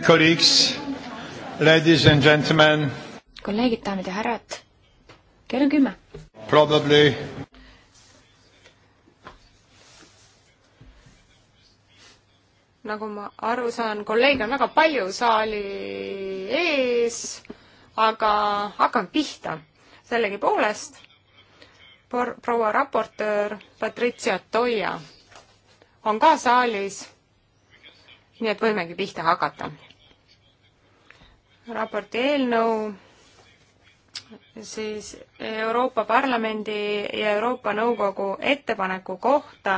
Colleagues, ladies and gentlemen. kolleegid, daamid ja härrad, kell on kümme. Probably. nagu ma aru saan, kolleege on väga palju saali ees, aga hakkame pihta. sellegipoolest proua raportöör Patricia Toia on ka saalis nii et võimegi pihta hakata. raporti eelnõu siis Euroopa Parlamendi ja Euroopa Nõukogu ettepaneku kohta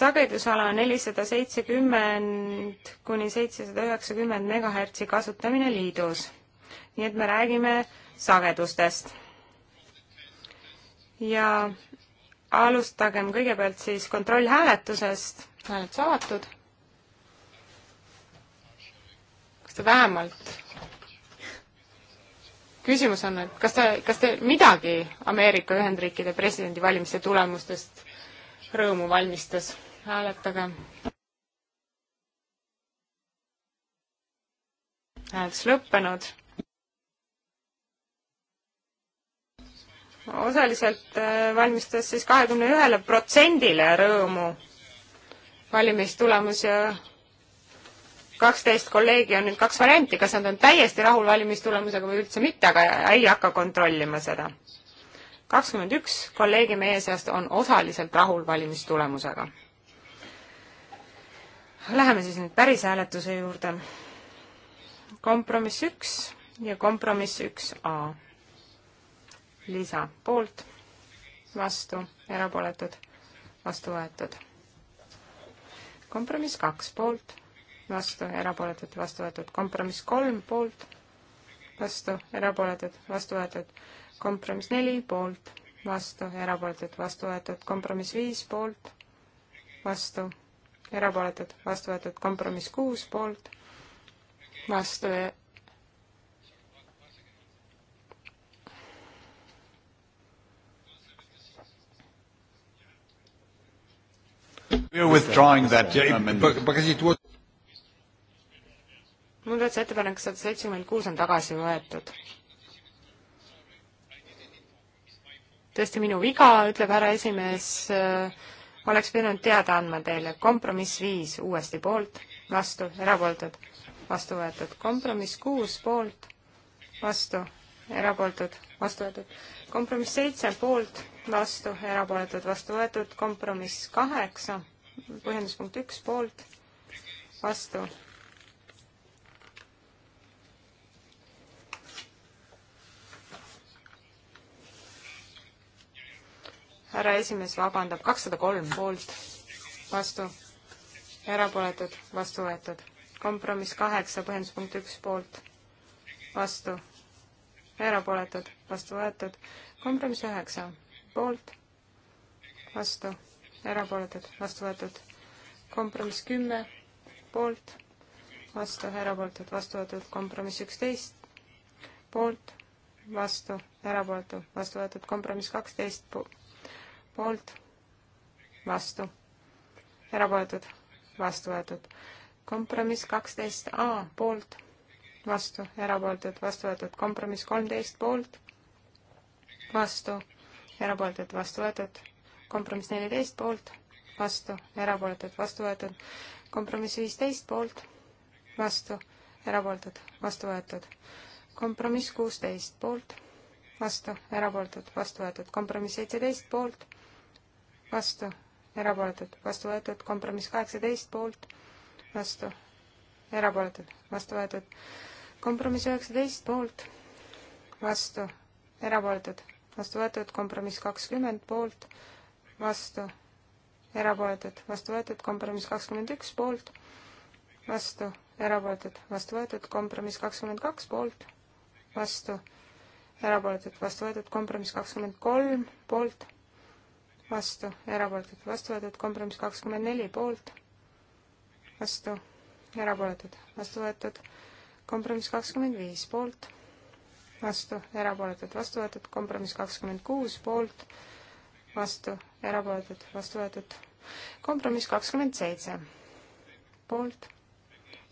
sagedusala nelisada seitsekümmend kuni seitsesada üheksakümmend megahertsi kasutamine liidus. nii et me räägime sagedustest. ja alustagem kõigepealt siis kontrollhääletusest, hääletus avatud räägiksite vähemalt? küsimus on, et kas te, kas te midagi Ameerika Ühendriikide presidendivalimiste tulemustest rõõmu valmistas? hääletage. hääletus lõppenud. osaliselt äh, valmistas siis kahekümne ühele protsendile rõõmu valimistulemus ja kaksteist kolleegi on nüüd kaks varianti, kas nad on täiesti rahul valimistulemusega või üldse mitte, aga ei hakka kontrollima seda. kakskümmend üks kolleegi meie seast on osaliselt rahul valimistulemusega. Läheme siis nüüd päris hääletuse juurde. kompromiss üks ja kompromiss üks A. lisa poolt, vastu, erapooletud, vastu võetud. kompromiss kaks poolt vastu, erapooletud, vastu võetud. kompromiss kolm poolt, vastu, erapooletud, vastu võetud. kompromiss neli poolt, vastu, erapooletud, vastu võetud. kompromiss viis poolt, vastu, erapooletud, vastu võetud. kompromiss kuus poolt, vastu e- We are withdrawing that amendment. Because it was muudatusettepanek sada seitsekümmend kuus on tagasi võetud. tõesti minu viga, ütleb härra esimees, oleks pidanud teada andma teile, kompromiss viis uuesti poolt, vastu, erapooletud, vastu võetud, kompromiss kuus poolt, vastu, erapooletud, vastu võetud, kompromiss seitse poolt, vastu, erapooletud, vastu võetud, kompromiss kaheksa, põhjenduspunkt üks poolt, vastu, härra esimees vabandab, kakssada kolm poolt, vastu, erapooletud, vastu võetud. kompromiss kaheksa, põhjenduspunkt üks poolt, vastu, erapooletud, vastu võetud. kompromiss üheksa, poolt, vastu, erapooletud, vastu võetud. kompromiss kümme, poolt, vastu, erapooletud, vastu võetud. kompromiss üksteist, poolt, vastu, erapooletu, vastu võetud. kompromiss kaksteist, poolt poolt, vastu, erapooletud, vastu võetud. kompromiss kaksteist A poolt, vastu, erapooletud, vastu võetud. kompromiss kolmteist poolt, vastu, erapooletud, vastu võetud. kompromiss neliteist poolt, vastu, erapooletud, vastu võetud. kompromiss viisteist poolt, vastu, erapooletud, vastu võetud. kompromiss kuusteist poolt, vastu, erapooletud, vastu võetud. kompromiss seitseteist poolt vastu, erapooletud, vastu võetud, kompromiss kaheksateist poolt, vastu, erapooletud, vastu võetud, kompromiss üheksateist poolt, vastu, erapooletud, vastu võetud, kompromiss kakskümmend poolt, vastu, erapooletud, vastu võetud, kompromiss kakskümmend üks poolt, vastu, erapooletud, vastu võetud, kompromiss kakskümmend kaks poolt, vastu, erapooletud, vastu võetud, kompromiss kakskümmend kolm poolt vastu, erapooletud, vastu võetud, kompromiss kakskümmend neli poolt, vastu, erapooletud, vastu võetud, kompromiss kakskümmend viis poolt, vastu, erapooletud, vastu võetud, kompromiss kakskümmend kuus poolt, vastu, erapooletud, vastu võetud, kompromiss kakskümmend seitse poolt,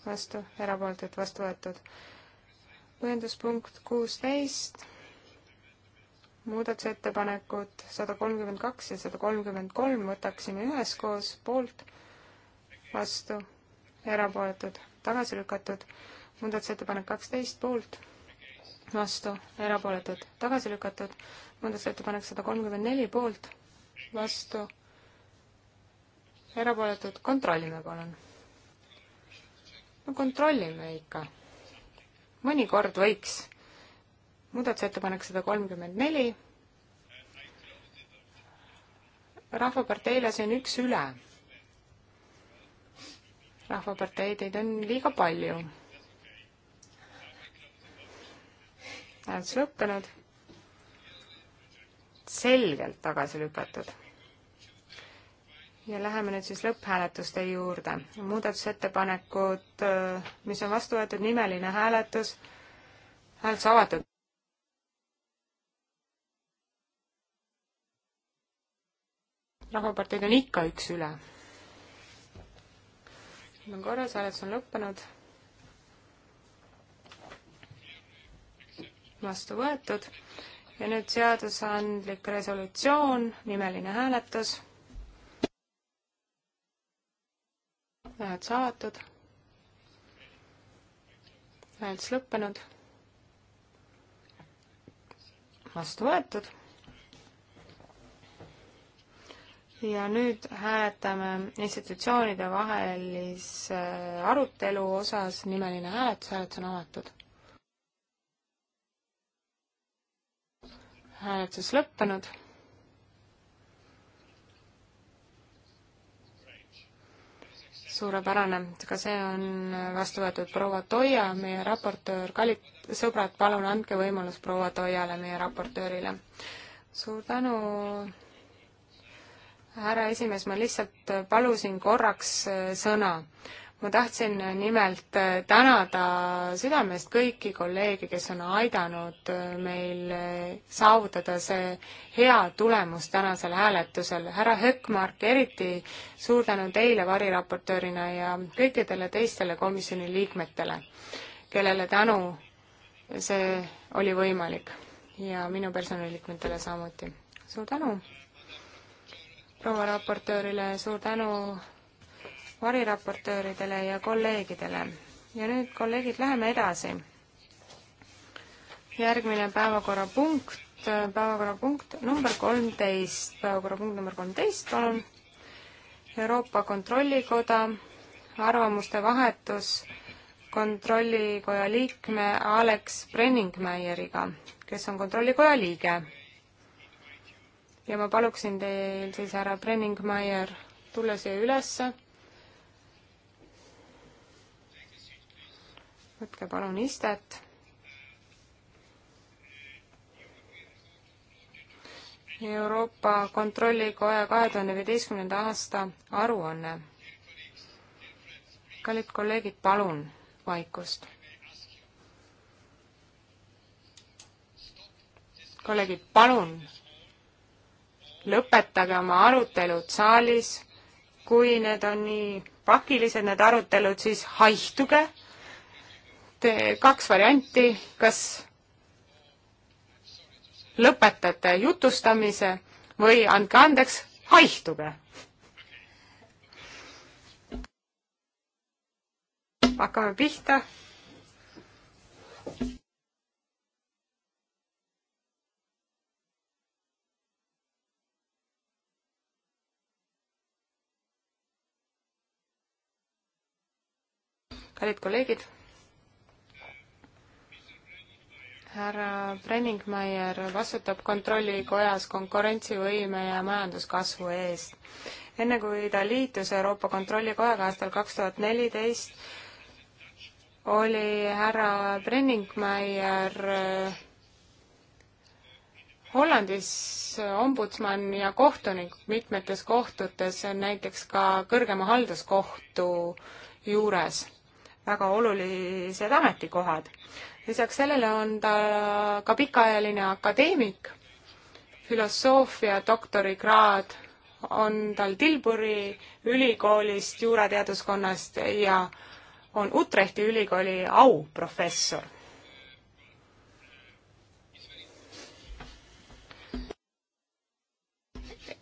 vastu, erapooletud, vastu võetud, põhjenduspunkt kuusteist muudatusettepanekud sada kolmkümmend kaks ja sada kolmkümmend kolm võtaksime üheskoos poolt, vastu, erapooletud, tagasi lükatud. muudatusettepanek kaksteist poolt, vastu, erapooletud, tagasi lükatud. muudatusettepanek sada kolmkümmend neli poolt, vastu, erapooletud, kontrollime palun. no kontrollime ikka. mõnikord võiks muudatusettepanek sada kolmkümmend neli. rahvaparteile see on üks üle. rahvapartei, teid on liiga palju. hääletus lõppenud. selgelt tagasi lükatud ja läheme nüüd siis lõpphääletuste juurde. muudatusettepanekud, äh, mis on vastu võetud, nimeline hääletus, hääletus avatud. rahvaparteid on ikka üks üle. nüüd on korras, hääletus on lõppenud. vastu võetud ja nüüd seadusandlik resolutsioon, nimeline hääletus. hääletus avatud. hääletus lõppenud. vastu võetud ja nüüd hääletame institutsioonide vahelise äh, arutelu osas nimeline hääletus, hääletus on avatud. hääletus lõppenud. suurepärane, ka see on vastu võetud proua Toia, meie raportöör, kallid sõbrad, palun andke võimalus proua Toiale, meie raportöörile. suur tänu härra esimees, ma lihtsalt äh, palusin korraks äh, sõna. ma tahtsin äh, nimelt tänada südamest kõiki kolleege, kes on aidanud meil saavutada see hea tulemus tänasel hääletusel. härra Höckmark, eriti suur tänu teile variraportöörina ja kõikidele teistele komisjoni liikmetele, kellele tänu see oli võimalik ja minu personaliliikmetele samuti. suur tänu! proua raportöörile, suur tänu variraportööridele ja kolleegidele. ja nüüd, kolleegid, läheme edasi. järgmine päevakorrapunkt, päevakorrapunkt number kolmteist, päevakorrapunkt number kolmteist, palun. Euroopa Kontrollikoda, arvamuste vahetus kontrollikoja liikme Alex Brenningmeieriga, kes on kontrollikoja liige ja ma paluksin teil siis härra Brenningmeier tulla siia ülesse. võtke palun istet. Euroopa Kontrollikoja kahe tuhande viieteistkümnenda aasta aruanne. kallid kolleegid, palun vaikust kolleegid, palun lõpetage oma arutelud saalis, kui need on nii pakilised, need arutelud, siis haihtuge. Te, kaks varianti, kas lõpetate jutustamise või andke andeks, haihtuge. hakkame pihta kallid kolleegid, härra Brenningmeier vastutab Kontrollikojas konkurentsivõime ja majanduskasvu eest. enne kui ta liitus Euroopa Kontrollikojaga aastal kaks tuhat neliteist, oli härra Brenningmeier äh, Hollandis ombudsman ja kohtunik mitmetes kohtutes, näiteks ka kõrgema halduskohtu juures väga olulised ametikohad. lisaks sellele on ta ka pikaajaline akadeemik, filosoofia doktorikraad on tal Tilburi ülikoolist, juurateaduskonnast ja on Utrechti ülikooli auprofessor.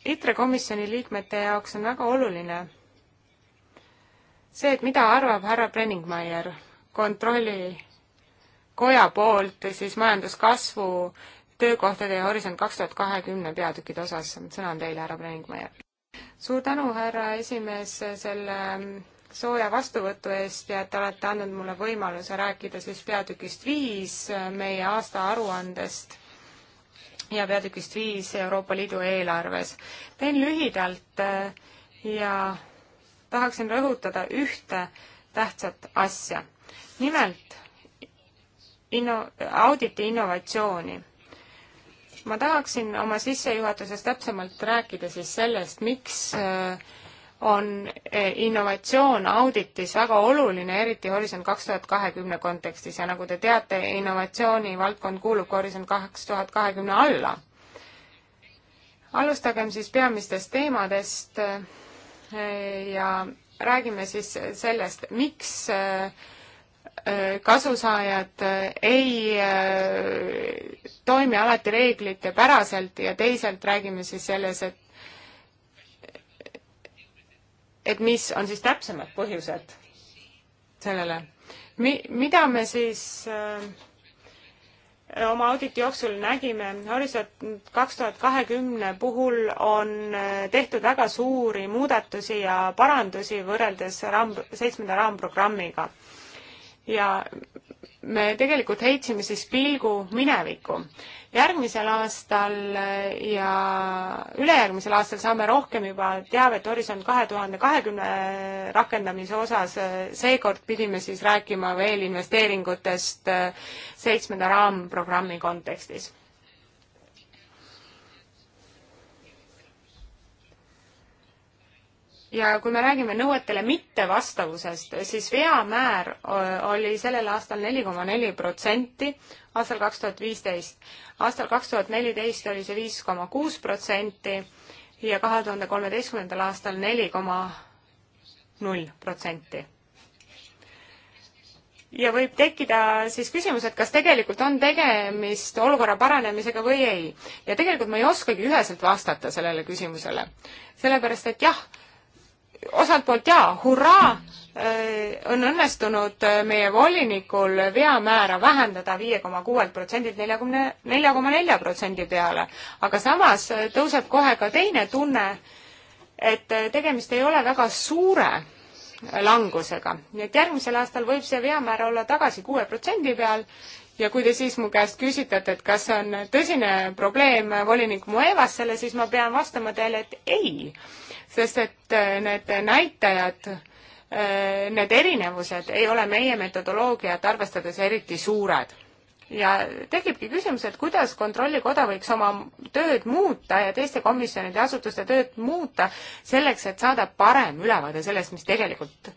ITRE komisjoni liikmete jaoks on väga oluline see, et mida arvab härra Brenningmeier kontrollikoja poolt siis majanduskasvu töökohtade ja Horisont kaks tuhat kahekümne peatükide osas. sõna on teile, härra Brenningmeier. suur tänu, härra esimees, selle mm, sooja vastuvõtu eest ja et te olete andnud mulle võimaluse rääkida siis peatükist viis äh, meie aastaaruandest ja peatükist viis Euroopa Liidu eelarves. teen lühidalt äh, ja tahaksin rõhutada ühte tähtsat asja. nimelt inno-, auditi innovatsiooni. ma tahaksin oma sissejuhatuses täpsemalt rääkida siis sellest, miks äh, on äh, innovatsioon auditis väga oluline, eriti Horisont kaks tuhat kahekümne kontekstis ja nagu te teate, innovatsioonivaldkond kuulub ka Horisont kaks tuhat kahekümne alla. alustagem siis peamistest teemadest ja räägime siis sellest, miks äh, äh, kasusaajad äh, ei toimi alati reeglite päraselt ja teisalt räägime siis selles, et et mis on siis täpsemad põhjused sellele Mi,. mida me siis äh, oma auditi jooksul nägime, Horisont kaks tuhat kahekümne puhul on eh, tehtud väga suuri muudatusi ja parandusi võrreldes raam, seitsmenda raamprogrammiga. ja me tegelikult heitsime siis pilgu minevikku. järgmisel aastal ja ülejärgmisel aastal saame rohkem juba teavet Horisont kahe tuhande kahekümne rakendamise osas, seekord pidime siis rääkima veel investeeringutest seitsmenda raamprogrammi kontekstis. ja kui me räägime nõuetele mittevastavusest, siis veamäär oli sellel aastal neli koma neli protsenti, aastal kaks tuhat viisteist. aastal kaks tuhat neliteist oli see viis koma kuus protsenti ja kahe tuhande kolmeteistkümnendal aastal neli koma null protsenti. ja võib tekkida siis küsimus, et kas tegelikult on tegemist olukorra paranemisega või ei. ja tegelikult ma ei oskagi üheselt vastata sellele küsimusele. sellepärast, et jah, osalt poolt jaa, hurraa, äh, on õnnestunud äh, meie volinikul veamäära vähendada viie koma kuuelt protsendilt neljakümne, nelja koma nelja protsendi peale. aga samas äh, tõuseb kohe ka teine tunne, et tegemist ei ole väga suure langusega. nii et järgmisel aastal võib see veamäär olla tagasi kuue protsendi peal ja kui te siis mu käest küsitate, et kas see on tõsine probleem volinik Moevas selle, siis ma pean vastama teile, et ei sest et äh, need näitajad, äh, need erinevused ei ole meie metodoloogiat arvestades eriti suured. ja tekibki küsimus, et kuidas Kontrollikoda võiks oma tööd muuta ja teiste komisjonide ja asutuste tööd muuta selleks, et saada parem ülevaade sellest, mis tegelikult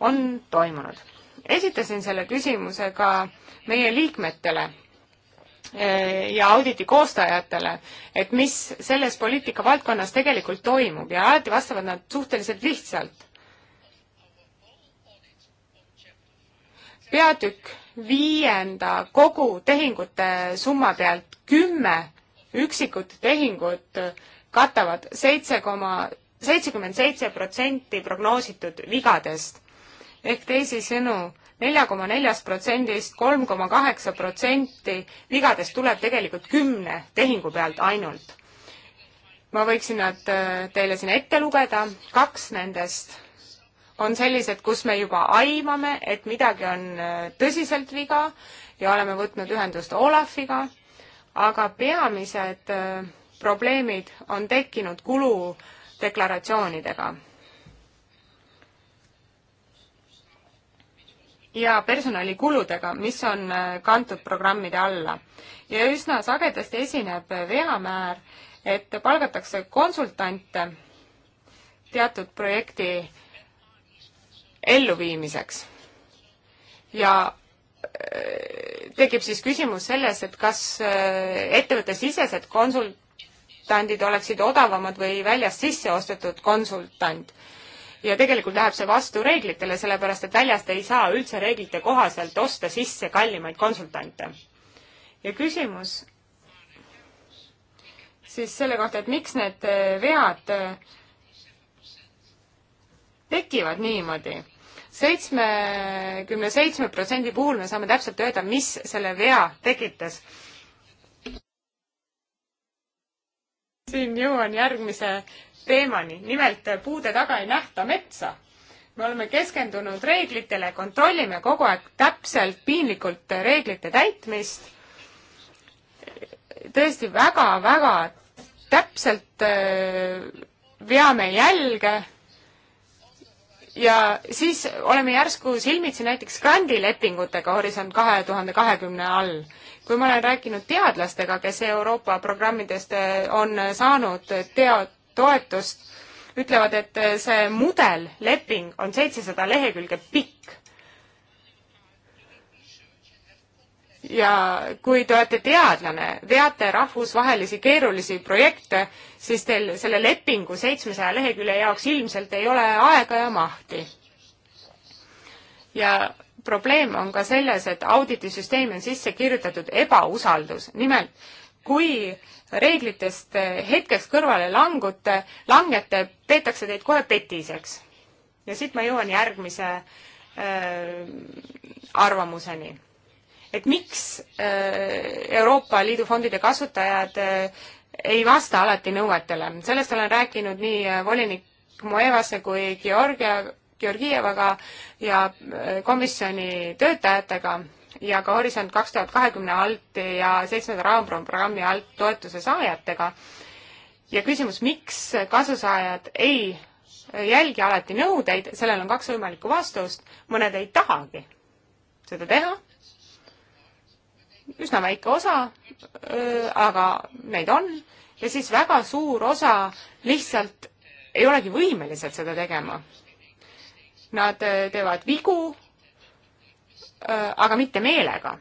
on toimunud. esitasin selle küsimuse ka meie liikmetele Eh, ja auditi koostajatele, et mis selles poliitikavaldkonnas tegelikult toimub ja alati vastavad nad suhteliselt lihtsalt. peatükk viienda kogu tehingute summa pealt kümme üksikut tehingut katavad seitse koma, seitsekümmend seitse protsenti prognoositud vigadest. ehk teisisõnu, nelja koma neljast protsendist kolm koma kaheksa protsenti vigadest tuleb tegelikult kümne tehingu pealt ainult. ma võiksin nad äh, teile siin ette lugeda, kaks nendest on sellised, kus me juba aimame, et midagi on äh, tõsiselt viga ja oleme võtnud ühendust Olafiga, aga peamised äh, probleemid on tekkinud kuludeklaratsioonidega ja personalikuludega, mis on äh, kantud programmide alla. ja üsna sagedasti esineb veamäär, et palgatakse konsultante teatud projekti elluviimiseks. ja äh, tekib siis küsimus selles, et kas äh, ettevõttesisesed konsultandid oleksid odavamad või väljast sisse ostetud konsultant ja tegelikult läheb see vastu reeglitele, sellepärast et väljast ei saa üldse reeglite kohaselt osta sisse kallimaid konsultante. ja küsimus siis selle kohta, et miks need eh, vead eh, tekivad niimoodi. seitsmekümne seitsme protsendi puhul me saame täpselt öelda, mis selle vea tekitas siin jõuan järgmise teemani, nimelt puude taga ei nähta metsa. me oleme keskendunud reeglitele, kontrollime kogu aeg täpselt piinlikult reeglite täitmist. tõesti väga-väga täpselt äh, veame jälge ja siis oleme järsku silmitsi näiteks grandi lepingutega Horisont kahe tuhande kahekümne all. kui ma olen rääkinud teadlastega, kes Euroopa programmidest äh, on saanud teo-, toetust, ütlevad, et eh, see mudelleping on seitsesada lehekülge pikk. ja kui te olete teadlane, veate rahvusvahelisi keerulisi projekte, siis teil selle lepingu seitsmesaja lehekülje jaoks ilmselt ei ole aega ja mahti. ja probleem on ka selles, et auditisüsteemi on sisse kirjutatud ebausaldus, nimelt kui äh, reeglitest hetkeks kõrvale langute, langete, peetakse teid kohe petiseks. ja siit ma jõuan järgmise äh, arvamuseni. et miks äh, Euroopa Liidu fondide kasutajad äh, ei vasta alati nõuetele, sellest olen rääkinud nii äh, volinik Moevase kui Georgia, Georgievaga ja äh, komisjoni töötajatega ja ka Horisont kaks tuhat kahekümne alt ja seitsmenda raamprogrammi alt toetuse saajatega. ja küsimus, miks kasusaajad ei jälgi alati nõudeid, sellel on kaks võimalikku vastust. mõned ei tahagi seda teha, üsna väike osa, aga neid on, ja siis väga suur osa lihtsalt ei olegi võimelised seda tegema. Nad äh, teevad vigu Äh, aga mitte meelega.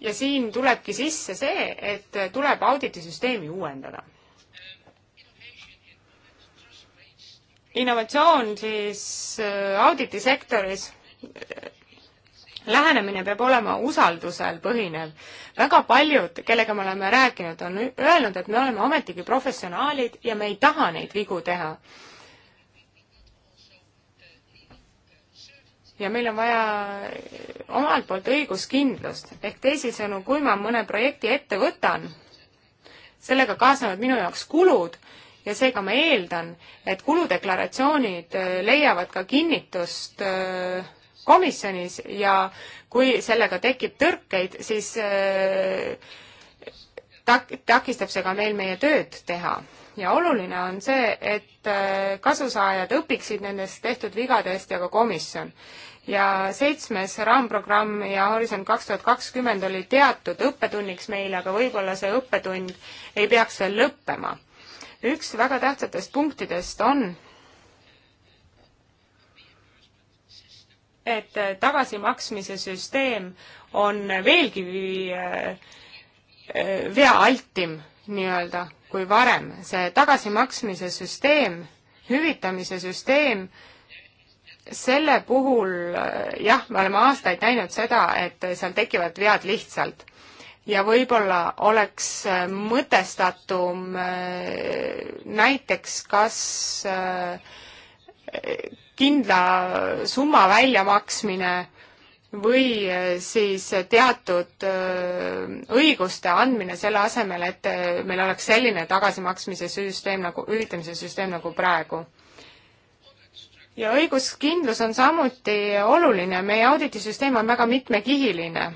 ja siin tulebki sisse see, et tuleb auditisüsteemi uuendada. innovatsioon siis äh, auditisektoris äh, lähenemine peab olema usaldusel põhinev. väga paljud, kellega me oleme rääkinud, on öelnud, et me oleme ometigi professionaalid ja me ei taha neid vigu teha. ja meil on vaja omalt poolt õiguskindlust. ehk teisisõnu, kui ma mõne projekti ette võtan, sellega kaasnevad minu jaoks kulud ja seega ma eeldan, et kuludeklaratsioonid äh, leiavad ka kinnitust äh, komisjonis ja kui sellega tekib tõrkeid, siis äh, tak-, takistab see ka meil meie tööd teha ja oluline on see, et äh, kasusaajad õpiksid nendest tehtud vigadest ja ka komisjon. ja seitsmes raamprogramm ja Horisont kaks tuhat kakskümmend oli teatud õppetunniks meile, aga võib-olla see õppetund ei peaks veel lõppema. üks väga tähtsatest punktidest on, et äh, tagasimaksmise süsteem on veelgi äh, veaaltim nii-öelda kui varem. see tagasimaksmise süsteem, hüvitamise süsteem, selle puhul jah, me oleme aastaid näinud seda, et seal tekivad vead lihtsalt ja võib-olla oleks äh, mõtestatum äh, näiteks kas äh, kindla summa väljamaksmine või äh, siis teatud äh, õiguste andmine selle asemel, et äh, meil oleks selline tagasimaksmise süsteem nagu, hüvitamise süsteem nagu praegu. ja õiguskindlus on samuti oluline, meie auditisüsteem on väga mitmekihiline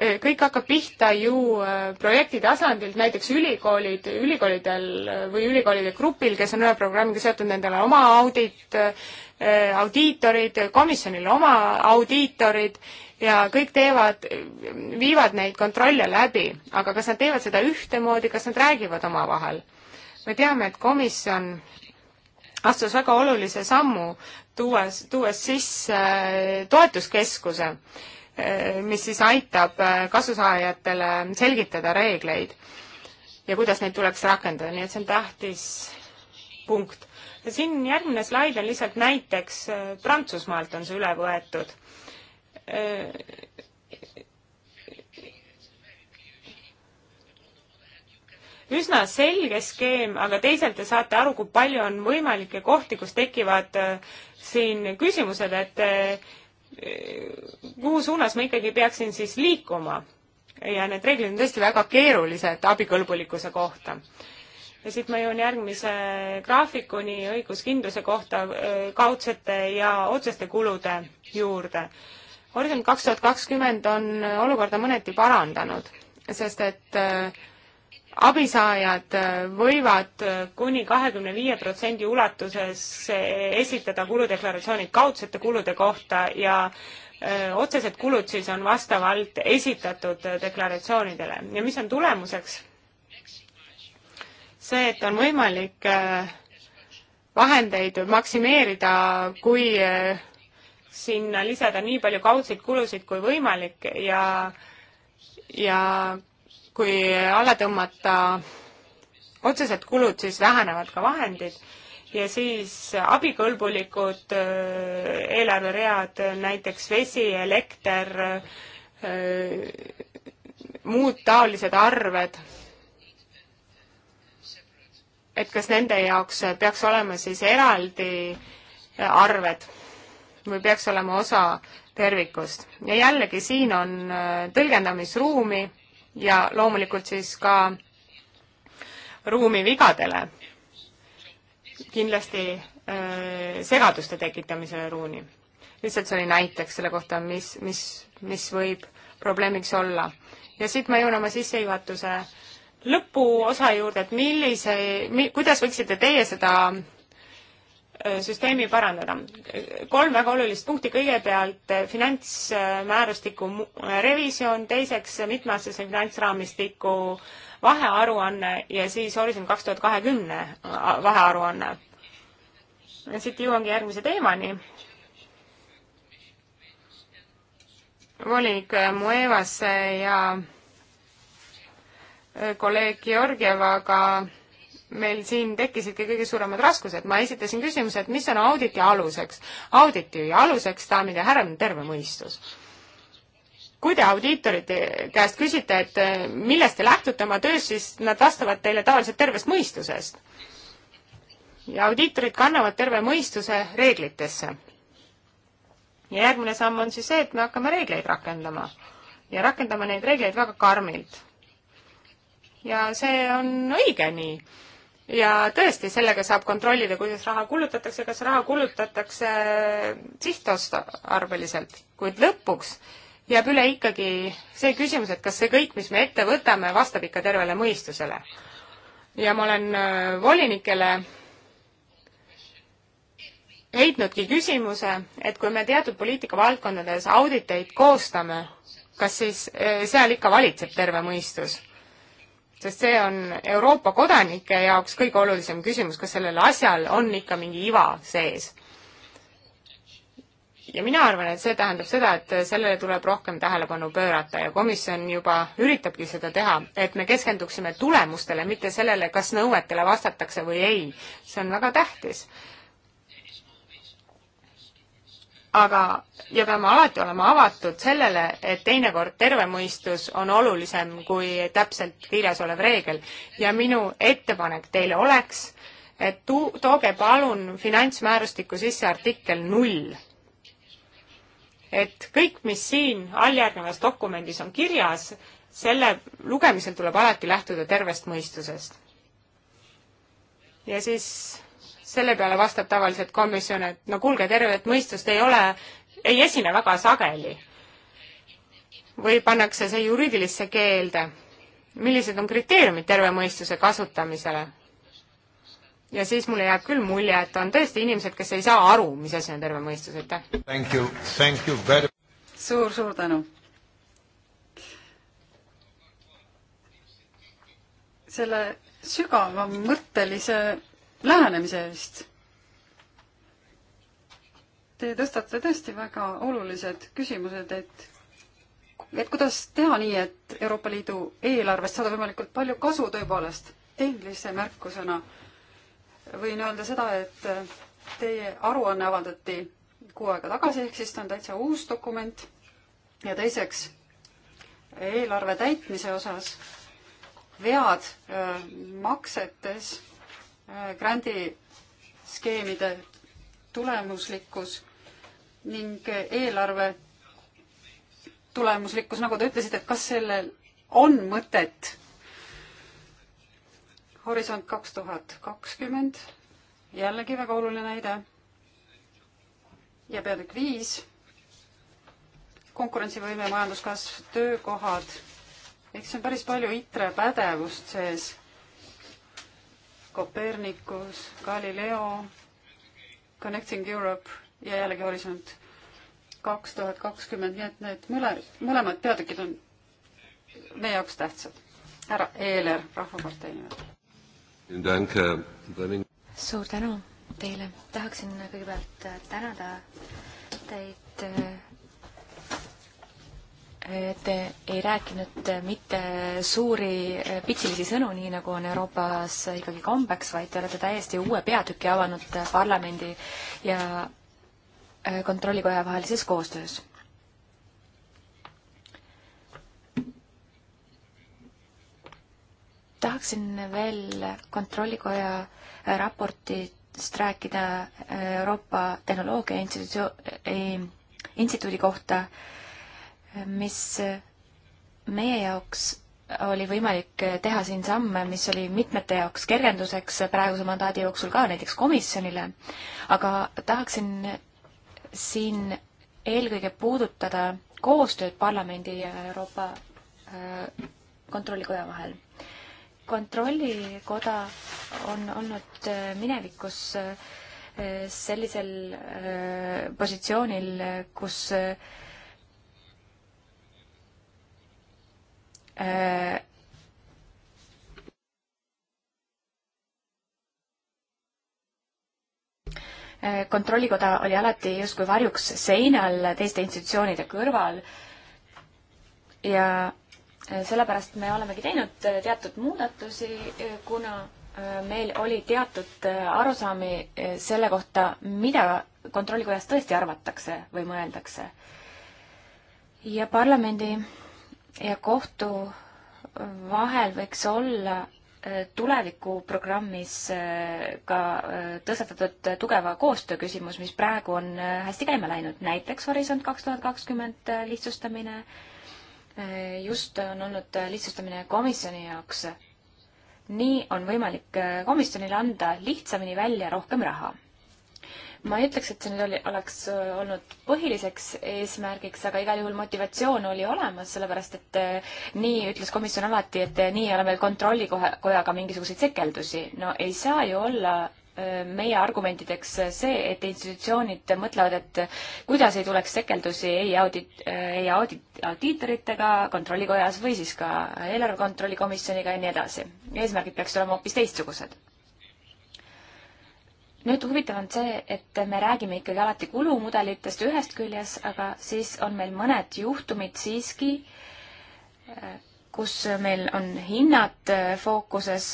kõik hakkab pihta ju äh, projekti tasandilt, näiteks ülikoolid, ülikoolidel äh, või ülikoolide grupil, kes on ühe programmiga seotud, nendel on oma audit, äh, audiitorid, komisjonil oma audiitorid ja kõik teevad, viivad neid kontrolle läbi, aga kas nad teevad seda ühtemoodi, kas nad räägivad omavahel? me teame, et komisjon astus väga olulise sammu, tuues, tuues sisse toetuskeskuse äh, Eh, mis siis aitab eh, kasusaajatele selgitada reegleid ja kuidas neid tuleks rakendada, nii et see on tähtis punkt. ja siin järgmine slaid on lihtsalt näiteks eh, Prantsusmaalt on see üle võetud. üsna selge skeem, aga teisalt te saate aru, kui palju on võimalikke kohti, kus tekivad siin küsimused, et Eh, kuhu suunas ma ikkagi peaksin siis liikuma? ja need reeglid on tõesti väga keerulised abikõlbulikkuse kohta. ja siit ma jõuan järgmise graafikuni õiguskindluse kohta eh, kaudsete ja otseste kulude juurde. Horisont kaks tuhat kakskümmend on olukorda mõneti parandanud, sest et äh, abisaajad äh, võivad äh, kuni kahekümne viie protsendi ulatuses äh, esitada kuludeklaratsioonid kaudsete kulude kohta ja öö, otsesed kulud siis on vastavalt esitatud deklaratsioonidele ja mis on tulemuseks? see, et on võimalik öö, vahendeid maksimeerida, kui öö, sinna lisada nii palju kaudseid kulusid kui võimalik ja ja kui alla tõmmata otsesed kulud, siis vähenevad ka vahendid ja siis abikõlbulikud äh, eelarveread, näiteks vesi, elekter, äh, muud taolised arved, et kas nende jaoks peaks olema siis eraldi arved või peaks olema osa tervikust. ja jällegi, siin on äh, tõlgendamisruumi ja loomulikult siis ka ruumivigadele, kindlasti öö, äh, segaduste tekitamisele ruumi. lihtsalt see oli näiteks selle kohta, mis, mis, mis võib probleemiks olla. ja siit ma jõuan oma sissejuhatuse lõpuosa juurde, et millise mi,, kuidas võiksite teie seda Äh, süsteemi parandada. kolm väga olulist punkti, kõigepealt äh, finantsmäärustiku äh, revisjon, teiseks mitmeaastase finantsraamistiku vahearuanne ja siis Horisont kaks tuhat kahekümne vahearuanne. siit jõuangi järgmise teemani. volinik Muevasse ja kolleeg Georgievaga meil siin tekkisidki kõige suuremad raskused. ma esitasin küsimuse, et mis on auditi aluseks. auditi aluseks, daamid ja härrad, on terve mõistus. kui te audiitorite käest küsite, et eh, millest te lähtute oma töös, siis nad vastavad teile tavaliselt tervest mõistusest. ja audiitorid kannavad terve mõistuse reeglitesse. ja järgmine samm on siis see, et me hakkame reegleid rakendama. ja rakendame neid reegleid väga karmilt ja see on õige nii ja tõesti, sellega saab kontrollida, kuidas raha kulutatakse, kas raha kulutatakse sihtotstarbeliselt, kuid lõpuks jääb üle ikkagi see küsimus, et kas see kõik, mis me ette võtame, vastab ikka tervele mõistusele. ja ma olen äh, volinikele heitnudki küsimuse, et kui me teatud poliitikavaldkondades auditeid koostame, kas siis äh, seal ikka valitseb terve mõistus sest see on Euroopa kodanike jaoks kõige olulisem küsimus, kas sellel asjal on ikka mingi iva sees. ja mina arvan, et see tähendab seda, et sellele tuleb rohkem tähelepanu pöörata ja komisjon juba üritabki seda teha, et me keskenduksime tulemustele, mitte sellele, kas nõuetele vastatakse või ei. see on väga tähtis aga, ja peame alati olema avatud sellele, et teinekord terve mõistus on olulisem kui täpselt kirjas olev reegel. ja minu ettepanek teile oleks, et tu-, tooge palun finantsmäärustiku sisse artikkel null. et kõik, mis siin alljärgnevas dokumendis on kirjas, selle lugemisel tuleb alati lähtuda tervest mõistusest. ja siis selle peale vastab tavaliselt komisjon, et no kuulge, tervet mõistust ei ole, ei esine väga sageli. või pannakse see juriidilisse keelde. millised on kriteeriumid terve mõistuse kasutamisele? ja siis mulle jääb küll mulje, et on tõesti inimesed, kes ei saa aru, mis asi on terve mõistus, aitäh. suur-suur tänu. selle sügava mõttelise lähenemise eest. Te tõstate tõesti väga olulised küsimused, et et kuidas teha nii, et Euroopa Liidu eelarvest saada võimalikult palju kasu tõepoolest. tehnilise märkusena võin öelda seda, et teie aruanne avaldati kuu aega tagasi, ehk siis ta on täitsa uus dokument. ja teiseks, eelarve täitmise osas vead öö, äh, maksetes Äh, grandiskeemide tulemuslikkus ning eelarve tulemuslikkus, nagu te ütlesite, et kas sellel on mõtet? horisont kaks tuhat kakskümmend, jällegi väga oluline näide. ja peatükk viis, konkurentsivõime, majanduskasv, töökohad, eks see on päris palju ITRE pädevust sees Copernicus, Galileo, Connecting Europe ja jällegi Horisont kaks tuhat kakskümmend, nii et need mõle, mõlemad peatükid on meie jaoks tähtsad. härra Eeler Rahvapartei nimel. suur tänu teile, tahaksin kõigepealt tänada teid äh, Te ei rääkinud mitte suuri pitsilisi sõnu, nii nagu on Euroopas ikkagi kombeks, vaid te olete täiesti uue peatüki avanud parlamendi ja äh, kontrollikoja vahelises koostöös. tahaksin veel kontrollikoja raportist rääkida Euroopa Tehnoloogia Instituudi kohta mis meie jaoks oli võimalik teha siin samme, mis oli mitmete jaoks kergenduseks praeguse mandaadi jooksul ka näiteks komisjonile, aga tahaksin siin eelkõige puudutada koostööd parlamendi ja Euroopa äh, Kontrollikoja vahel. kontrollikoda on olnud äh, minevikus äh, sellisel positsioonil, kus äh, äh, kontrollikoda oli alati justkui varjuks seinal teiste institutsioonide kõrval ja äh, sellepärast me olemegi teinud äh, teatud muudatusi, äh, kuna meil oli teatud arusaami selle kohta, mida kontrollikojas tõesti arvatakse või mõeldakse. ja parlamendi ja kohtu vahel võiks olla äh, tulevikuprogrammis äh, ka äh, tõstatatud tugeva koostöö küsimus, mis praegu on hästi käima läinud, näiteks Horisont kaks tuhat kakskümmend lihtsustamine. just on olnud lihtsustamine komisjoni jaoks. nii on võimalik komisjonile anda lihtsamini välja rohkem raha ma ei ütleks, et see nüüd oli, oleks äh, olnud põhiliseks eesmärgiks, aga igal juhul motivatsioon oli olemas, sellepärast et äh, nii ütles komisjon alati, et äh, nii ei ole meil kontrollikojaga mingisuguseid sekeldusi. no ei saa ju olla meie argumentideks see, et institutsioonid mõtlevad, et kuidas ei tuleks sekeldusi ei audit, ei audit, audiitoritega kontrollikojas või siis ka eelarve kontrolli komisjoniga ja nii edasi. eesmärgid peaksid olema hoopis teistsugused nüüd huvitav on see, et me räägime ikkagi alati kulumudelitest ühest küljes, aga siis on meil mõned juhtumid siiski, kus meil on hinnad äh, fookuses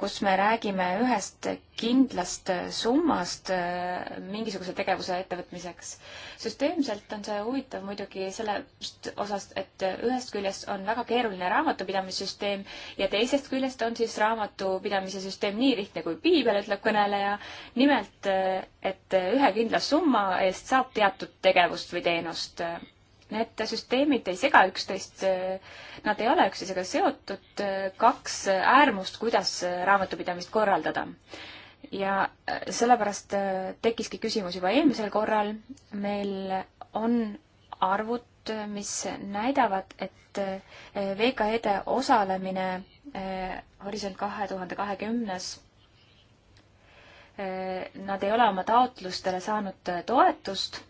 kus me räägime ühest kindlast summast äh, mingisuguse tegevuse ettevõtmiseks. süsteemselt on see huvitav muidugi sellest osast, et ühest küljest on väga keeruline raamatupidamissüsteem ja teisest küljest on siis raamatupidamise süsteem nii lihtne kui piibel, ütleb kõneleja. nimelt, äh, et ühe kindla summa eest saab teatud tegevust või teenust Need süsteemid ei sega üksteist, nad ei ole üksteisega seotud, kaks äärmust, kuidas raamatupidamist korraldada. ja sellepärast tekkiski küsimus juba eelmisel korral, meil on arvud, mis näidavad, et VKE-de osalemine eh, Horisont kahe tuhande kahekümnes eh, nad ei ole oma taotlustele saanud toetust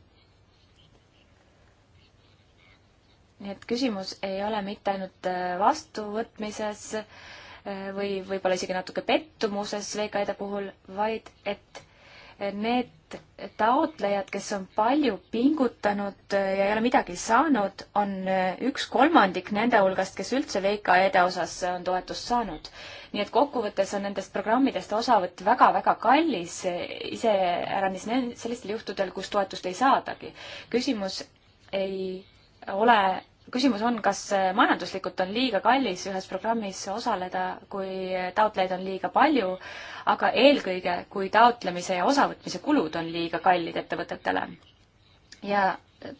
nii et küsimus ei ole mitte ainult äh, vastuvõtmises äh, või võib-olla isegi natuke pettumuses VKE-de puhul, vaid et äh, need taotlejad, kes on palju pingutanud ja ei ole midagi saanud, on üks kolmandik nende hulgast, kes üldse VKE-de osas on toetust saanud. nii et kokkuvõttes on nendest programmidest osavõtt väga-väga kallis, iseäranis sellistel juhtudel, kus toetust ei saadagi. küsimus ei ole, küsimus on, kas majanduslikult on liiga kallis ühes programmis osaleda, kui taotlejaid on liiga palju, aga eelkõige, kui taotlemise ja osavõtmise kulud on liiga kallid ettevõtetele. ja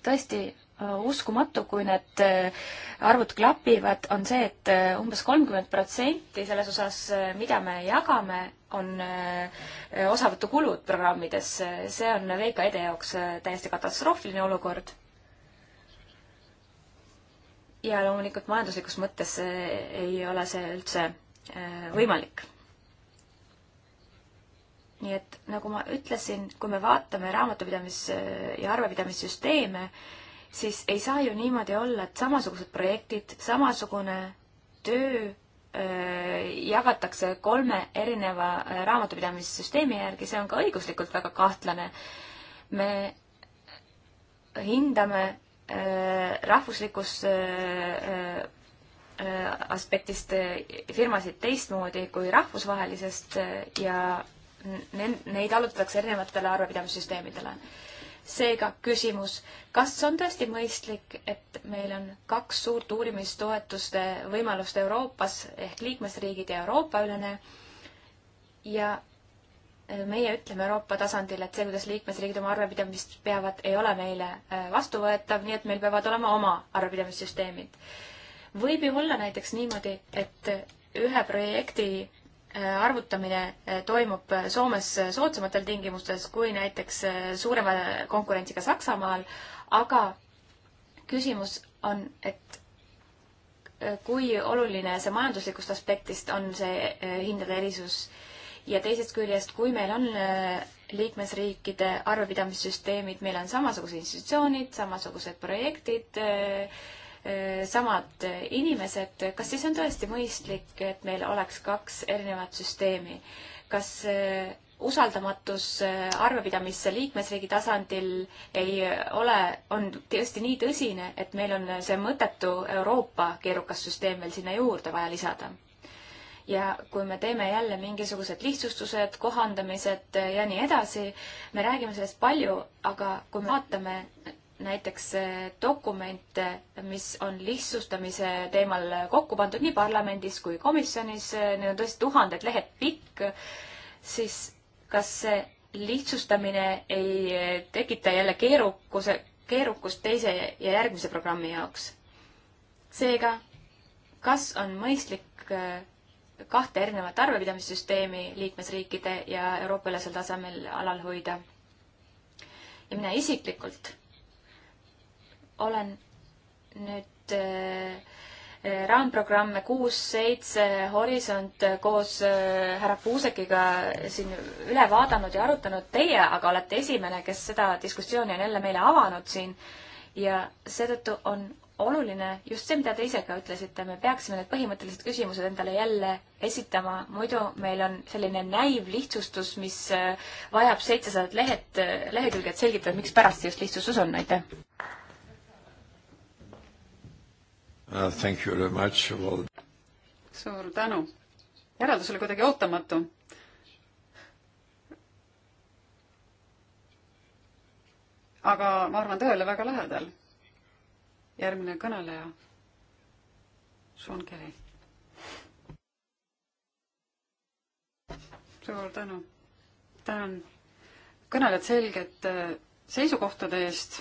tõesti, äh, uskumatu, kui need äh, arvud klapivad, on see, et äh, umbes kolmkümmend protsenti selles osas, mida me jagame, on osavõtukulud programmides. see on VKD jaoks täiesti katastroofiline olukord ja loomulikult majanduslikus mõttes ei ole see üldse äh, võimalik. nii et nagu ma ütlesin, kui me vaatame raamatupidamis- äh, ja arvepidamissüsteeme, siis ei saa ju niimoodi olla, et samasugused projektid, samasugune töö äh, jagatakse kolme erineva raamatupidamissüsteemi järgi, see on ka õiguslikult väga kahtlane. me hindame Äh, rahvuslikust äh, äh, aspektist firmasid teistmoodi kui rahvusvahelisest ja neid allutatakse erinevatele arvepidamissüsteemidele. seega küsimus, kas on tõesti mõistlik, et meil on kaks suurt uurimistoetuste võimalust Euroopas ehk liikmesriigid ja Euroopa-ülene ja meie ütleme Euroopa tasandil, et see, kuidas liikmesriigid oma arvepidamist peavad, ei ole meile äh, vastuvõetav, nii et meil peavad olema oma arvepidamissüsteemid. võib ju olla näiteks niimoodi, et ühe projekti äh, arvutamine äh, toimub Soomes soodsamatel tingimustes kui näiteks suurema konkurentsiga Saksamaal, aga küsimus on, et kui oluline see majanduslikust aspektist on, see hindade erisus äh, ja teisest küljest, kui meil on äh, liikmesriikide arvepidamissüsteemid, meil on samasugused institutsioonid, samasugused projektid, äh, äh, samad inimesed, kas siis on tõesti mõistlik, et meil oleks kaks erinevat süsteemi? kas usaldamatus arvepidamisse liikmesriigi tasandil ei ole, on tõesti nii tõsine, et meil on see mõttetu Euroopa keerukas süsteem veel sinna juurde vaja lisada? ja kui me teeme jälle mingisugused lihtsustused, kohandamised ja nii edasi, me räägime sellest palju, aga kui me vaatame näiteks eh, dokumente, mis on lihtsustamise teemal kokku pandud nii parlamendis kui komisjonis, eh, need on tõesti tuhanded lehed pikk, siis kas see lihtsustamine ei eh, tekita jälle keerukuse, keerukust teise ja järgmise programmi jaoks. seega, kas on mõistlik kahte erinevat arvepidamissüsteemi liikmesriikide ja Euroopa-ülesel tasemel alal hoida. ja mina isiklikult olen nüüd äh, äh, raamprogramme kuus, seitse, Horisont koos äh, härra Puusekiga siin üle vaadanud ja arutanud. Teie aga olete esimene, kes seda diskussiooni on jälle meile avanud siin ja seetõttu on oluline just see, mida te ise ka ütlesite, me peaksime need põhimõttelised küsimused endale jälle esitama, muidu meil on selline näiv lihtsustus, mis äh, vajab seitsesadat lehet, äh, lehekülge, et selgitada, mikspärast see just lihtsustus on, aitäh uh,! Thank you very much well.... suur tänu! järeldus oli kuidagi ootamatu. aga ma arvan tõele väga lähedal järgmine kõneleja, Sean Kelly. suur tänu. tänan kõnelejad selgete äh, seisukohtade eest.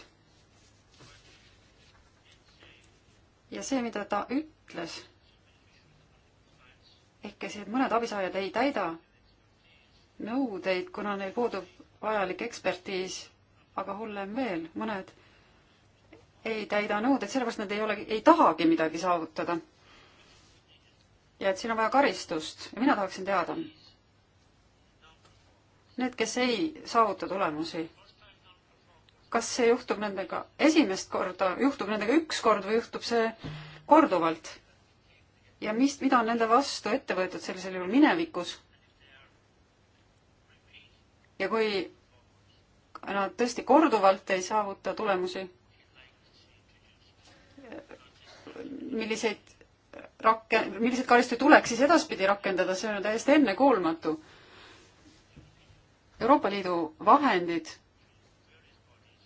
ja see, mida ta ütles, ehk siis, et mõned abisaajad ei täida nõudeid, kuna neil puudub vajalik ekspertiis, aga hullem veel, mõned ei täida nõudeid, sellepärast nad ei ole, ei tahagi midagi saavutada. ja et siin on vaja karistust ja mina tahaksin teada. Need, kes ei saavuta tulemusi, kas see juhtub nendega esimest korda, juhtub nendega üks kord või juhtub see korduvalt? ja mis, mida on nende vastu ette võetud sellisel juhul minevikus? ja kui nad tõesti korduvalt ei saavuta tulemusi milliseid rakke-, milliseid karistusi tuleks siis edaspidi rakendada, see on ju täiesti ennekuulmatu. Euroopa Liidu vahendid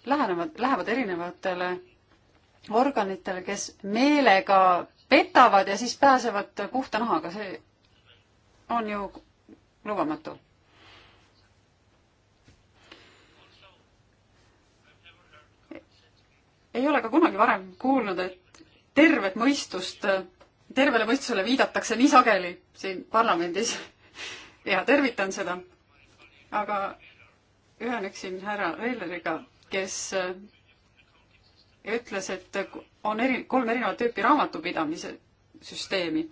lähenevad, lähevad erinevatele organitele, kes meelega petavad ja siis pääsevad puhta nahaga, see on ju lubamatu. ei ole ka kunagi varem kuulnud, et tervet mõistust, tervele mõistusele viidatakse nii sageli siin parlamendis ja tervitan seda. aga üheneksin härra Reileriga, kes äh, ütles, et on eri, kolm erinevat tüüpi raamatupidamise süsteemi.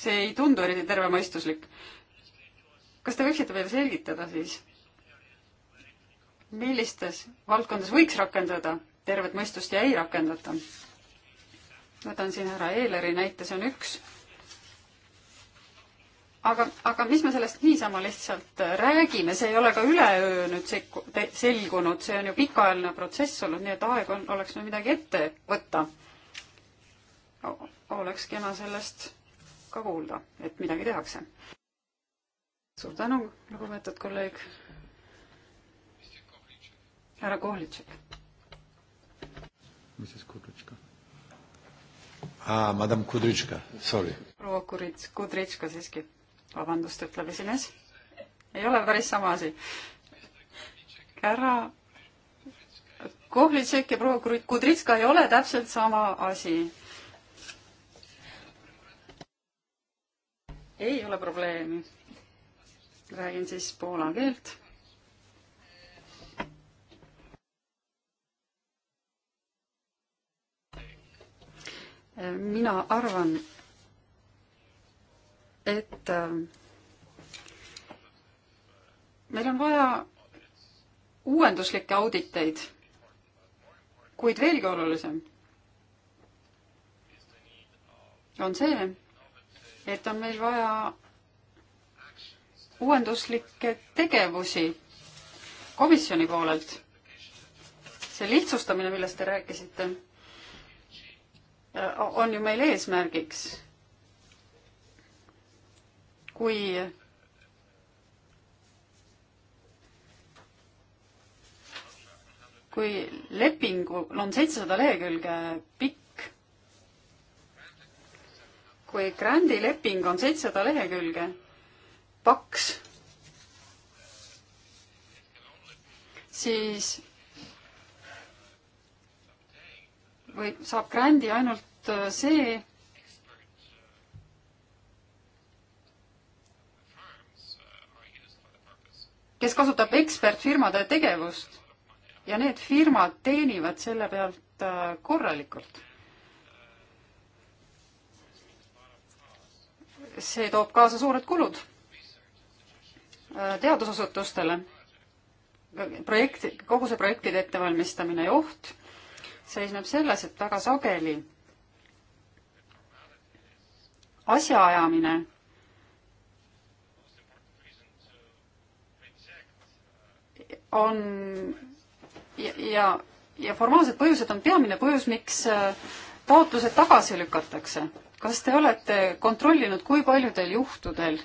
see ei tundu eriti tervemõistuslik. kas te võiksite veel selgitada siis, millistes valdkondades võiks rakendada tervet mõistust ja ei rakendata? võtan siin härra Eeleri näite, see on üks. aga, aga mis me sellest niisama lihtsalt äh, räägime, see ei ole ka üleöö nüüd sekku-, selgunud, see on ju pikaajaline protsess olnud, nii et aeg on, oleks nüüd midagi ette võtta. oleks kena sellest ka kuulda, et midagi tehakse. suur tänu, lugupeetud kolleeg. härra Kohlitšek. mis siis Kohlitška? ah,. Madam Kudritška, sorry. proua Kurit-, Kudritška siiski, vabandust, ütleb esimees. ei ole päris sama asi. härra Kohlitšek ja proua Kudritska ei ole täpselt sama asi. ei ole probleemi. räägin siis poola keelt mina arvan, et äh, meil on vaja uuenduslikke auditeid, kuid veelgi olulisem on see, et on meil vaja uuenduslikke tegevusi komisjoni poolelt. see lihtsustamine, millest te rääkisite on ju meil eesmärgiks. kui kui lepingul on seitsesada lehekülge pikk, kui grandi leping on seitsesada lehekülge paks, siis või saab grandi ainult äh, see, kes kasutab ekspertfirmade tegevust ja need firmad teenivad selle pealt äh, korralikult. see toob kaasa suured kulud äh, teadusasutustele. projekt, kogu see projektide ettevalmistamine ja oht seisneb selles, et väga sageli asjaajamine on ja, ja, ja formaalsed põhjused on peamine põhjus, miks äh, taotlused tagasi lükatakse. kas te olete kontrollinud, kui paljudel juhtudel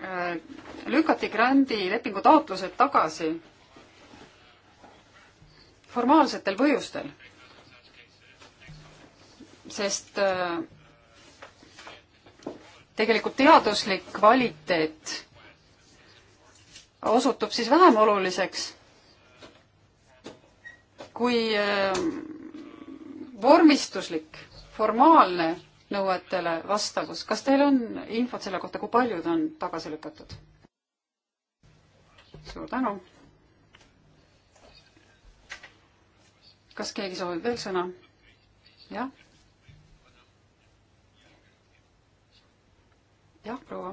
äh, lükati grandi lepingu taotlused tagasi formaalsetel põhjustel. sest äh, tegelikult teaduslik kvaliteet osutub siis vähem oluliseks kui äh, vormistuslik, formaalne nõuetele vastavus. kas teil on infot selle kohta, kui paljud on tagasi lükatud? suur tänu kas keegi soovib veel sõna? jah? jah, proua.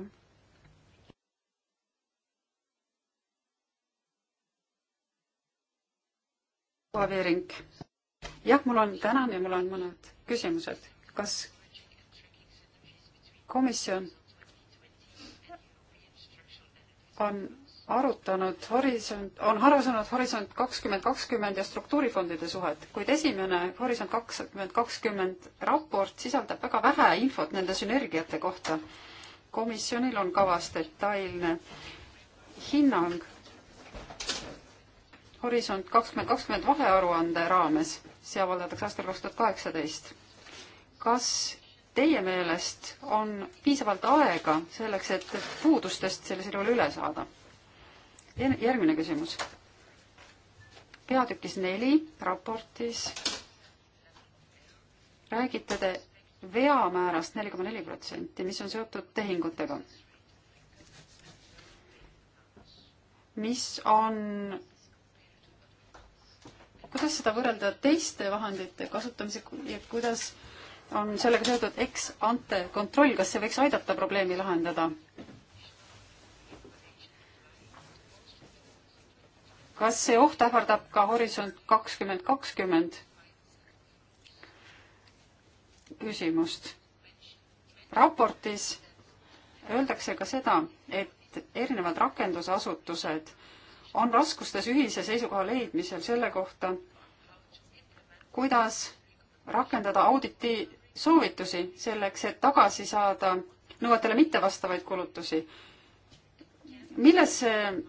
proua Veering. jah, mul on, tänan ja mul on mõned küsimused. kas komisjon on arutanud horisont, on arutanud Horisont kakskümmend kakskümmend ja struktuurifondide suhet, kuid esimene Horisont kakskümmend kakskümmend raport sisaldab väga vähe infot nende sünergiate kohta. komisjonil on kavas detailne hinnang Horisont kakskümmend kakskümmend vahearuande raames, see avaldatakse aastal kaks tuhat kaheksateist. kas teie meelest on piisavalt aega selleks, et puudustest sellisel juhul üle saada? järgmine küsimus. peatükis neli raportis räägite te veamäärast neli koma neli protsenti, mis on seotud tehingutega. mis on, kuidas seda võrrelda teiste vahendite kasutamisega ja kuidas on sellega seotud ex ante kontroll, kas see võiks aidata probleemi lahendada? kas see oht ähvardab ka Horisont kakskümmend kakskümmend küsimust? raportis öeldakse ka seda, et erinevad rakendusasutused on raskustes ühise seisukoha leidmisel selle kohta, kuidas rakendada auditi soovitusi selleks, et tagasi saada nõuetele mittevastavaid kulutusi. milles see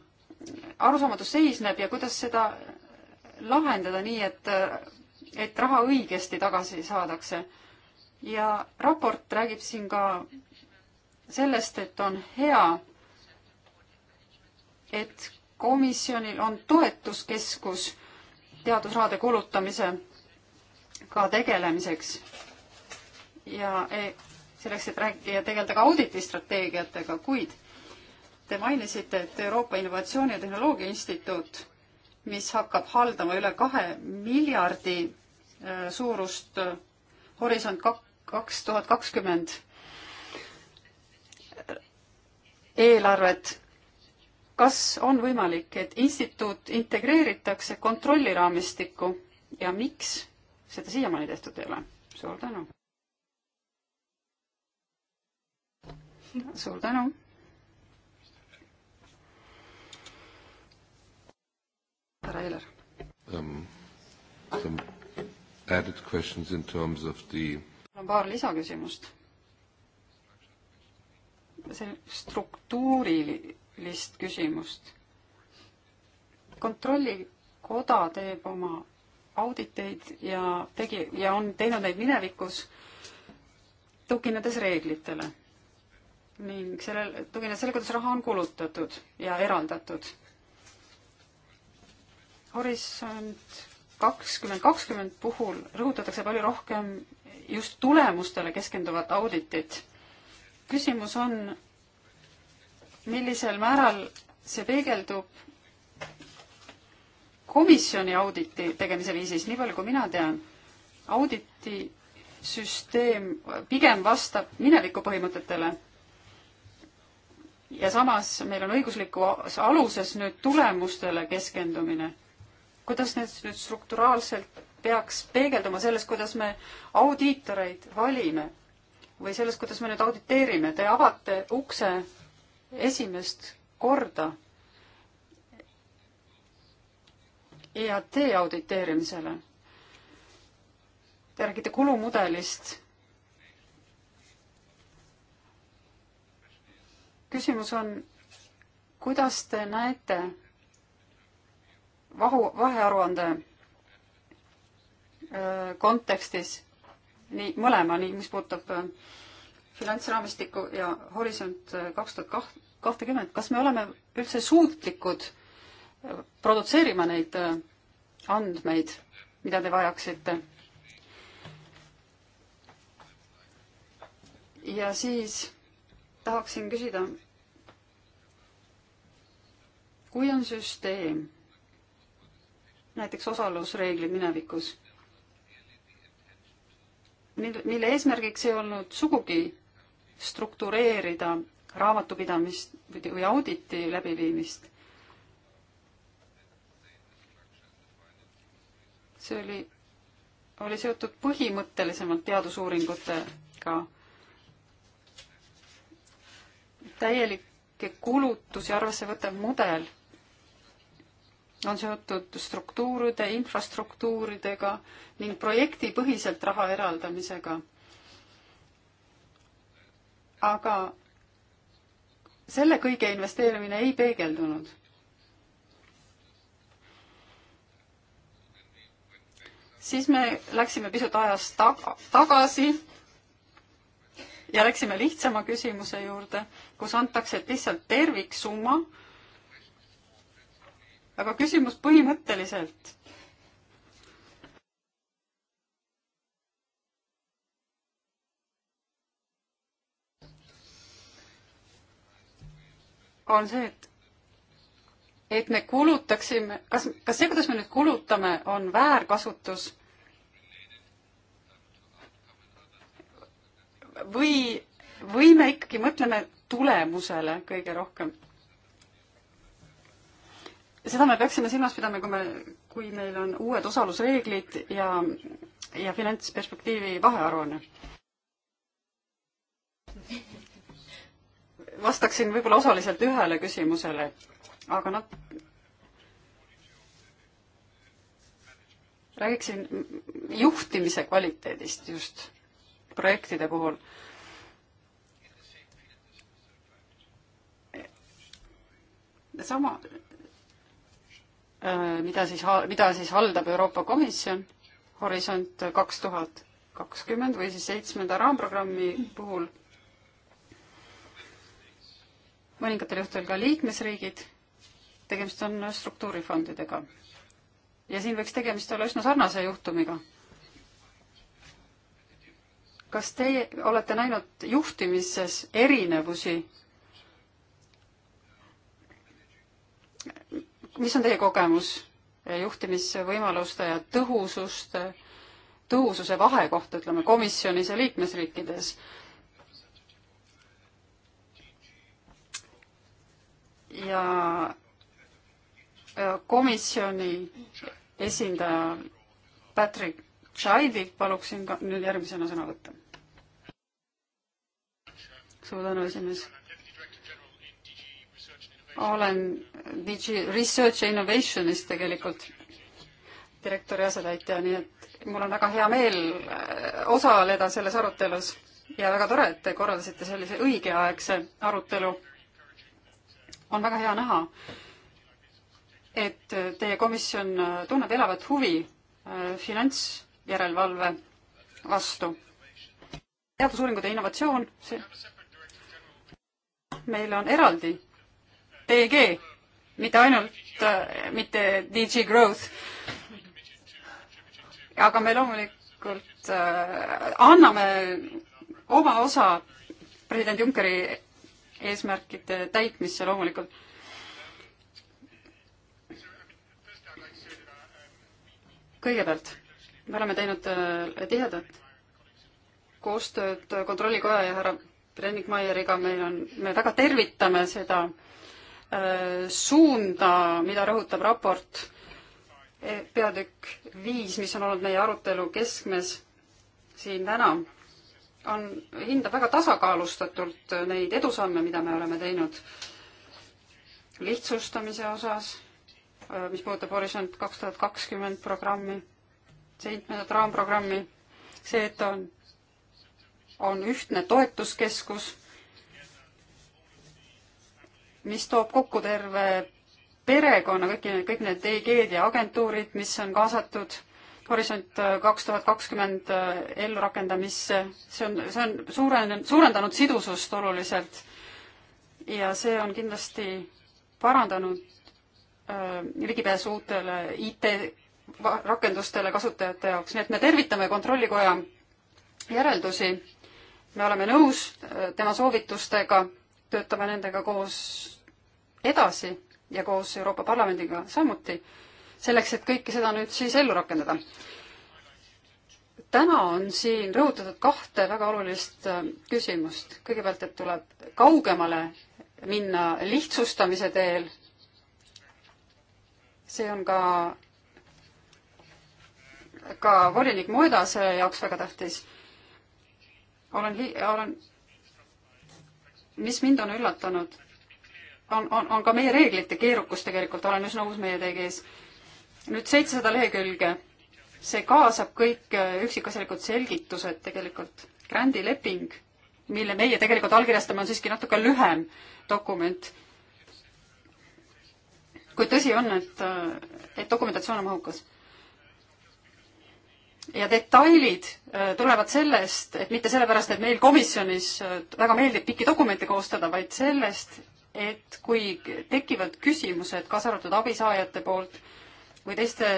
arusaamatus seisneb ja kuidas seda lahendada nii, et, et raha õigesti tagasi saadakse. ja raport räägib siin ka sellest, et on hea, et komisjonil on toetuskeskus teadusrahade kulutamisega tegelemiseks ja eh, selleks, et rääkida, tegeleda ka auditistrateegiatega, kuid Te mainisite, et Euroopa Innovatsiooni ja Tehnoloogia Instituut, mis hakkab haldama üle kahe miljardi äh, suurust äh, Horisont kaks tuhat kakskümmend äh, eelarvet. kas on võimalik, et instituut integreeritakse kontrolliraamistikku ja miks seda siiamaani tehtud ei ole? suur tänu. suur tänu härra Eiler um,. The... mul on paar lisaküsimust. see struktuurilist küsimust. kontrollikoda teeb oma auditeid ja tegi ja on teinud neid minevikus, tuginedes reeglitele ning sellel, tuginedes sellele, kuidas raha on kulutatud ja eraldatud Horisont kakskümmend kakskümmend puhul rõhutatakse palju rohkem just tulemustele keskenduvat auditit. küsimus on, millisel määral see peegeldub komisjoni auditi tegemise viisis, nii palju kui mina tean, auditi süsteem pigem vastab mineviku põhimõtetele. ja samas meil on õiguslikus aluses nüüd tulemustele keskendumine kuidas need nüüd strukturaalselt peaks peegelduma selles, kuidas me audiitoreid valime või selles, kuidas me nüüd auditeerime, te avate ukse esimest korda EAT auditeerimisele. Te räägite kulumudelist. küsimus on, kuidas te näete vahu, vahearuande kontekstis nii mõlema, nii mis puudutab finantsraamistikku ja Horisont kaks tuhat kahtekümmend, kas me oleme üldse suutlikud produtseerima neid andmeid, mida te vajaksite? ja siis tahaksin küsida, kui on süsteem näiteks osalusreeglid minevikus, mil, mille eesmärgiks ei olnud sugugi struktureerida raamatupidamist või auditi läbiviimist. see oli, oli seotud põhimõttelisemalt teadusuuringutega. täielik kulutusi arvesse võttev mudel on seotud struktuuride, infrastruktuuridega ning projektipõhiselt raha eraldamisega. aga selle kõige investeerimine ei peegeldunud. siis me läksime pisut ajas taga, tagasi ja läksime lihtsama küsimuse juurde, kus antakse lihtsalt terviksumma aga küsimus põhimõtteliselt. on see, et, et me kulutaksime, kas, kas see, kuidas me nüüd kulutame, on väärkasutus või, või me ikkagi mõtleme tulemusele kõige rohkem seda me peaksime silmas pidama, kui me, kui meil on uued osalusreeglid ja, ja finantsperspektiivi vahearuanne. vastaksin võib-olla osaliselt ühele küsimusele, aga noh, räägiksin juhtimise kvaliteedist just projektide puhul. sama Äh, mida siis, mida siis haldab Euroopa Komisjon, Horisont kaks tuhat kakskümmend või siis seitsmenda raamprogrammi puhul mõningatel juhtudel ka liikmesriigid, tegemist on struktuurifondidega. ja siin võiks tegemist olla üsna sarnase juhtumiga. kas teie olete näinud juhtimises erinevusi? mis on teie kogemus juhtimisvõimaluste ja tõhusust, tõhususe vahe kohta, ütleme, komisjonis ja liikmesriikides? ja komisjoni esindaja Patrick Chaidilt paluksin ka nüüd järgmisena sõna võtta. suur tänu, esimees olen DG Research ja Innovationis tegelikult direktori asetäitja, nii et mul on väga hea meel äh, osaleda selles arutelus ja väga tore, et te korraldasite sellise õigeaegse arutelu. on väga hea näha, et teie komisjon äh, tunneb elavat huvi äh, finantsjärelevalve vastu. teadusuuringud ja innovatsioon, see meil on eraldi DG mitte ainult, äh, mitte DG Growth. aga me loomulikult äh, anname oma osa president Junckeri eesmärkide täitmisse loomulikult. kõigepealt, me oleme teinud äh, tihedat koostööd Kontrollikoja ja härra Brennik Maieriga, meil on, me väga tervitame seda äh, Äh, suunda, mida rõhutab raport e, peatükk viis, mis on olnud meie arutelu keskmes siin täna, on, hindab väga tasakaalustatult neid edusamme, mida me oleme teinud lihtsustamise osas, äh, mis puudutab Horisont kaks tuhat kakskümmend programmi, seitsmendat raamprogrammi, see, et on, on ühtne toetuskeskus mis toob kokku terve perekonna, kõik, kõik need EG-d ja agentuurid, mis on kaasatud Horisont äh, kaks tuhat kakskümmend äh, ellurakendamisse, see on, see on suurenenud, suurendanud sidusust oluliselt. ja see on kindlasti parandanud äh, ligipääsu uutele IT-rakendustele kasutajate jaoks, nii et me tervitame Kontrollikoja järeldusi. me oleme nõus äh, tema soovitustega, töötame nendega koos edasi ja koos Euroopa Parlamendiga samuti, selleks, et kõike seda nüüd siis ellu rakendada. täna on siin rõhutatud kahte väga olulist äh, küsimust. kõigepealt, et tuleb kaugemale minna lihtsustamise teel. see on ka, ka volinik Moedase jaoks väga tähtis. olen, olen, mis mind on üllatanud on, on, on ka meie reeglite keerukus tegelikult, olen üsna uus meie teie ees. nüüd seitsesada lehekülge, see kaasab kõik äh, üksikasjalikud selgitused tegelikult. Grandi leping, mille meie tegelikult allkirjastame, on siiski natuke lühem dokument. kui tõsi on, et, äh, et dokumentatsioon on mahukas? ja detailid äh, tulevad sellest, et mitte sellepärast, et meil komisjonis väga meeldib pikki dokumente koostada, vaid sellest, et kui tekivad küsimused, kaasa arvatud abisaajate poolt või teiste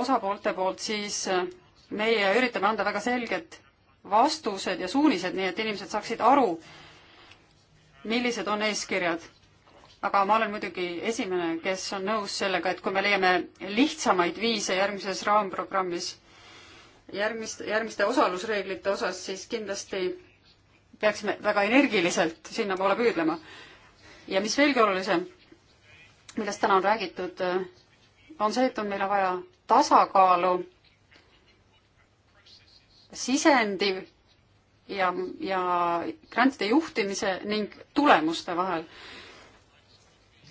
osapoolte poolt, siis meie üritame anda väga selged vastused ja suunised, nii et inimesed saaksid aru, millised on eeskirjad. aga ma olen muidugi esimene, kes on nõus sellega, et kui me leiame lihtsamaid viise järgmises raamprogrammis, järgmist, järgmiste osalusreeglite osas, siis kindlasti peaksime väga energiliselt sinnapoole püüdlema ja mis veelgi olulisem, millest täna on räägitud, on see, et on meil vaja tasakaalu sisendi ja, ja grantide juhtimise ning tulemuste vahel.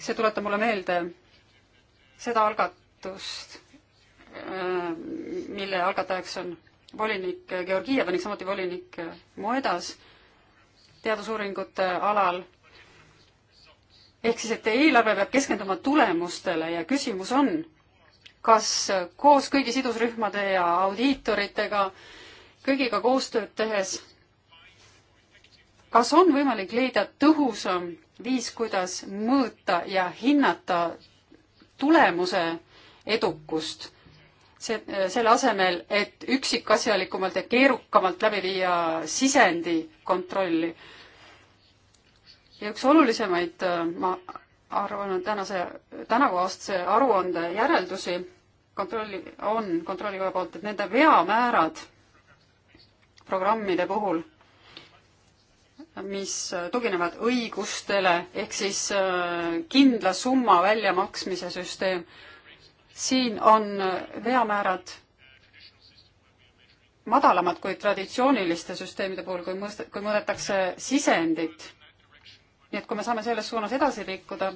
see tuletab mulle meelde seda algatust, mille algatajaks on volinik Georgiev ning samuti volinik Moedas teadusuuringute alal ehk siis, et eelarve peab keskenduma tulemustele ja küsimus on, kas koos kõigi sidusrühmade ja audiitoritega, kõigiga koostööd tehes, kas on võimalik leida tõhusam viis, kuidas mõõta ja hinnata tulemuse edukust? see, selle asemel, et üksikasjalikumalt ja keerukamalt läbi viia sisendi kontrolli ja üks olulisemaid, äh, ma arvan, tänase, tänavuaastase aruande järeldusi kontrolli, on kontrollikoja poolt, et nende veamäärad programmide puhul, mis äh, tuginevad õigustele, ehk siis äh, kindla summa väljamaksmise süsteem, siin on veamäärad madalamad kui traditsiooniliste süsteemide puhul, kui mõõst-, kui mõõdetakse sisendit nii et kui me saame selles suunas edasi liikuda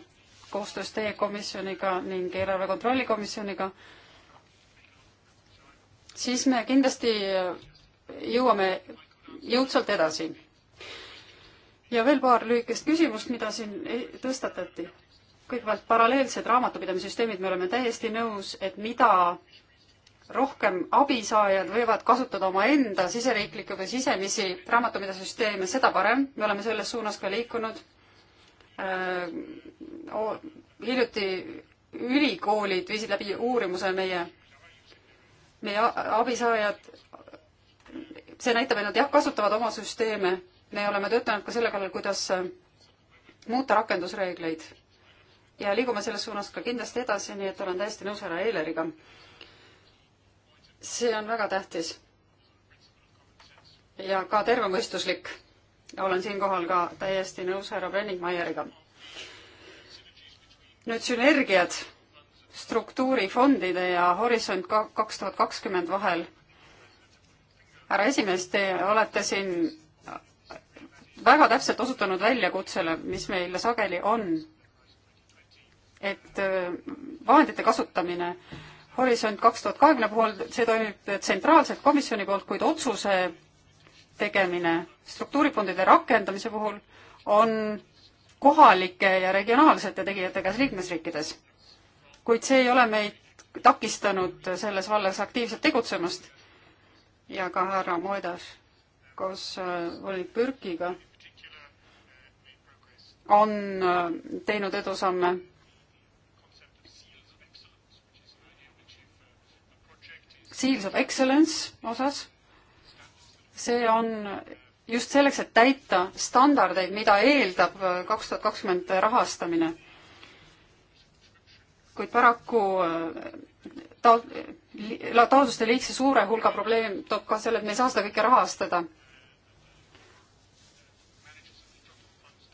koostöös teie komisjoniga ning eelarve kontrolli komisjoniga, siis me kindlasti jõuame jõudsalt edasi. ja veel paar lühikest küsimust, mida siin e-, tõstatati. kõigepealt paralleelsed raamatupidamissüsteemid, me oleme täiesti nõus, et mida rohkem abisaajad võivad kasutada omaenda siseriiklikke või sisemisi raamatupidasüsteeme, seda parem. me oleme selles suunas ka liikunud Äh, hiljuti ülikoolid viisid läbi uurimuse meie, meie abisaajad, see näitab, et nad jah, kasutavad oma süsteeme. me oleme töötanud ka selle kallal, kuidas äh, muuta rakendusreegleid ja liigume selles suunas ka kindlasti edasi, nii et olen täiesti nõus härra Eileriga. see on väga tähtis. ja ka tervemõistuslik olen siinkohal ka täiesti nõus härra Brenningmeieriga. nüüd sünergiad struktuurifondide ja Horisont kaks tuhat kakskümmend vahel. härra esimees, te olete siin väga täpselt osutanud väljakutsele, mis meil sageli on. et äh, vahendite kasutamine Horisont kaks tuhat kahekümne puhul, see toimib tsentraalselt komisjoni poolt, kuid otsuse tegemine struktuurifondide rakendamise puhul on kohalike ja regionaalsete tegijate käes liikmesriikides. kuid see ei ole meid takistanud selles vallas aktiivselt tegutsemast ja ka härra Moedas koos äh, volinik Pürkiga on äh, teinud edusamme Seals of Excellence osas see on just selleks, et täita standardeid, mida eeldab äh, kaks tuhat kakskümmend rahastamine. kuid paraku äh, ta-, taotluste liigse suure hulga probleem toob ka selle, et me ei saa seda kõike rahastada.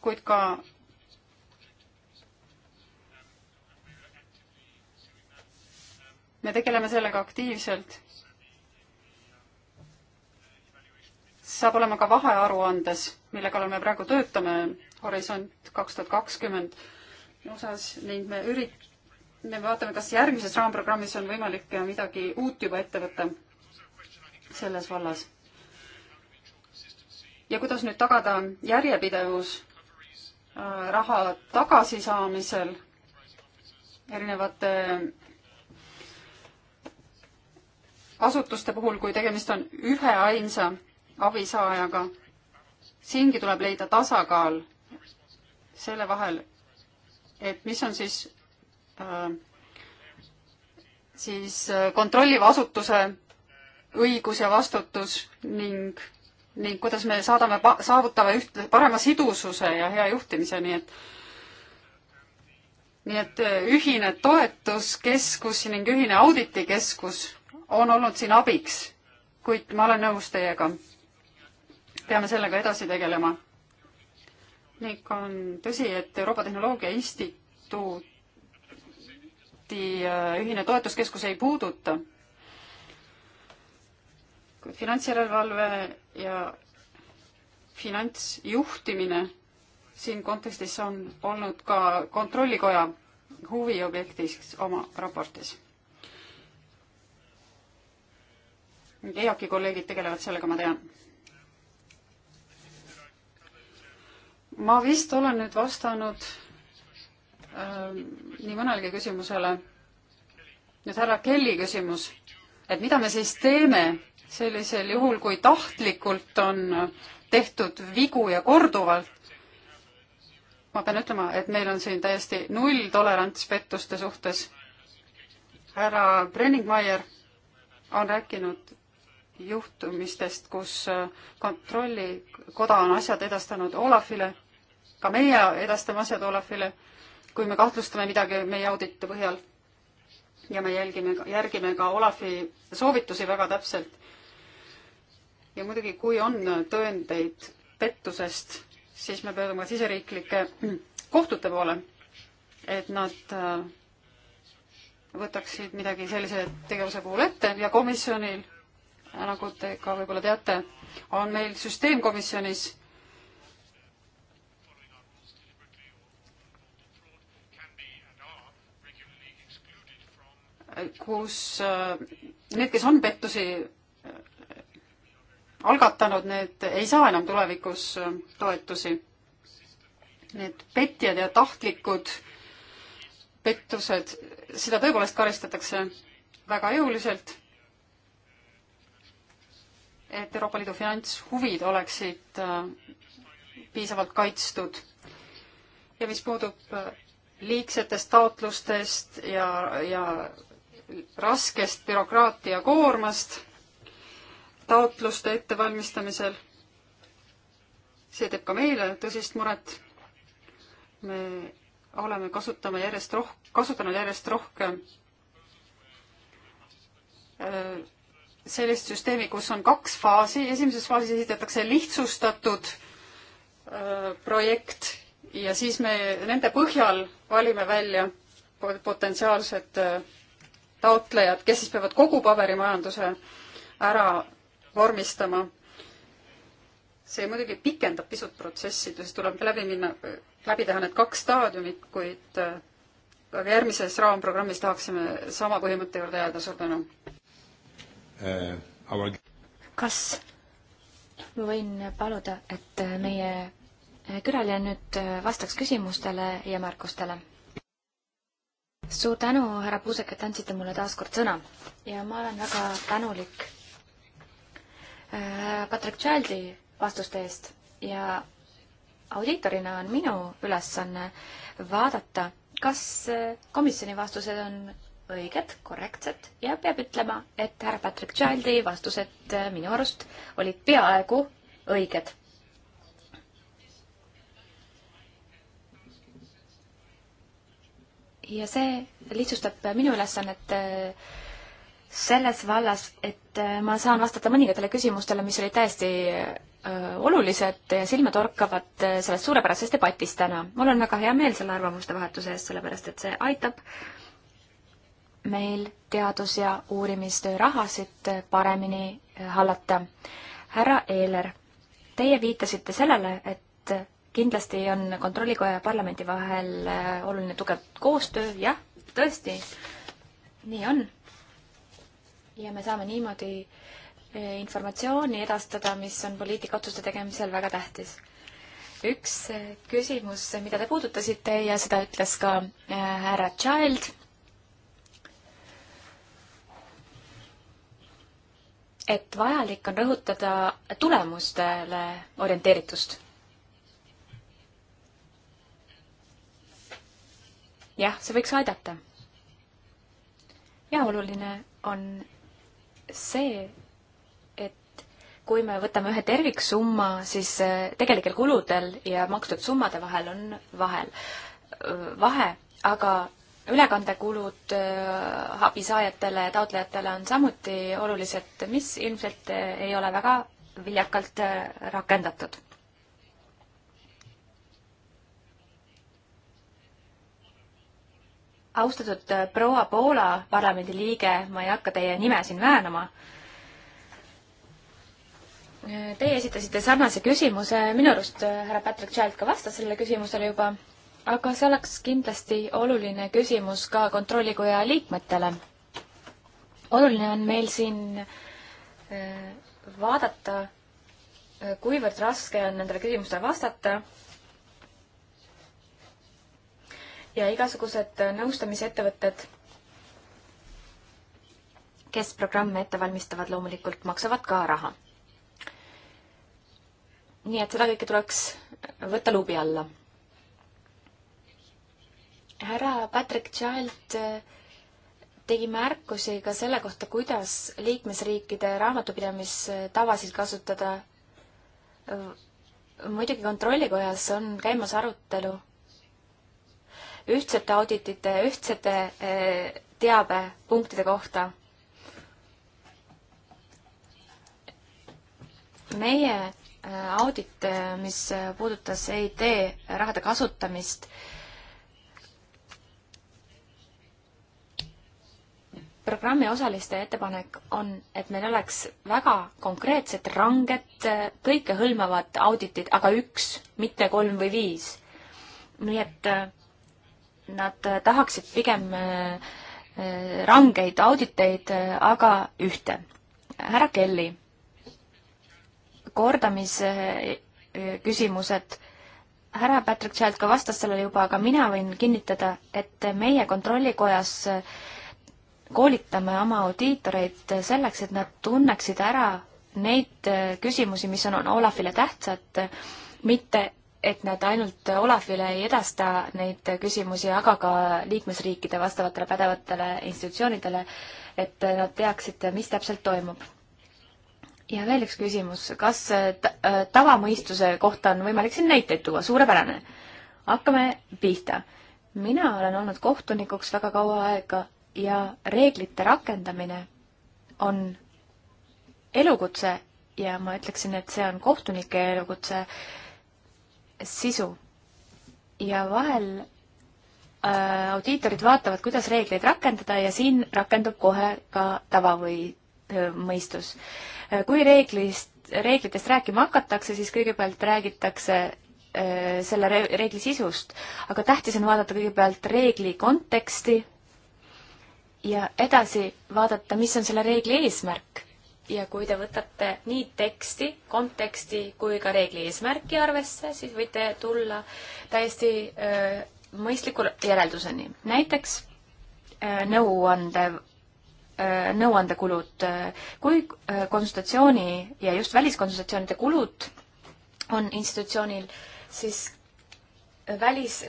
kuid ka me tegeleme sellega aktiivselt saab olema ka vahearuandes, mille kallal me praegu töötame, Horisont kaks tuhat kakskümmend osas ning me ürit-, me vaatame, kas järgmises raamprogrammis on võimalik midagi uut juba ette võtta selles vallas. ja kuidas nüüd tagada järjepidevus äh, raha tagasisaamisel erinevate asutuste puhul, kui tegemist on ühe ainsa abisaajaga. siingi tuleb leida tasakaal selle vahel, et mis on siis äh, siis äh, kontrolliva asutuse õigus ja vastutus ning, ning kuidas me saadame, saavutame üht, parema sidususe ja hea juhtimise, nii et nii et äh, ühine toetuskeskus ning ühine auditikeskus on olnud siin abiks, kuid ma olen nõus teiega peame sellega edasi tegelema. ning on tõsi, et Euroopa Tehnoloogia Instituuti äh, ühine toetuskeskus ei puuduta finantsjärelevalve ja finantsjuhtimine siin kontekstis on olnud ka Kontrollikoja huviobjektiks oma raportis. EAK-i kolleegid tegelevad sellega, ma tean ma vist olen nüüd vastanud äh, nii mõnelgi küsimusele. nüüd härra Kelly küsimus, et mida me siis teeme sellisel juhul, kui tahtlikult on tehtud vigu ja korduvalt. ma pean ütlema, et meil on siin täiesti nulltolerants pettuste suhtes. härra Brenningmeier on rääkinud juhtumistest, kus äh, kontrollikoda on asjad edastanud Olafile ka meie edastame asjad Olafile, kui me kahtlustame midagi meie auditi põhjal. ja me jälgime, järgime ka Olafi soovitusi väga täpselt. ja muidugi, kui on tõendeid pettusest, siis me pöördume siseriiklike kohtute poole, et nad äh, võtaksid midagi sellise tegevuse puhul ette ja komisjonil, nagu te ka võib-olla teate, on meil süsteem komisjonis kus äh, need, kes on pettusi äh, algatanud, need ei saa enam tulevikus äh, toetusi. Need petjad ja tahtlikud pettused, seda tõepoolest karistatakse väga jõuliselt. et Euroopa Liidu finantshuvid oleksid piisavalt kaitstud. ja mis puudub liigsetest taotlustest ja, ja raskest bürokraatia koormast taotluste ettevalmistamisel. see teeb ka meile tõsist muret. me oleme kasutama järjest roh-, kasutanud järjest rohkem äh, sellist süsteemi, kus on kaks faasi, esimeses faasis esitatakse lihtsustatud äh, projekt ja siis me nende põhjal valime välja potentsiaalsed äh, taotlejad, kes siis peavad kogu paberimajanduse ära vormistama. see muidugi pikendab pisut protsessi, siis tuleb läbi minna, läbi teha need kaks staadiumit, kuid äh, aga järgmises raamprogrammis tahaksime sama põhimõtte juurde jääda, suur tänu äh,. kas ma võin paluda, et meie külaline nüüd äh, vastaks küsimustele ja märkustele? suur tänu, härra Puusek, et andsite mulle taas kord sõna ja ma olen väga tänulik äh, Patrick Childi vastuste eest ja audiitorina on minu ülesanne vaadata, kas äh, komisjoni vastused on õiged, korrektsed ja peab ütlema, et härra Patrick Childi vastused äh, minu arust olid peaaegu õiged ja see lihtsustab minu ülesannet äh, selles vallas, et äh, ma saan vastata mõningatele küsimustele, mis olid täiesti äh, olulised ja silmatorkavad sellest suurepärasest debatist täna. mul on väga hea meel selle arvamuste vahetuse eest, sellepärast et see aitab meil teadus- ja uurimistöö rahasid paremini hallata. härra Eeler, teie viitasite sellele, et kindlasti on Kontrollikoja ja parlamendi vahel äh, oluline tugev koostöö, jah, tõesti, nii on. ja me saame niimoodi äh, informatsiooni edastada, mis on poliitikaotsuste tegemisel väga tähtis. üks äh, küsimus, mida te puudutasite ja seda ütles ka härra Child, et vajalik on rõhutada tulemustele orienteeritust jah, see võiks aidata. ja oluline on see, et kui me võtame ühe terviksumma, siis eh, tegelikel kuludel ja makstud summade vahel on vahel, eh, vahe, aga ülekandekulud eh, abisaajatele ja taotlejatele on samuti olulised, mis ilmselt ei ole väga viljakalt rakendatud. austatud äh, proua Poola parlamendi liige, ma ei hakka teie nime siin väänama. Teie esitasite sarnase küsimuse, minu arust äh, härra Patrick Child ka vastas sellele küsimusele juba, aga see oleks kindlasti oluline küsimus ka Kontrollikoja liikmetele. oluline on meil siin äh, vaadata, kuivõrd raske on nendele küsimustele vastata ja igasugused nõustamisettevõtted, kes programme ette valmistavad, loomulikult maksavad ka raha. nii et seda kõike tuleks võtta luubi alla. härra Patrick Child tegi märkusi ka selle kohta, kuidas liikmesriikide raamatupidamistavasid kasutada. muidugi Kontrollikojas on käimas arutelu ühtsete auditite, ühtsete eh, teabepunktide kohta. meie eh, audit, eh, mis puudutas EIT rahade kasutamist, programmi osaliste ettepanek on, et meil oleks väga konkreetsed, ranged, kõikehõlmavad auditid, aga üks, mitte kolm või viis. nii et äh, nad tahaksid pigem äh, äh, rangeid auditeid, äh, aga ühte. härra Kelly, kordamise küsimused, härra Patrick Child ka vastas sellele juba, aga mina võin kinnitada, et meie kontrollikojas koolitame oma audiitoreid selleks, et nad tunneksid ära neid küsimusi, mis on, on Olafile tähtsad, mitte et nad ainult Olafile ei edasta neid küsimusi, aga ka liikmesriikide vastavatele pädevatele institutsioonidele, et nad teaksid, mis täpselt toimub. ja veel üks küsimus, kas äh, tavamõistuse kohta on võimalik siin näiteid tuua, suurepärane. hakkame pihta. mina olen olnud kohtunikuks väga kaua aega ja reeglite rakendamine on elukutse ja ma ütleksin, et see on kohtunike elukutse sisu ja vahel äh, audiitorid vaatavad, kuidas reegleid rakendada ja siin rakendub kohe ka tava või äh, mõistus. Äh, kui reeglist, reeglitest rääkima hakatakse, siis kõigepealt räägitakse äh, selle re reegli sisust, aga tähtis on vaadata kõigepealt reegli konteksti ja edasi vaadata, mis on selle reegli eesmärk ja kui te võtate nii teksti, konteksti kui ka reegli eesmärki arvesse, siis võite tulla täiesti öö, äh, mõistliku järelduseni. näiteks äh, nõuande, äh, nõuandekulud. kui konsultatsiooni ja just väliskonsultatsioonide kulud on institutsioonil, siis välis,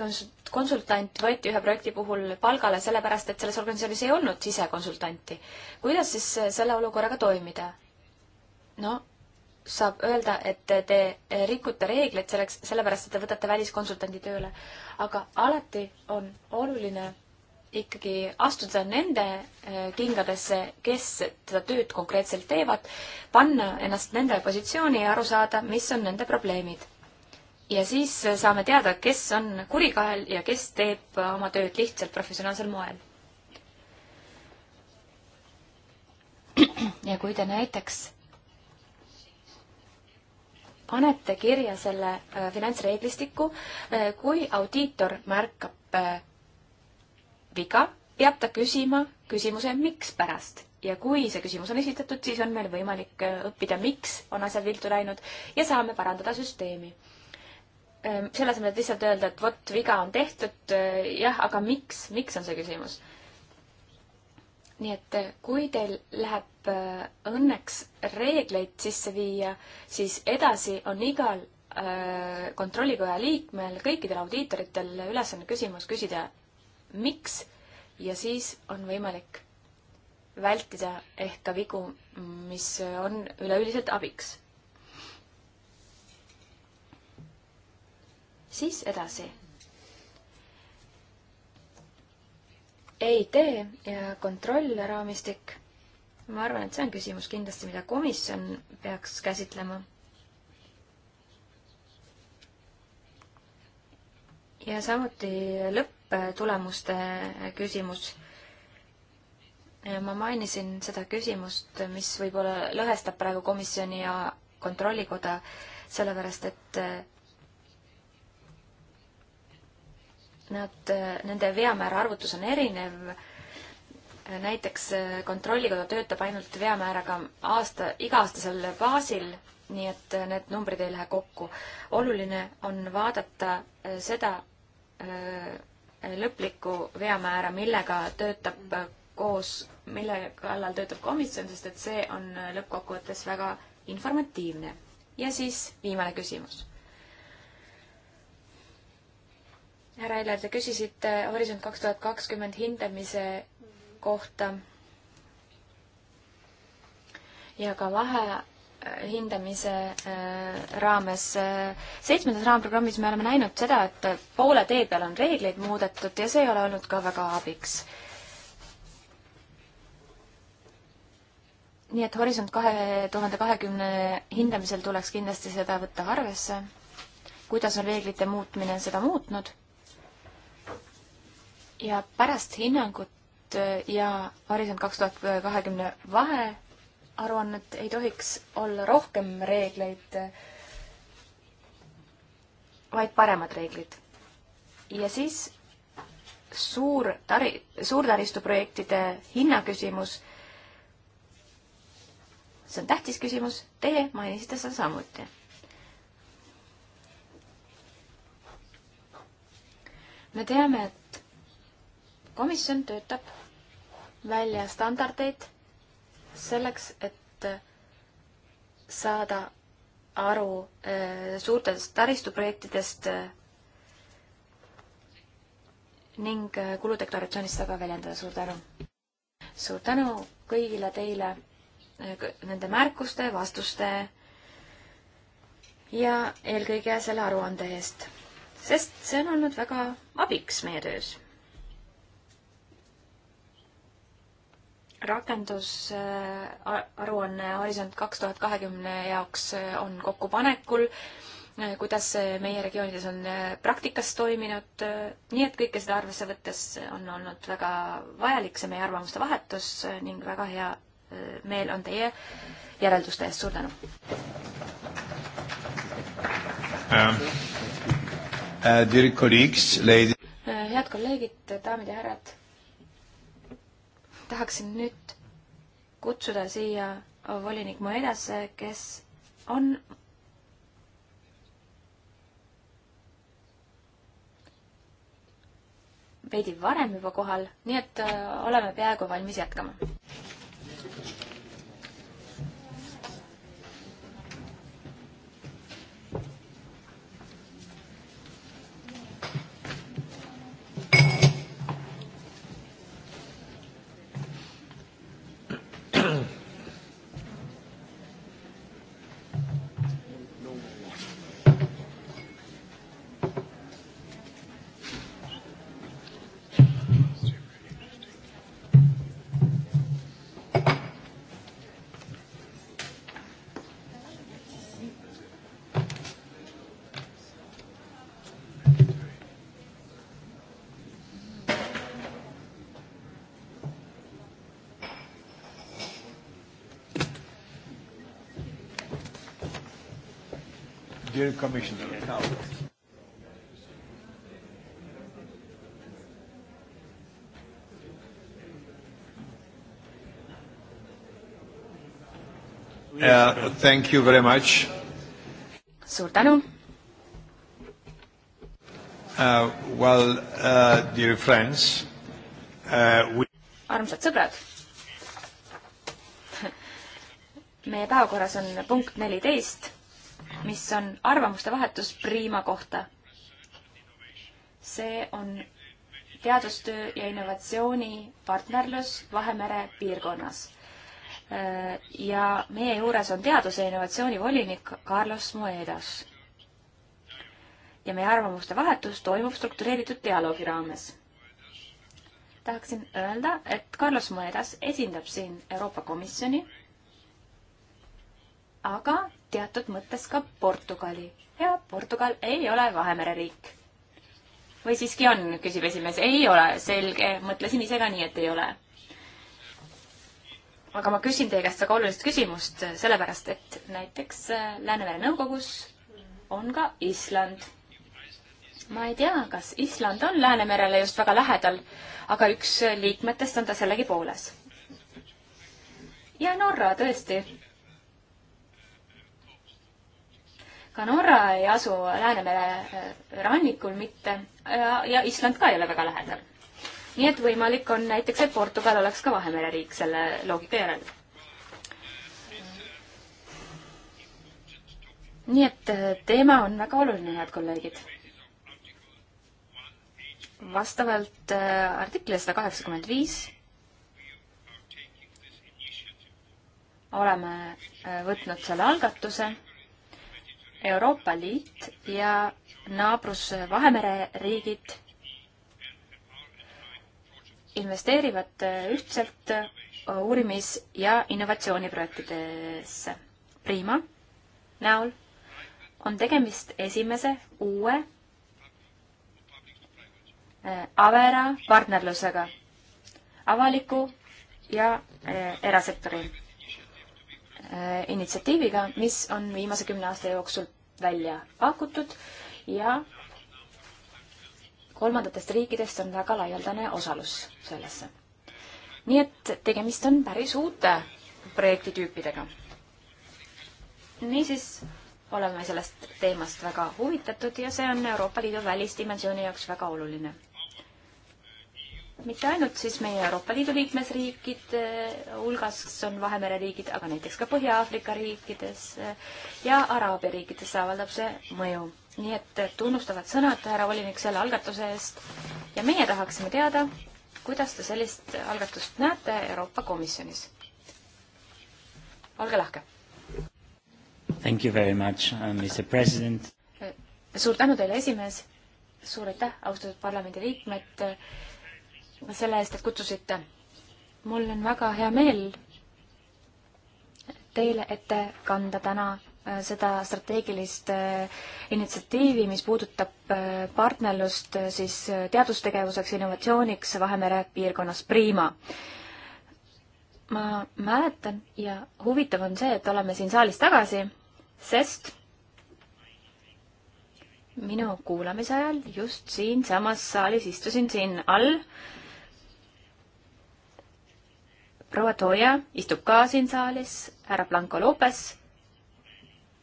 konsultant võeti ühe projekti puhul palgale sellepärast, et selles organisatsioonis ei olnud sisekonsultanti. kuidas siis äh, selle olukorraga toimida? no saab öelda, et te rikute reegleid selleks, sellepärast et te võtate väliskonsultandi tööle. aga alati on oluline ikkagi astuda nende äh, kingadesse, kes seda tööd konkreetselt teevad, panna ennast nende positsiooni ja aru saada, mis on nende probleemid ja siis saame teada, kes on kurikael ja kes teeb oma tööd lihtsalt professionaalsel moel. ja kui te näiteks panete kirja selle äh, finantsreeglistiku, äh, kui audiitor märkab äh, viga, peab ta küsima küsimuse mikspärast ja kui see küsimus on esitatud, siis on meil võimalik õppida, miks on asjad viltu läinud ja saame parandada süsteemi Ehm, selle asemel, et lihtsalt öelda, et vot, viga on tehtud, eh, jah, aga miks, miks on see küsimus? nii et eh, kui teil läheb eh, õnneks reegleid sisse viia, siis edasi on igal äh, kontrollikoja liikmel, kõikidel audiitoritel ülesanne küsimus küsida, miks, ja siis on võimalik vältida ehk ka vigu, mis on üleüldiselt abiks siis edasi. EIT ja kontrollraamistik. ma arvan, et see on küsimus kindlasti, mida komisjon peaks käsitlema. ja samuti lõpptulemuste küsimus ma mainisin seda küsimust, mis võib-olla lõhestab praegu komisjoni ja kontrollikoda, sellepärast et Nad, nende veamäära arvutus on erinev. näiteks eh, Kontrollikoda töötab ainult veamääraga aasta, iga-aastasel baasil, nii et eh, need numbrid ei lähe kokku. oluline on vaadata eh, seda lõplikku veamäära, millega töötab koos, mille kallal töötab komisjon, sest et see on lõppkokkuvõttes väga informatiivne. ja siis viimane küsimus härra Eller, te küsisite Horisont kaks tuhat kakskümmend hindamise kohta ja ka vahe äh, hindamise äh, raames. Äh, seitsmendas raamprogrammis me oleme näinud seda, et poole tee peal on reegleid muudetud ja see ei ole olnud ka väga abiks. nii et Horisont kahe tuhande kahekümne hindamisel tuleks kindlasti seda võtta arvesse, kuidas on reeglite muutmine seda muutnud ja pärast hinnangut äh, ja Horisont kaks tuhat kahekümne vahearuannet ei tohiks olla rohkem reegleid, äh, vaid paremad reeglid. ja siis suur tari-, suurtaristuprojektide hinnaküsimus, see on tähtis küsimus, teie mainisite seda samuti. me teame, et komisjon töötab välja standardeid selleks, et saada aru eh, suurtest taristuprojektidest eh, ning eh, kuludeklaratsioonist väga väljendada. suur tänu! suur tänu kõigile teile nende märkuste, vastuste ja eelkõige selle aruande eest, sest see on olnud väga abiks meie töös rakendusaruanne äh, Horisont kaks tuhat kahekümne jaoks äh, on kokkupanekul, äh, kuidas see meie regioonides on praktikas toiminud, nii et kõike seda arvesse võttes on olnud väga vajalik see meie arvamuste vahetus ning väga hea meel on teie järelduste eest, suur tänu um,! Uh, head kolleegid, daamid ja härrad tahaksin nüüd kutsuda siia volinik Moedasse, kes on veidi varem juba kohal, nii et äh, oleme peaaegu valmis jätkama. dear Commissioner. Now. Uh, thank you very much. suur tänu uh,. Well uh,, dear friends uh,. We... armsad sõbrad. meie päevakorras on punkt neliteist mis on arvamuste vahetus Prima kohta. see on teadustöö ja innovatsiooni partnerlus Vahemere piirkonnas. ja meie juures on teaduse ja innovatsiooni volinik Carlos Moedas. ja meie arvamuste vahetus toimub struktureeritud dialoogi raames. tahaksin öelda, et Carlos Moedas esindab siin Euroopa Komisjoni, aga teatud mõttes ka Portugali ja Portugal ei ole Vahemere riik. või siiski on, küsib esimees. ei ole, selge, mõtlesin ise ka nii, et ei ole. aga ma küsin teie käest väga olulist küsimust, sellepärast et näiteks äh, Läänemere nõukogus on ka Island. ma ei tea, kas Island on Läänemerele just väga lähedal, aga üks liikmetest on ta sellegipoolest. ja Norra tõesti ka Norra ei asu Läänemere äh, rannikul mitte ja, ja Island ka ei ole väga lähedal. nii et võimalik on näiteks, et Portugal oleks ka Vahemere riik selle loogika järel. nii et äh, teema on väga oluline, head kolleegid. vastavalt äh, artiklile sada kaheksakümmend viis oleme võtnud selle algatuse Euroopa Liit ja naabrus Vahemere riigid investeerivad äh, ühtselt äh, uurimis- ja innovatsiooniprojektidesse. Prima näol on tegemist esimese uue äh, Avera partnerlusega avaliku ja erasektori initsiatiiviga, mis on viimase kümne aasta jooksul välja pakutud ja kolmandatest riikidest on väga laialdane osalus sellesse. nii et tegemist on päris uute projektitüüpidega. niisiis oleme sellest teemast väga huvitatud ja see on Euroopa Liidu välisdimensiooni jaoks väga oluline mitte ainult siis meie Euroopa Liidu liikmesriikide hulgas, kes on Vahemere riigid, aga näiteks ka Põhja-Aafrika riikides äh, ja Araabia riikides avaldab see mõju. nii et äh, tunnustavad sõnad, härra volinik, selle algatuse eest ja meie tahaksime teada, kuidas te sellist algatust näete Euroopa Komisjonis? olge lahke. Thank you very much, uh, Mr President. Äh, suur tänu teile, esimees. suur aitäh, austatud parlamendiliikmed selle eest, et kutsusite. mul on väga hea meel teile ette kanda täna äh, seda strateegilist äh, initsiatiivi, mis puudutab äh, partnerlust siis teadustegevuseks, innovatsiooniks Vahemere piirkonnas Prima. ma mäletan ja huvitav on see, et oleme siin saalis tagasi, sest minu kuulamise ajal just siinsamas saalis istusin siin all proua Toja istub ka siin saalis, härra Blanco Lopes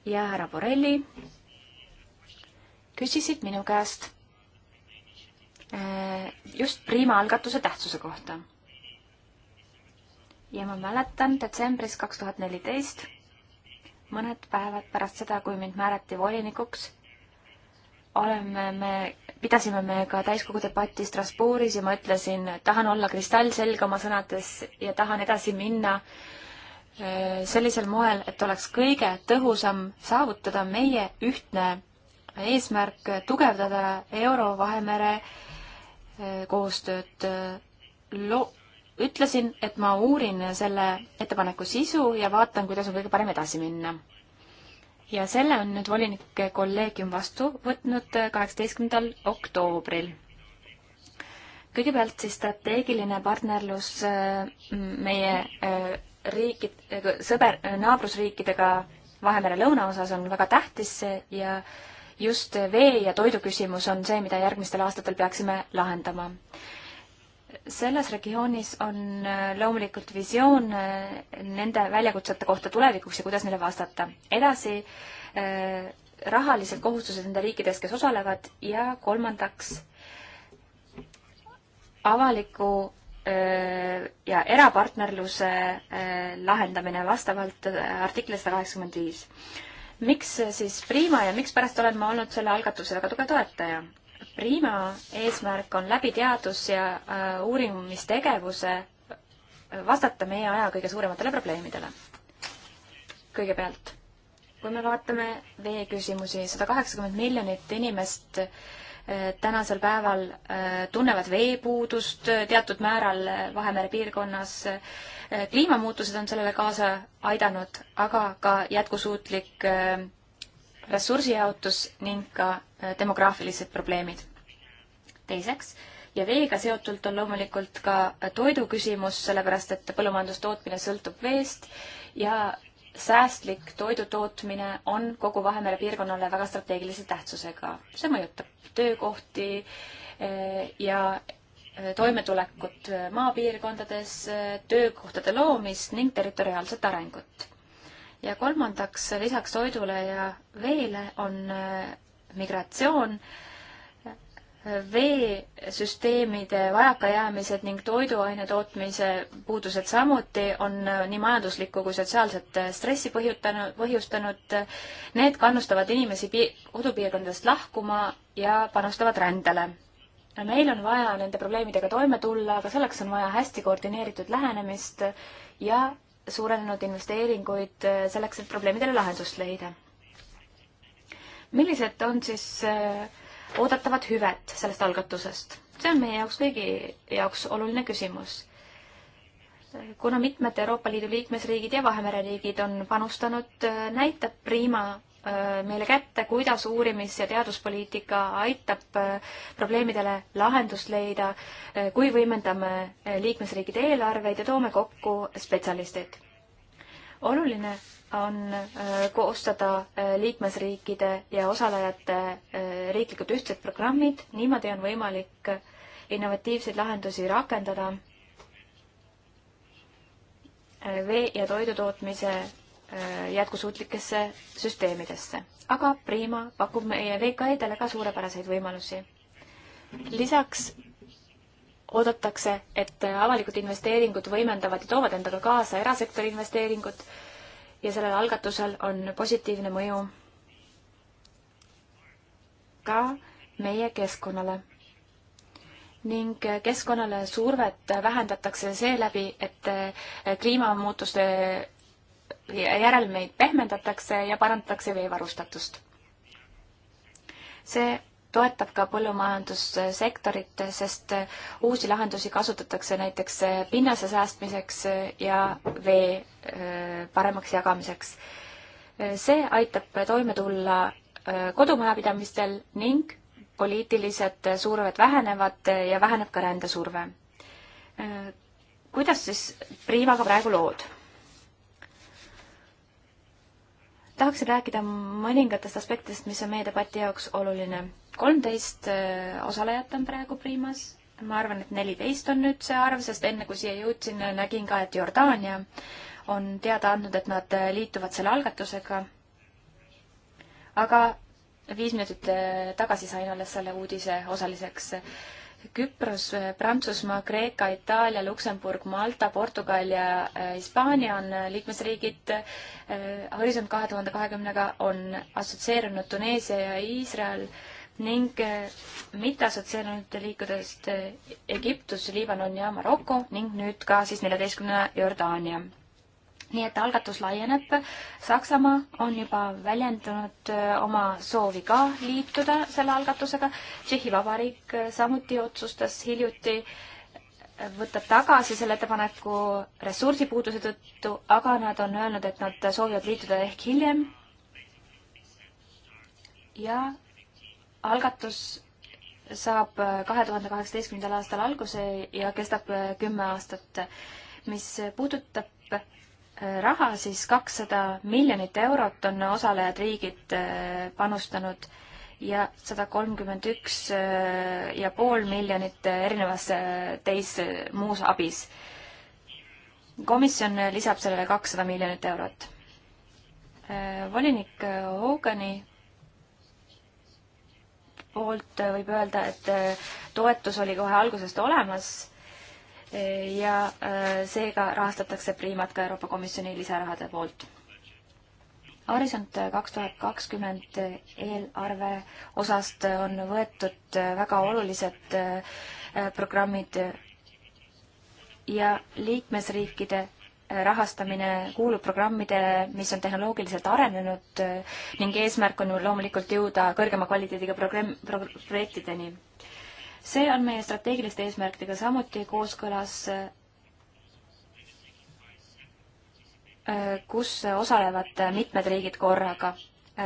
ja härra Borrelli küsisid minu käest äh, just Prima algatuse tähtsuse kohta. ja ma mäletan detsembris kaks tuhat neliteist, mõned päevad pärast seda, kui mind määrati volinikuks oleme me, pidasime me ka täiskogu debatti Strasbourgis ja ma ütlesin, tahan olla kristallselge oma sõnades ja tahan edasi minna äh, sellisel moel, et oleks kõige tõhusam saavutada meie ühtne eesmärk tugevdada Euro-Vahemere äh, koostööd. Äh, lo-, ütlesin, et ma uurin selle ettepaneku sisu ja vaatan, kuidas on kõige parem edasi minna ja selle on nüüd volinike kolleegium vastu võtnud kaheksateistkümnendal oktoobril. kõigepealt siis strateegiline partnerlus äh, meie äh, riikid, äh, sõber, naabrusriikidega Vahemere lõunaosas on väga tähtis ja just vee ja toidu küsimus on see, mida järgmistel aastatel peaksime lahendama selles regioonis on äh, loomulikult visioon äh, nende väljakutsete kohta tulevikuks ja kuidas neile vastata. edasi äh, rahalised kohustused nende riikides, kes osalevad ja kolmandaks avaliku ja erapartnerluse lahendamine vastavalt artikli sada kaheksakümmend viis. miks siis Prima ja mikspärast olen ma olnud selle algatuse väga tugev toetaja? Prima eesmärk on läbi teadus- ja äh, uurimistegevuse äh, vastata meie aja kõige suurematele probleemidele. kõigepealt, kui me vaatame veeküsimusi, sada kaheksakümmend miljonit inimest äh, tänasel päeval tunnevad veepuudust teatud määral Vahemere piirkonnas. kliimamuutused on sellele kaasa aidanud, aga ka jätkusuutlik ressursijaotus ning ka äh, demograafilised probleemid. teiseks, ja veega seotult on loomulikult ka äh, toidu küsimus, sellepärast et põllumajandustootmine sõltub veest ja säästlik toidu tootmine on kogu Vahemere piirkonnale väga strateegilise tähtsusega. see mõjutab töökohti äh, ja toimetulekut maapiirkondades, töökohtade loomist ning territoriaalset arengut ja kolmandaks, lisaks toidule ja veele on äh, migratsioon, veesüsteemide vajakajäämised ning toiduaine tootmise puudused samuti on äh, nii majanduslikku kui sotsiaalset äh, stressi põhjutanud, põhjustanud. Need kannustavad inimesi kodupiirkondadest lahkuma ja panustavad rändele meil on vaja nende probleemidega toime tulla, aga selleks on vaja hästi koordineeritud lähenemist ja suurenenud investeeringuid äh, selleks, et probleemidele lahendust leida. millised on siis äh, oodatavad hüved sellest algatusest? see on meie jaoks kõigi jaoks oluline küsimus kuna mitmed Euroopa Liidu liikmesriigid ja Vahemere riigid on panustanud, äh, näitab Prima Äh, meile kätte, kuidas uurimis- ja teaduspoliitika aitab äh, probleemidele lahendust leida, äh, kui võimendame liikmesriikide eelarveid ja toome kokku spetsialistid. oluline on koostada liikmesriikide ja osalejate riiklikud ühtsed programmid, niimoodi on võimalik innovatiivseid lahendusi rakendada vee- ja toidutootmise Äh, jätkusuutlikesse süsteemidesse. aga Prima pakub meie VKE-dele ka suurepäraseid võimalusi. lisaks oodatakse, et avalikud investeeringud võimendavad ja toovad endaga kaasa erasektori investeeringud ja sellel algatusel on positiivne mõju ka meie keskkonnale. ning keskkonnale survet vähendatakse seeläbi, et kliimamuutuste järelmeid pehmendatakse ja parandatakse veevarustatust. see toetab ka põllumajandussektorit, sest uusi lahendusi kasutatakse näiteks pinnase säästmiseks ja vee äh, paremaks jagamiseks. see aitab toime tulla äh, kodumajapidamistel ning poliitilised surved vähenevad ja väheneb ka rändesurve. Äh, kuidas siis Priivaga praegu lood? tahaksin rääkida mõningatest aspektidest, mis on meie debati jaoks oluline. kolmteist äh, osalejat on praegu Primas, ma arvan, et neliteist on nüüd see arv, sest enne kui siia jõudsin, nägin ka, et Jordaania on teada andnud, et nad äh, liituvad selle algatusega. aga viis minutit äh, tagasi sain alles selle uudise osaliseks Küpros, Prantsusmaa, Kreeka, Itaalia, Luksemburg, Malta, Portugal ja äh, Hispaania on äh, liikmesriigid. Äh, Horisont kahe tuhande kahekümnega on assotsieerunud Tuneesia ja Iisrael ning mitteassotsieerunud liikudest Egiptus, Liibanon ja Maroko ning nüüd ka siis neljateistkümne Jordaania nii et algatus laieneb. Saksamaa on juba väljendanud äh, oma soovi ka liituda selle algatusega. Tšehhi Vabariik äh, samuti otsustas hiljuti äh, võtta tagasi selle ettepaneku ressursipuuduse tõttu, aga nad on öelnud, et nad soovivad liituda ehk hiljem. ja algatus saab kahe tuhande kaheksateistkümnendal aastal alguse ja kestab kümme aastat. mis puudutab raha, siis kakssada miljonit eurot on osalejad riigid äh, panustanud ja sada kolmkümmend üks äh, ja pool miljonit äh, erinevas teis muus abis. komisjon lisab sellele kakssada miljonit eurot. volinik Hogani poolt võib öelda, et toetus oli kohe algusest olemas ja äh, seega rahastatakse Priimat ka Euroopa Komisjoni lisarahade poolt. Horisont kaks tuhat kakskümmend eelarve osast on võetud äh, väga olulised äh, programmid ja liikmesriikide rahastamine kuulub programmidele, mis on tehnoloogiliselt arenenud ning eesmärk on loomulikult jõuda kõrgema kvaliteediga programm, pro-, projektideni see on meie strateegiliste eesmärkidega samuti kooskõlas, äh, kus osalevad mitmed riigid korraga.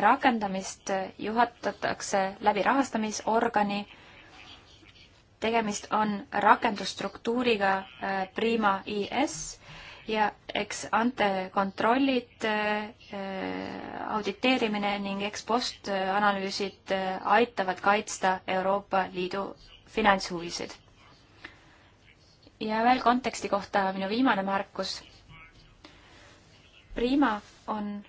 rakendamist juhatatakse läbi rahastamisorgani, tegemist on rakendusstruktuuriga äh, Prima IS ja eks ante kontrollid, äh, auditeerimine ning eks post analüüsid aitavad kaitsta Euroopa Liidu finantshuvisid. ja veel konteksti kohta minu viimane märkus. Prima on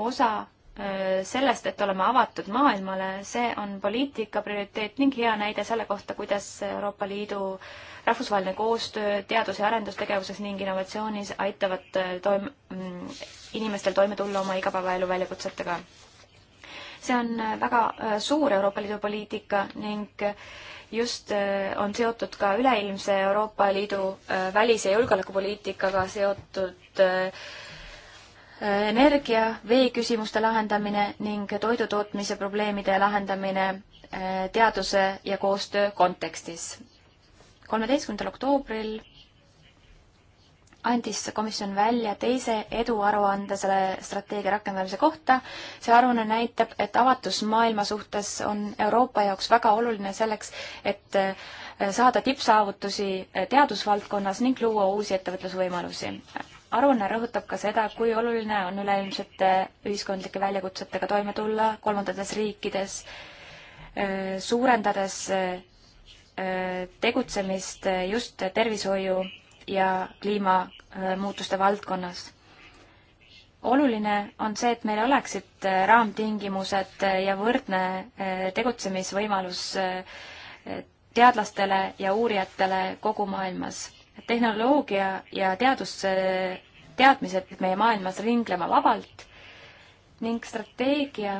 osa äh, sellest, et oleme avatud maailmale, see on poliitika prioriteet ning hea näide selle kohta, kuidas Euroopa Liidu rahvusvaheline koostöö teadus- ja arendustegevuses ning innovatsioonis aitavad äh, toim-, mm, inimestel toime tulla oma igapäevaelu väljakutsetega. see on äh, väga suur Euroopa Liidu poliitika ning just äh, on seotud ka üleilmse Euroopa Liidu äh, välis- ja julgeolekupoliitikaga seotud äh, energia, veeküsimuste lahendamine ning toidutootmise probleemide lahendamine teaduse ja koostöö kontekstis. kolmeteistkümnendal oktoobril andis komisjon välja teise eduaruande selle strateegia rakendamise kohta. see aruanne näitab, et avatus maailma suhtes on Euroopa jaoks väga oluline selleks, et äh, saada tippsaavutusi äh, teadusvaldkonnas ning luua uusi ettevõtlusvõimalusi. aruanne rõhutab ka seda, kui oluline on üleilmsete äh, ühiskondlike väljakutsetega toime tulla kolmandates riikides, suurendades tegutsemist just tervishoiu ja kliimamuutuste valdkonnas. oluline on see, et meil oleksid äh, raamtingimused äh, ja võrdne äh, tegutsemisvõimalus teadlastele ja uurijatele kogu maailmas. tehnoloogia ja teadus, teadmised meie maailmas ringlema vabalt ning strateegia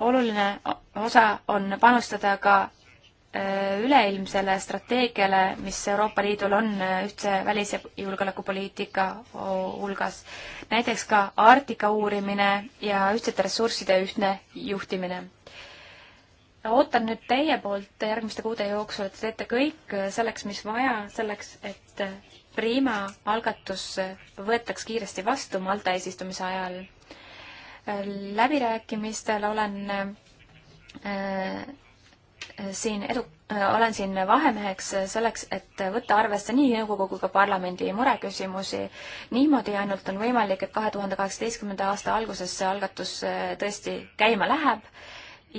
oluline osa on panustada ka Äh, üleilmsele strateegiale, mis Euroopa Liidul on äh, ühtse välis- ja julgeolekupoliitika hulgas. näiteks ka Arktika uurimine ja ühtsete ressursside ühtne juhtimine. ootan nüüd teie poolt järgmiste kuude jooksul, et te teete kõik äh, selleks, mis vaja, selleks, et Prima algatus võetaks kiiresti vastu Malta eesistumise ajal. läbirääkimistel olen äh, siin edu, äh, olen siin vahemeheks selleks, et võtta arvesse nii nõukogu kui ka parlamendi mureküsimusi. niimoodi ainult on võimalik, et kahe tuhande kaheksateistkümnenda aasta alguses see algatus äh, tõesti käima läheb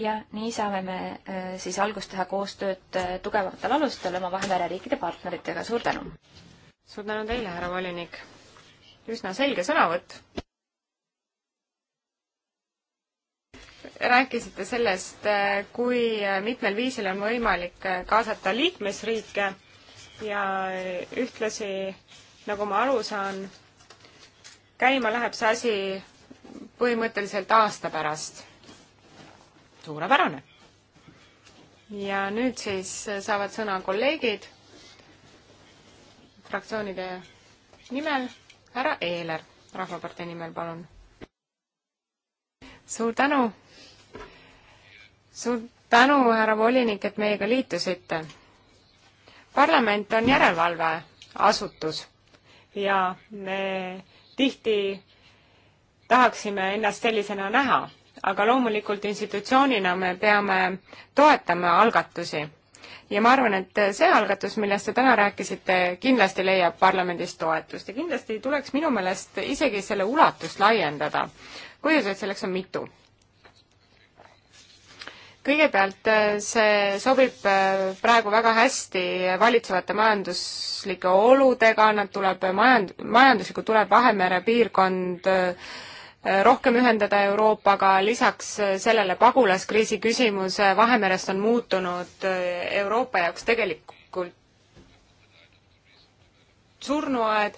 ja nii saame me äh, siis algust teha koostööd tugevamatel alustel oma Vahemere riikide partneritega. suur tänu! suur tänu teile, härra volinik! üsna selge sõnavõtt. rääkisite sellest, äh, kui äh, mitmel viisil on võimalik äh, kaasata liikmesriike ja ühtlasi, nagu ma aru saan, käima läheb see asi põhimõtteliselt aasta pärast. suurepärane. ja nüüd siis saavad sõna kolleegid fraktsioonide nimel. härra Eeler Rahvapartei nimel, palun. suur tänu suur tänu, härra volinik, et meiega liitusite. parlament on järelevalveasutus ja me tihti tahaksime ennast sellisena näha, aga loomulikult institutsioonina me peame toetama algatusi. ja ma arvan, et see algatus, millest te täna rääkisite, kindlasti leiab parlamendis toetust ja kindlasti tuleks minu meelest isegi selle ulatust laiendada. põhjuseid selleks on mitu kõigepealt äh, see sobib äh, praegu väga hästi valitsevate majanduslike oludega, nad tuleb majand-, majanduslikult tuleb Vahemere piirkond äh, rohkem ühendada Euroopaga, lisaks sellele pagulaskriisi küsimus Vahemerest on muutunud Euroopa jaoks tegelikult surnuaed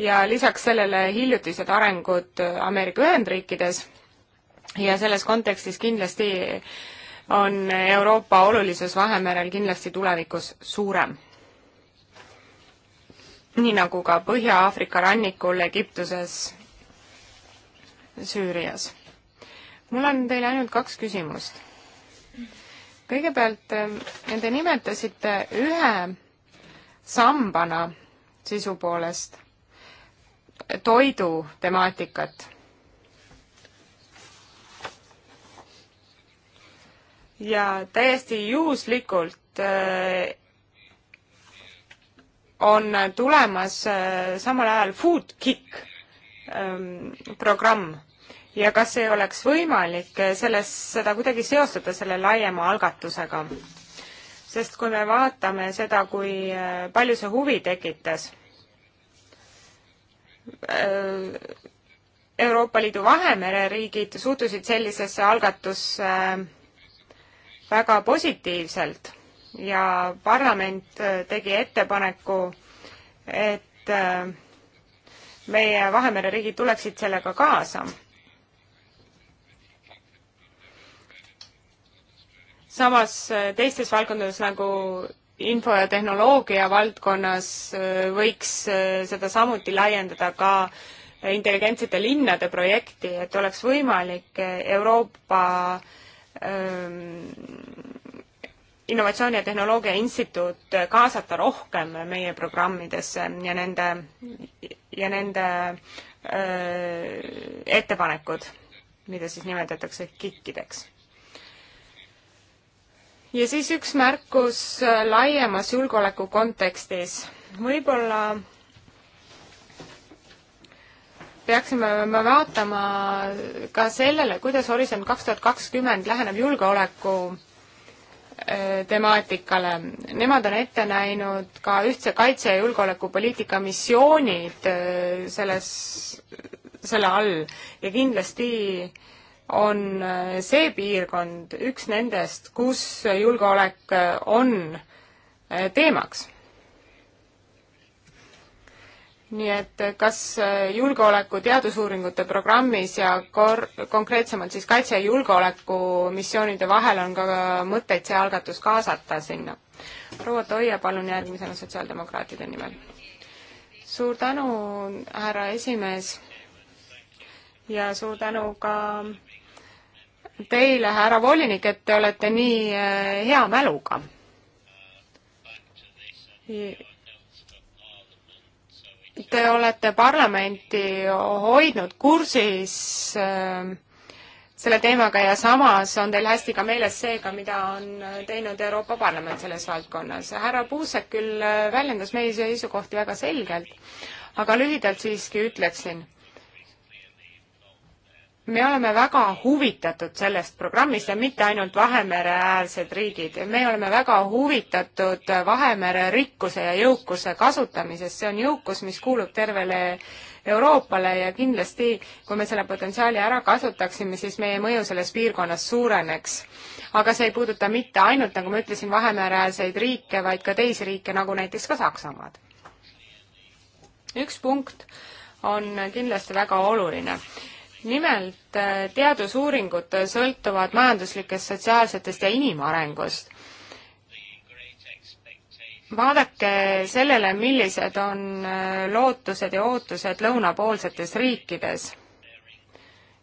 ja lisaks sellele hiljutised arengud Ameerika Ühendriikides ja selles kontekstis kindlasti on Euroopa olulisus Vahemerel kindlasti tulevikus suurem. nii nagu ka Põhja-Aafrika rannikul, Egiptuses, Süürias. mul on teile ainult kaks küsimust. kõigepealt, eh, te nimetasite ühe sambana sisu poolest toidu temaatikat ja täiesti juhuslikult äh, on tulemas äh, samal ajal Food Kick ähm, programm ja kas ei oleks võimalik äh, selles, seda kuidagi seostada selle laiema algatusega? sest kui me vaatame seda, kui palju see huvi tekitas Euroopa Liidu Vahemere riigid suhtusid sellisesse algatusse äh, väga positiivselt ja parlament äh, tegi ettepaneku, et äh, meie Vahemere riigid tuleksid sellega kaasa. samas äh, teistes valdkondades nagu info ja tehnoloogia valdkonnas võiks seda samuti laiendada ka intelligentsete linnade projekti, et oleks võimalik Euroopa äh, Ehm, innovatsiooni ja tehnoloogia instituut kaasata rohkem meie programmidesse ja nende, ja nende öö, ettepanekud, mida siis nimetatakse KIK-ideks. ja siis üks märkus laiemas julgeoleku kontekstis. võib-olla peaksime me vaatama ka sellele, kuidas Horisont kaks tuhat kakskümmend läheneb julgeoleku äh, temaatikale. Nemad on ette näinud ka ühtse kaitse- ja julgeolekupoliitika missioonid äh, selles, selle all ja kindlasti on äh, see piirkond üks nendest, kus julgeolek on teemaks nii et kas äh, julgeoleku teadusuuringute programmis ja kor-, konkreetsemalt siis kaitse- ja julgeolekumissioonide vahel on ka mõtteid see algatus kaasata sinna? proua Toia, palun järgmisena sotsiaaldemokraatide nimel. suur tänu, härra esimees, ja suur tänu ka teile, härra volinik, et te olete nii äh, hea mäluga te olete parlamenti hoidnud kursis ähm, selle teemaga ja samas on teil hästi ka meeles see ka, mida on teinud Euroopa Parlament selles valdkonnas. härra Puusek küll väljendas meie seisukohti väga selgelt, aga lühidalt siiski ütleksin me oleme väga huvitatud sellest programmist ja mitte ainult Vahemere-äärsed riigid. me oleme väga huvitatud Vahemere rikkuse ja jõukuse kasutamisest, see on jõukus, mis kuulub tervele Euroopale ja kindlasti, kui me selle potentsiaali ära kasutaksime, siis meie mõju selles piirkonnas suureneks. aga see ei puuduta mitte ainult, nagu ma ütlesin, Vahemere-äärseid riike, vaid ka teisi riike, nagu näiteks ka Saksamaad. üks punkt on kindlasti väga oluline nimelt äh, teadusuuringud sõltuvad majanduslikest, sotsiaalsetest ja inimarengust. vaadake sellele, millised on äh, lootused ja ootused lõunapoolsetes riikides,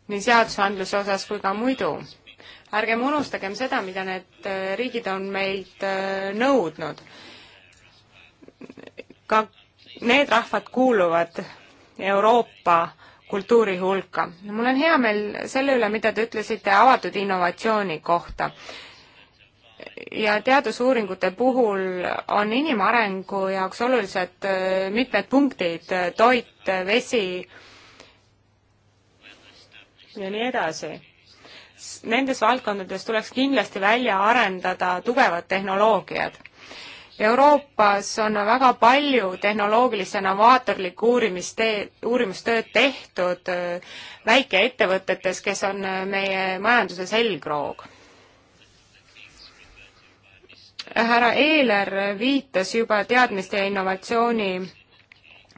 nii seadusandluse osas kui ka muidu. ärgem unustagem seda, mida need äh, riigid on meilt nõudnud. ka need rahvad kuuluvad Euroopa kultuuri hulka. mul on hea meel selle üle, mida te ütlesite avatud innovatsiooni kohta. ja teadusuuringute puhul on inimarengu jaoks olulised äh, mitmed punktid, äh, toit, äh, vesi ja nii edasi. Nendes valdkondades tuleks kindlasti välja arendada tugevad tehnoloogiad Euroopas on väga palju tehnoloogilist ja novaatorlikku uurimisteed, uurimustööd tehtud äh, väikeettevõtetes, kes on äh, meie majanduse selgroog. härra Eeler viitas juba teadmiste ja innovatsiooni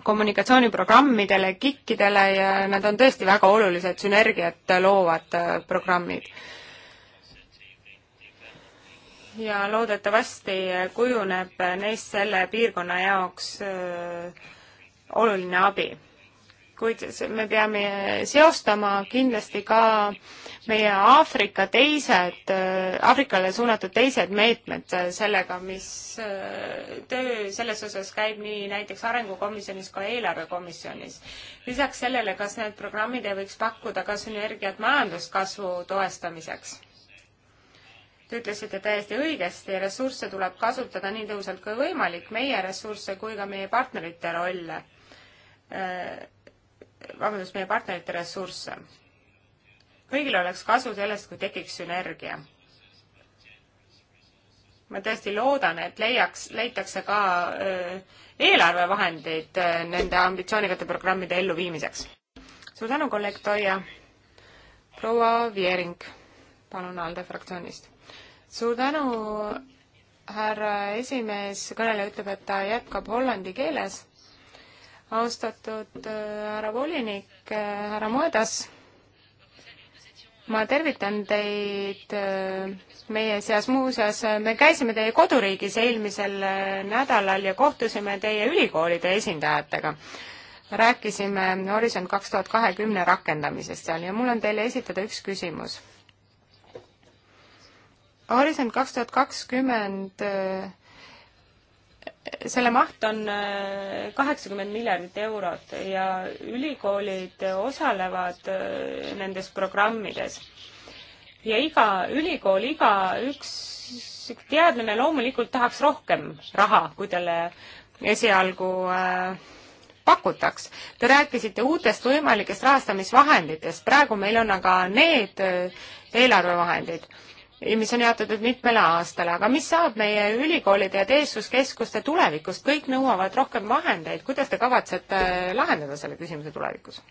kommunikatsiooniprogrammidele, KIK-idele ja nad on tõesti väga olulised sünergiat loovad äh, programmid ja loodetavasti kujuneb neist selle piirkonna jaoks oluline abi. kuid me peame seostama kindlasti ka meie Aafrika teised, Aafrikale suunatud teised meetmed sellega, mis töö selles osas käib nii näiteks Arengukomisjonis kui eelarvekomisjonis. lisaks sellele, kas need programmid ei võiks pakkuda ka sünergiat majanduskasvu toestamiseks Te ütlesite täiesti õigesti, ressursse tuleb kasutada nii tõhusalt kui võimalik, meie ressursse kui ka meie partnerite rolle, äh, vabandust, meie partnerite ressursse. kõigil oleks kasu sellest, kui tekiks sünergia. ma tõesti loodan, et leiaks, leitakse ka äh, eelarvevahendeid äh, nende ambitsioonikate programmide elluviimiseks. suur tänu, kolleeg Toia. proua Viering, palun ALDE fraktsioonist suur tänu, härra esimees, kõneleja ütleb, et ta jätkab hollandi keeles. austatud äh, härra volinik, äh, härra Moedas, ma tervitan teid äh, meie seas, muuseas me käisime teie koduriigis eelmisel nädalal ja kohtusime teie ülikoolide esindajatega rääkisime Horisont kaks tuhat kahekümne rakendamisest seal ja mul on teile esitada üks küsimus. Horisont kaks tuhat kakskümmend äh, selle maht on äh, kaheksakümmend miljardit eurot ja ülikoolid osalevad äh, nendes programmides. ja iga ülikool, iga üks teadlane loomulikult tahaks rohkem raha, kui talle esialgu äh, pakutaks. Te rääkisite uutest võimalikest rahastamisvahenditest, praegu meil on aga need eelarvevahendid mis on jaotatud mitmele aastale, aga mis saab meie ülikoolide ja teaduskeskuste tulevikust, kõik nõuavad rohkem vahendeid, kuidas te kavatsete lahendada selle küsimuse tulevikus?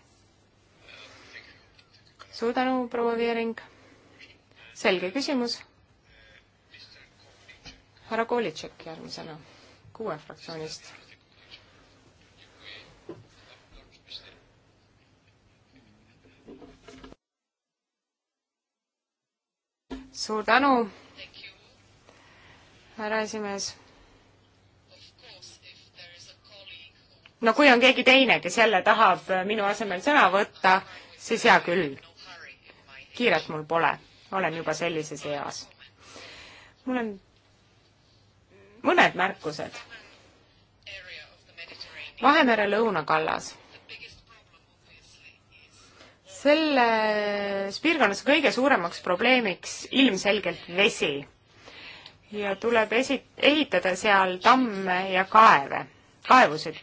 suur tänu, proua Viering. selge küsimus. härra Kolitšek järgmisena, kuue fraktsioonist suur tänu, härra esimees. no kui on keegi teine, kes jälle tahab minu asemel sõna võtta, siis hea küll. kiiret mul pole, olen juba sellises eas. mul on mõned märkused. Vahemere lõunakallas selles piirkonnas kõige suuremaks probleemiks ilmselgelt vesi ja tuleb esi-, ehitada seal tamme ja kaeve, kaevusid.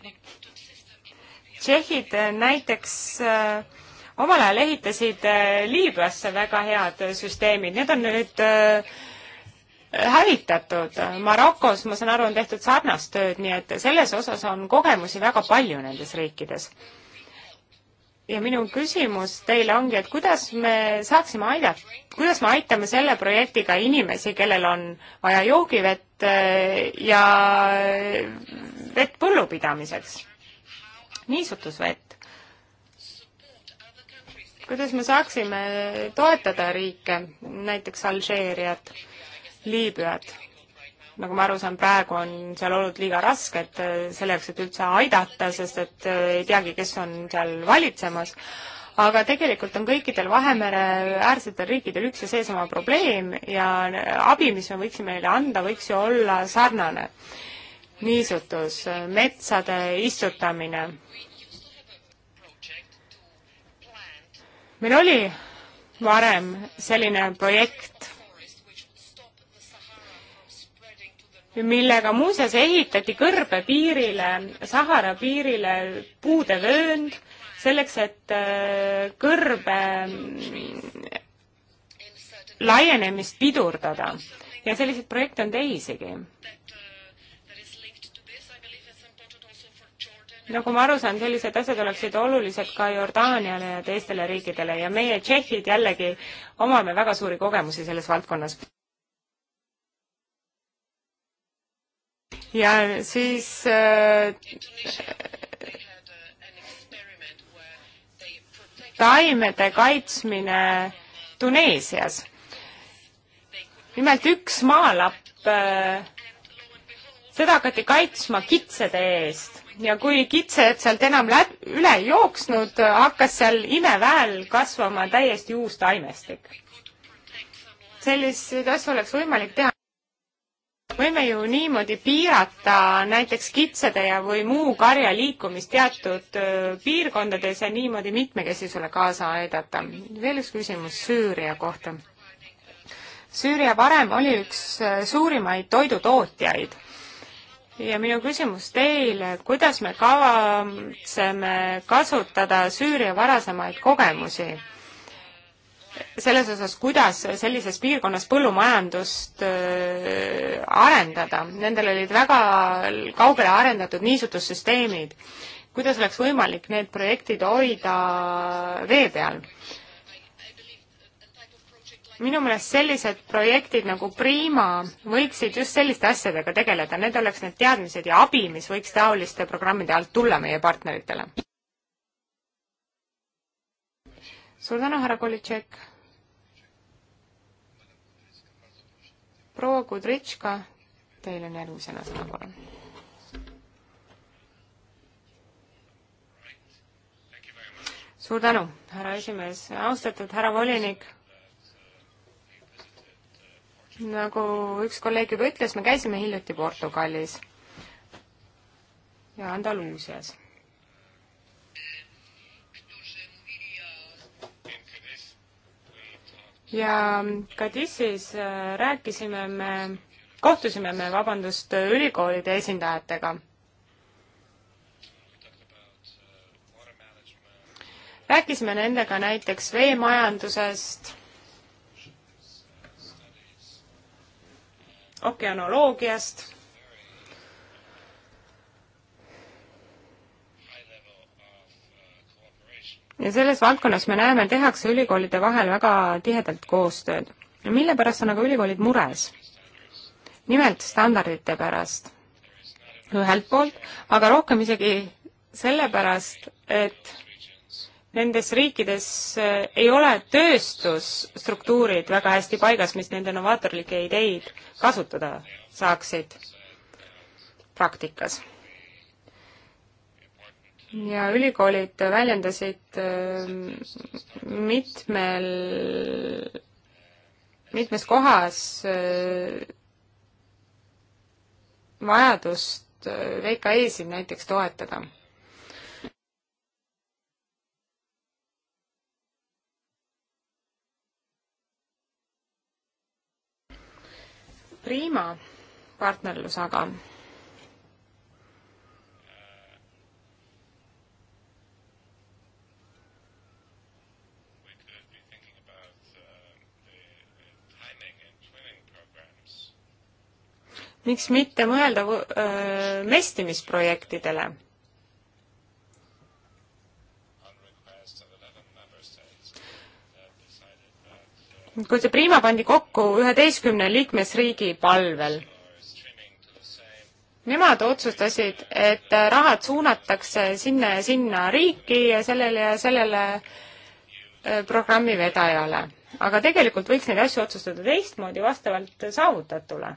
tšehhid äh, näiteks äh, omal ajal ehitasid äh, Liibüasse väga head äh, süsteemid, need on nüüd äh, hävitatud. Marokos, ma saan aru, on tehtud sarnast tööd, nii et selles osas on kogemusi väga palju nendes riikides ja minu küsimus teile ongi, et kuidas me saaksime aidata, kuidas me aitame selle projektiga inimesi, kellel on vaja joogivett äh, ja vett põllupidamiseks, niisutusvett? kuidas me saaksime toetada riike, näiteks Alžeeriat, Liibüat? nagu ma aru saan, praegu on seal olnud liiga raske, et äh, selleks, et üldse aidata, sest et äh, ei teagi, kes on seal valitsemas, aga tegelikult on kõikidel Vahemere äärsetel riikidel üks ja seesama probleem ja äh, abi, mis me võiksime neile anda, võiks ju olla sarnane. niisutus, metsade istutamine. meil oli varem selline projekt millega muuseas ehitati kõrbepiirile, Sahara piirile puudevöönd, selleks et äh, kõrbe mm, laienemist pidurdada. ja selliseid projekte on teisigi. nagu ma aru saan, sellised asjad oleksid olulised ka Jordaaniale ja teistele riikidele ja meie tšehhid jällegi omame väga suuri kogemusi selles valdkonnas. ja siis äh, taimede kaitsmine Tuneesias. nimelt üks maalapp, äh, seda hakati kaitsma kitsede eest ja kui kitsed sealt enam läb, üle ei jooksnud, hakkas seal imeväel kasvama täiesti uus taimestik. selliseid asju oleks võimalik teha võime ju niimoodi piirata näiteks kitsede ja, või muu karja liikumist teatud piirkondades ja niimoodi mitmekesisusele kaasa aidata. veel üks küsimus Süüria kohta. Süüria varem oli üks suurimaid toidutootjaid ja minu küsimus teile, kuidas me kavatseme kasutada Süüria varasemaid kogemusi? selles osas, kuidas sellises piirkonnas põllumajandust arendada. Nendel olid väga kaugele arendatud niisutussüsteemid. kuidas oleks võimalik need projektid hoida vee peal? minu meelest sellised projektid nagu Prima võiksid just selliste asjadega tegeleda, need oleks need teadmised ja abi, mis võiks taoliste programmide alt tulla meie partneritele. suur tänu, härra Kolitšek. proua Kudritška, teil on järgmisena sõna, palun. suur tänu, härra esimees, austatud härra volinik nagu üks kolleeg juba ütles, me käisime hiljuti Portugalis ja Andaluusias ja Kadissis äh, rääkisime me, kohtusime me, vabandust, ülikoolide esindajatega. rääkisime nendega näiteks veemajandusest, okeanoloogiast ja selles valdkonnas me näeme, tehakse ülikoolide vahel väga tihedalt koostööd. mille pärast on aga ülikoolid mures? nimelt standardite pärast. ühelt poolt, aga rohkem isegi sellepärast, et nendes riikides eh, ei ole tööstusstruktuurid väga hästi paigas, mis nende novaatorlikke ideid kasutada saaksid praktikas ja ülikoolid väljendasid ähm, mitmel, mitmes kohas äh, vajadust äh, VKE-sid näiteks toetada Prima partnerlus aga miks mitte mõelda mestimisprojektidele? kui see Prima pandi kokku üheteistkümne liikmesriigi palvel, nemad otsustasid, et rahad suunatakse sinna ja sinna riiki ja sellele ja sellele programmi vedajale. aga tegelikult võiks neid asju otsustada teistmoodi, vastavalt saavutatule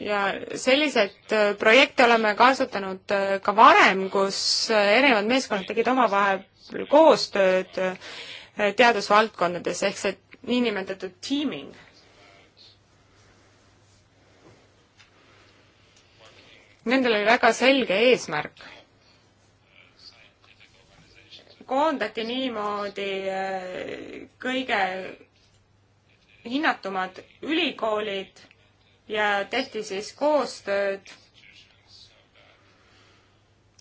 ja selliseid äh, projekte oleme kasutanud äh, ka varem, kus äh, erinevad meeskonnad tegid omavahel koostööd teadusvaldkondades, ehk see niinimetatud teaming. Nendel oli väga selge eesmärk. koondati niimoodi kõige hinnatumad ülikoolid ja tehti siis koostööd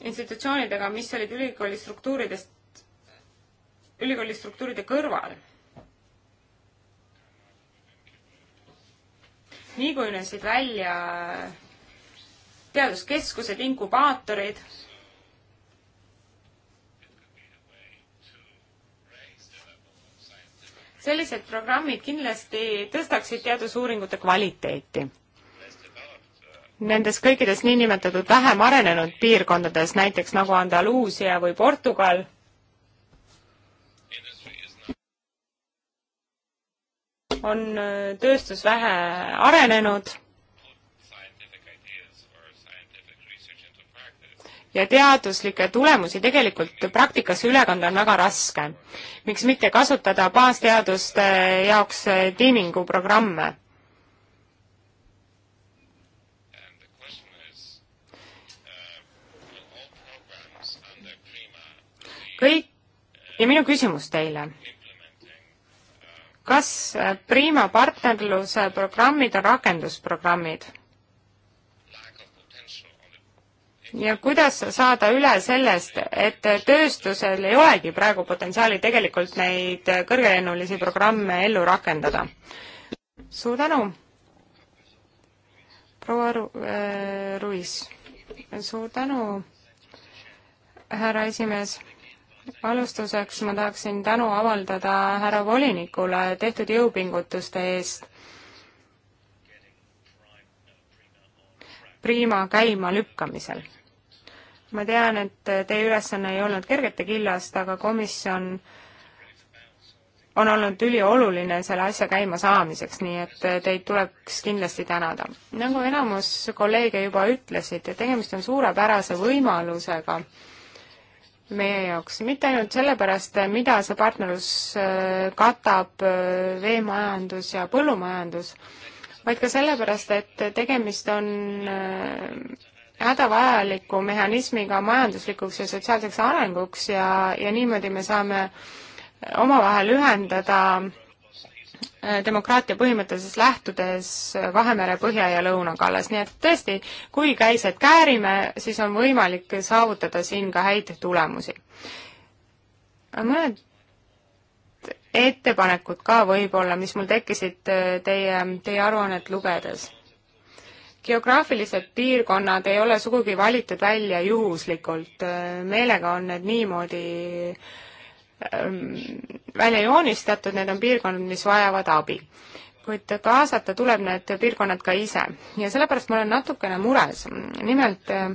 institutsioonidega, mis olid ülikooli struktuuridest, ülikooli struktuuride kõrval. nii kujunesid välja teaduskeskused, inkubaatorid. sellised programmid kindlasti tõstaksid teadusuuringute kvaliteeti nendes kõikides niinimetatud vähem arenenud piirkondades, näiteks nagu Andaluusia või Portugal, on äh, tööstus vähe arenenud ja teaduslikke tulemusi tegelikult praktikasse üle kanda on väga raske. miks mitte kasutada baasteaduste jaoks äh, tiiminguprogramme kõik ja minu küsimus teile. kas äh, Prima partnerluse programmid on rakendusprogrammid? ja kuidas saada üle sellest, et tööstusel ei olegi praegu potentsiaali tegelikult neid kõrgelennulisi programme ellu rakendada? suur tänu, proua Ru-, äh, Ruiz. suur tänu, härra esimees alustuseks ma tahaksin tänu avaldada härra volinikule tehtud jõupingutuste eest Prima käima lükkamisel. ma tean, et teie ülesanne ei olnud kergete killast, aga komisjon on olnud ülioluline selle asja käima saamiseks, nii et teid tuleks kindlasti tänada. nagu enamus kolleege juba ütlesid, tegemist on suurepärase võimalusega äh, meie jaoks, mitte ainult sellepärast, mida see partnerlus äh, katab, äh, veemajandus ja põllumajandus, vaid ka sellepärast, et tegemist on äh, hädavajaliku mehhanismiga majanduslikuks ja sotsiaalseks arenguks ja, ja niimoodi me saame omavahel ühendada äh, Äh, demokraatia põhimõttelises lähtudes Vahemere põhja ja lõuna kallas, nii et tõesti, kui käised käärime, siis on võimalik saavutada siin ka häid tulemusi. mõned ettepanekud ka võib-olla, mis mul tekkisid äh, teie, teie aruannet lugedes. geograafilised piirkonnad ei ole sugugi valitud välja juhuslikult, äh, meelega on need niimoodi äh, Ähm, välja joonistatud, need on piirkonnad, mis vajavad abi. kuid kaasata tuleb need piirkonnad ka ise ja sellepärast ma olen natukene mures. nimelt äh,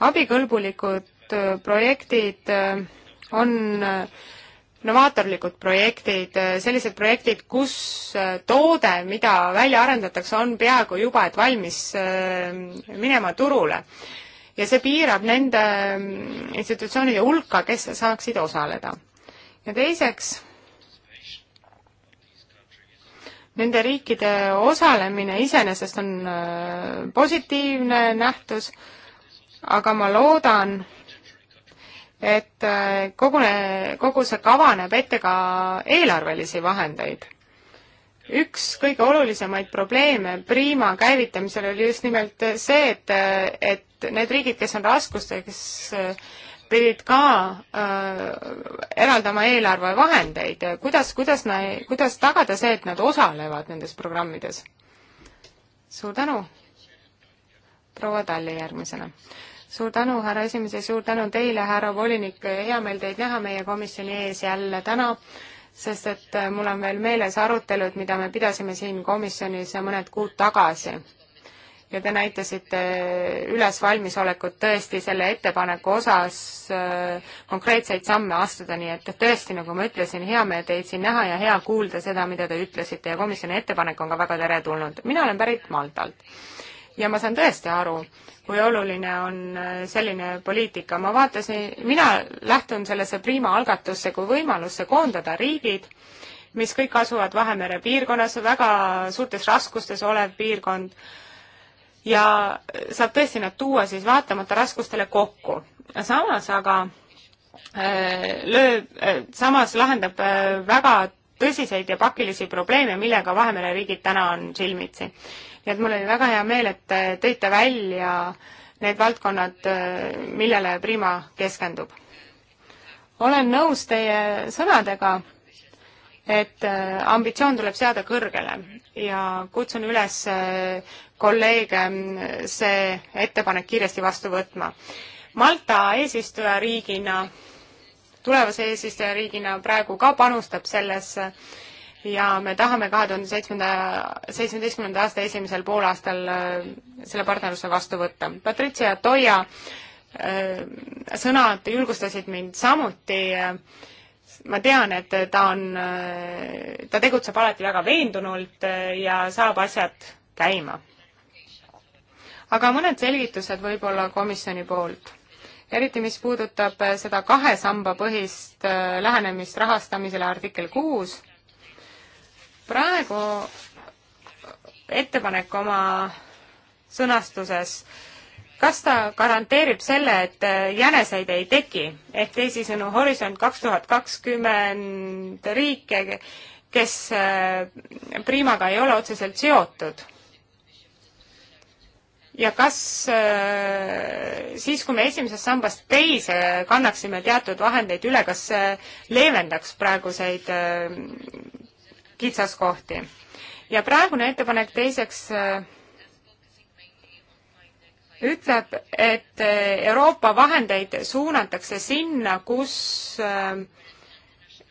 abikõlbulikud äh, projektid äh, on novaatorlikud projektid, sellised projektid, kus toode, mida välja arendatakse, on peaaegu juba et valmis minema turule. ja see piirab nende institutsioonide hulka, kes saaksid osaleda ja teiseks, nende riikide osalemine iseenesest on äh, positiivne nähtus, aga ma loodan, et äh, kogu, kogu see kava näeb ette ka eelarvelisi vahendeid. üks kõige olulisemaid probleeme Prima käivitamisel oli just nimelt see, et, äh, et need riigid, kes on raskustes, pidid ka äh, eraldama eelarvevahendeid, kuidas, kuidas, kuidas tagada see, et nad osalevad nendes programmides? suur tänu, proua Talli järgmisena. suur tänu, härra esimees ja suur tänu teile, härra volinik, hea meel teid näha meie komisjoni ees jälle täna sest et mul on veel meeles arutelud, mida me pidasime siin komisjonis mõned kuud tagasi ja te näitasite üles valmisolekut tõesti selle ettepaneku osas äh, konkreetseid samme astuda, nii et tõesti, nagu ma ütlesin, hea meel teid siin näha ja hea kuulda seda, mida te ütlesite ja komisjoni ettepanek on ka väga teretulnud. mina olen pärit Maltalt ja ma saan tõesti aru, kui oluline on äh, selline poliitika. ma vaatasin, mina lähtun sellesse Prima algatusse kui võimalusse koondada riigid, mis kõik asuvad Vahemere piirkonnas, väga suurtes raskustes olev piirkond ja saab tõesti nad tuua siis vaatamata raskustele kokku. samas aga äh, lööb, äh, samas lahendab äh, väga tõsiseid ja pakilisi probleeme, millega Vahemere riigid täna on silmitsi. nii et mul oli väga hea meel, et tõite välja need valdkonnad, millele Prima keskendub. olen nõus teie sõnadega et äh, ambitsioon tuleb seada kõrgele ja kutsun üles äh, kolleege mm, see ettepanek kiiresti vastu võtma. Malta eesistujariigina, tulevase eesistujariigina praegu ka panustab sellesse ja me tahame kahe tuhande seitsmenda, seitsmeteistkümnenda aasta esimesel poolaastal äh, selle partnerluse vastu võtta. Patricia Toia sõnad julgustasid mind samuti äh, ma tean, et ta on, ta tegutseb alati väga veendunult eh, ja saab asjad käima. aga mõned selgitused võib-olla komisjoni poolt. eriti, mis puudutab eh, seda kahe samba põhist eh, lähenemist rahastamisele artikkel kuus, praegu ettepanek oma sõnastuses äh, kas ta garanteerib selle, et äh, jäneseid ei teki, ehk teisisõnu Horisont kaks tuhat kakskümmend riike, kes äh, Priimaga ei ole otseselt seotud? ja kas äh, siis, kui me esimesest sambast teise kannaksime teatud vahendeid üle, kas see leevendaks praeguseid kitsaskohti? ja praegune ettepanek teiseks äh, ütleb, et eh, Euroopa vahendeid suunatakse sinna, kus eh,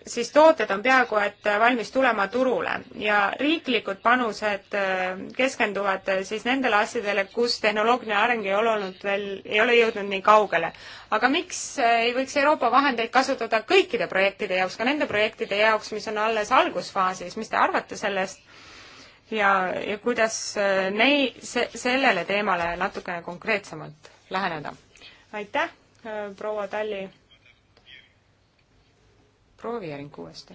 siis tooted on peaaegu et valmis tulema turule ja riiklikud panused eh, keskenduvad siis nendele asjadele, kus tehnoloogiline areng ei ole olnud veel, ei ole jõudnud nii kaugele. aga miks ei võiks Euroopa vahendeid kasutada kõikide projektide jaoks, ka nende projektide jaoks, mis on alles algusfaasis, mis te arvate sellest? ja, ja kuidas äh, nei-, se-, sellele teemale natukene konkreetsemalt läheneda. aitäh, äh, proua Talli. proua Viering uuesti.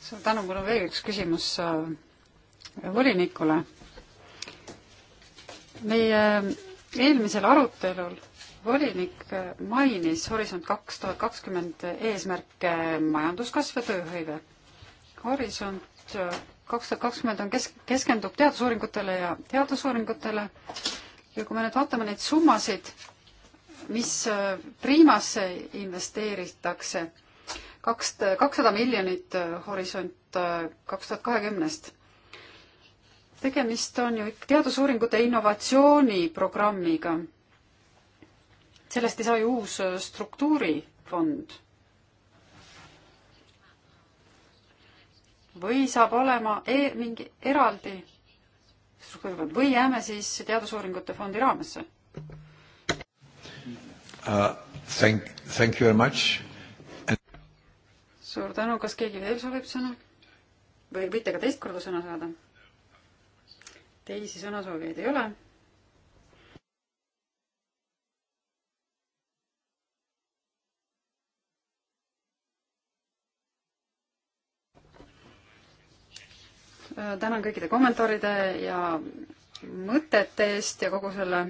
suur tänu, mul on veel üks küsimus äh, volinikule. meie eelmisel arutelul volinik mainis Horisont kaks tuhat kakskümmend eesmärke majanduskasv ja tööhõive Horisont äh, kaks tuhat kakskümmend on kesk, keskendub teadusuuringutele ja teadusuuringutele ja kui me nüüd vaatame neid summasid, mis äh, Priimasse investeeritakse, kaks, kakssada miljonit äh, Horisont kaks tuhat kahekümnest. tegemist on ju teadusuuringute innovatsiooniprogrammiga. sellest ei saa ju uus struktuurifond või saab olema e mingi eraldi struktuurifond või jääme siis teadusuuringute fondi raamesse uh,? Thank, thank you very much And.... suur tänu, kas keegi veel soovib sõna? või võite ka teist korda sõna saada? teisi sõnasoovijaid ei ole Äh, tänan kõikide kommentaaride ja mõtete eest ja kogu selle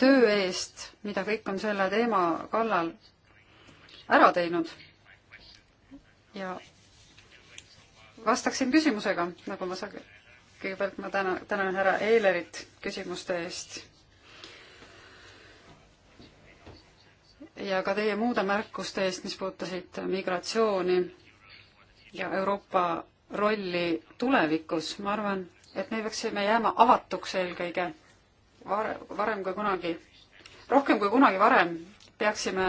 töö eest, mida kõik on selle teema kallal ära teinud. ja vastaksin küsimusega, nagu ma saan. kõigepealt ma tänan, tänan härra Eelerit küsimuste eest. ja ka teie muude märkuste eest, mis puudutasid migratsiooni ja Euroopa rolli tulevikus, ma arvan, et me peaksime jääma avatuks eelkõige var-, varem kui kunagi, rohkem kui kunagi varem peaksime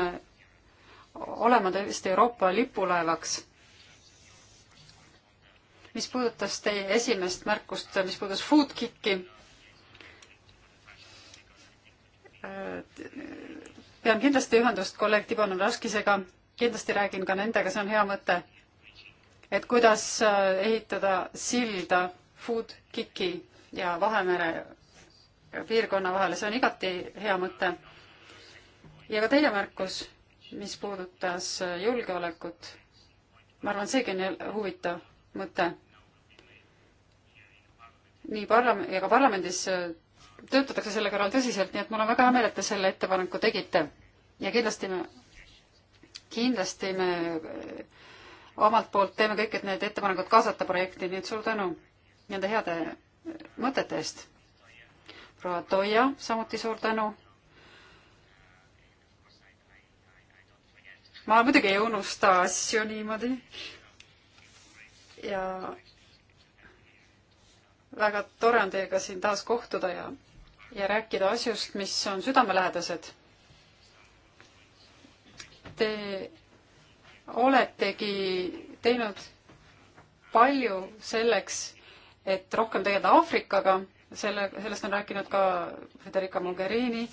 olema tõesti Euroopa lipulaevaks. mis puudutas teie esimest märkust, mis puudutas food kick'i, pean kindlasti ühendust kolleeg Tibon Raskisega, kindlasti räägin ka nendega, see on hea mõte et kuidas äh, ehitada silda Food Kiki ja Vahemere piirkonna vahele, see on igati hea mõte. ja ka teine märkus, mis puudutas äh, julgeolekut. ma arvan, seegi on huvitav mõte. nii parlam- ja ka parlamendis äh, töötatakse selle kõrval tõsiselt, nii et mul on väga hea meel, et te selle ettepaneku tegite. ja kindlasti me, kindlasti me omalt poolt teeme kõik, et need ettepanekud kaasata projekti, nii et suur tänu nende heade mõtete eest. proua Toia, samuti suur tänu. ma muidugi ei unusta asju niimoodi. ja väga tore on teiega siin taas kohtuda ja, ja rääkida asjust, mis on südamelähedased. Te oletegi teinud palju selleks, et rohkem tegeleda Aafrikaga, selle, sellest on rääkinud ka Federica Mogherini.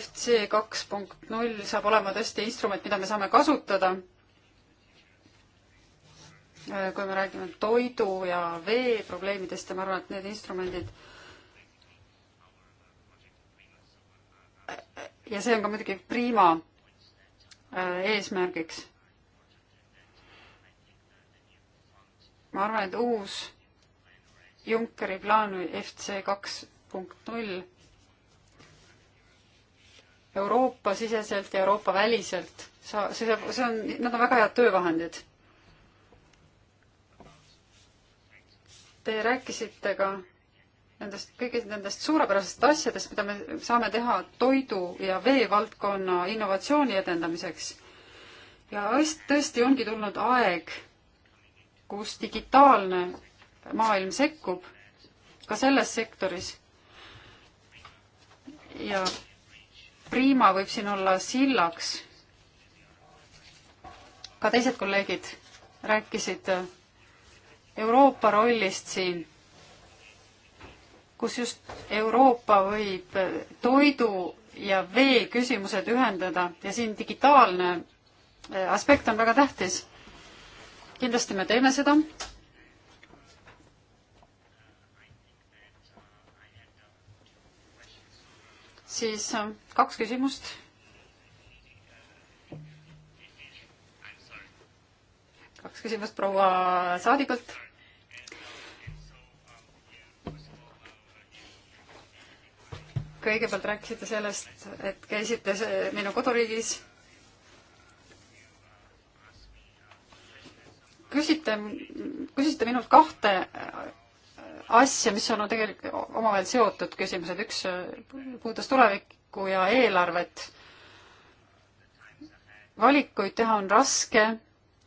FC kaks punkt null saab olema tõesti instrument, mida me saame kasutada. kui me räägime toidu ja vee probleemidest ja ma arvan, et need instrumendid ja see on ka muidugi Prima Äh, eesmärgiks. ma arvan, et uus Junckeri plaan või FC kaks punkt null Euroopa-siseselt ja Euroopa-väliselt, sa, see saab, see on, nad on väga head töövahendid. Te rääkisite ka nendest, kõigist nendest suurepärasest asjadest, mida me saame teha toidu ja vee valdkonna innovatsiooni edendamiseks. ja tõesti ongi tulnud aeg, kus digitaalne maailm sekkub ka selles sektoris. ja Prima võib siin olla sillaks. ka teised kolleegid rääkisid Euroopa rollist siin kus just Euroopa võib toidu ja vee küsimused ühendada ja siin digitaalne äh, aspekt on väga tähtis. kindlasti me teeme seda. siis äh, kaks küsimust. kaks küsimust proua saadikult kõigepealt rääkisite sellest, et käisite minu koduriigis. küsite, küsisite minult kahte äh, asja, mis on tegelikult omavahel seotud küsimused, üks äh, puudutas tulevikku ja eelarvet. valikuid teha on raske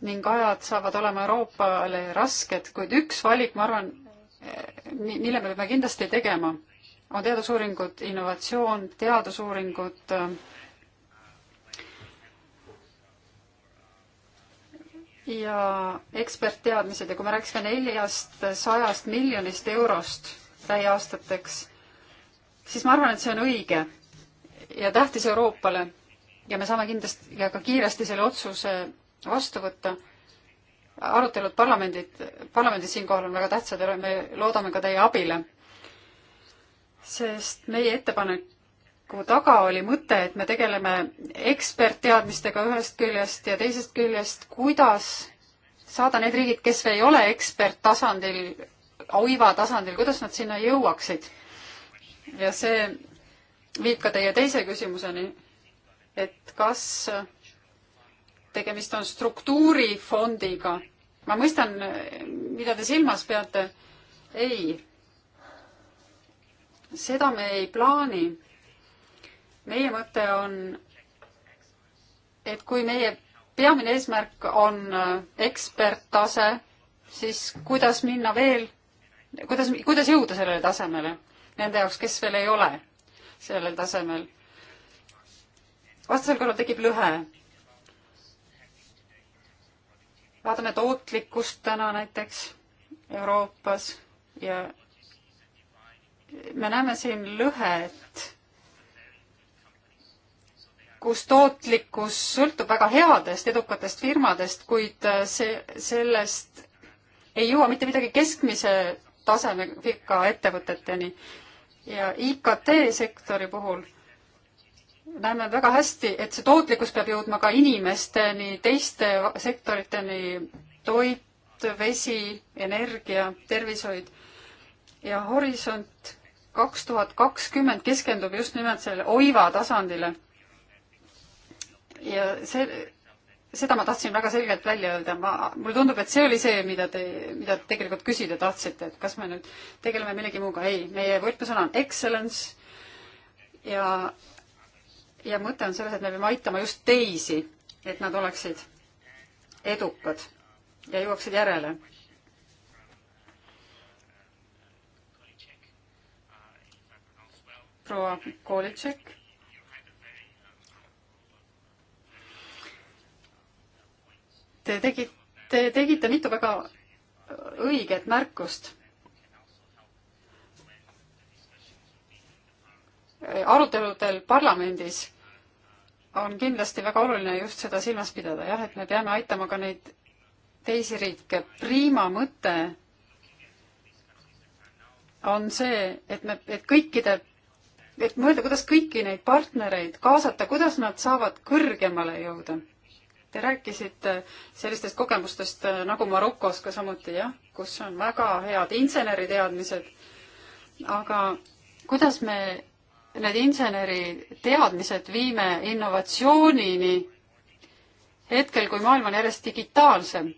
ning ajad saavad olema Euroopale rasked, kuid üks valik, ma arvan, äh, mille me peame kindlasti tegema on teadusuuringud, innovatsioon, teadusuuringud, ja ekspertteadmised ja kui me rääkisime neljast sajast miljonist eurost lähiaastateks, siis ma arvan, et see on õige ja tähtis Euroopale ja me saame kindlasti ja ka kiiresti selle otsuse vastu võtta. arutelud parlamendid, parlamendis siinkohal on väga tähtsad ja me loodame ka teie abile sest meie ettepaneku taga oli mõte, et me tegeleme ekspertteadmistega ühest küljest ja teisest küljest, kuidas saada need riigid, kes ei ole eksperttasandil, oiva tasandil, kuidas nad sinna jõuaksid. ja see viib ka teie teise küsimuseni, et kas tegemist on struktuurifondiga. ma mõistan, mida te silmas peate. ei seda me ei plaani. meie mõte on, et kui meie peamine eesmärk on äh, eksperttase, siis kuidas minna veel, kuidas, kuidas jõuda sellele tasemele nende jaoks, kes veel ei ole sellel tasemel. vastasel korral tekib lõhe. vaatame tootlikkust täna näiteks Euroopas ja me näeme siin lõhet, kus tootlikkus sõltub väga headest edukatest firmadest, kuid äh, see, sellest ei jõua mitte midagi keskmise tasemega ettevõteteni. ja IKT sektori puhul näeme väga hästi, et see tootlikkus peab jõudma ka inimesteni, teiste sektoriteni, toit, vesi, energia, tervishoid ja horisont kaks tuhat kakskümmend keskendub just nimelt selle oiva tasandile. ja see, seda ma tahtsin väga selgelt välja öelda, ma, mulle tundub, et see oli see, mida te, mida te tegelikult küsida tahtsite, et kas me nüüd tegeleme millegi muuga, ei, meie võtmesõna on excellence ja, ja mõte on selles, et me peame aitama just teisi, et nad oleksid edukad ja jõuaksid järele proua Kolitšek. Te tegite, te tegite mitu väga õiget märkust aruteludel parlamendis on kindlasti väga oluline just seda silmas pidada, jah, et me peame aitama ka neid teisi riike. Prima mõte on see, et me, et kõikide et mõelda, kuidas kõiki neid partnereid kaasata, kuidas nad saavad kõrgemale jõuda. Te rääkisite sellistest kogemustest äh, nagu Marokos ka samuti, jah, kus on väga head inseneriteadmised, aga kuidas me need inseneriteadmised viime innovatsioonini hetkel, kui maailm on järjest digitaalsem,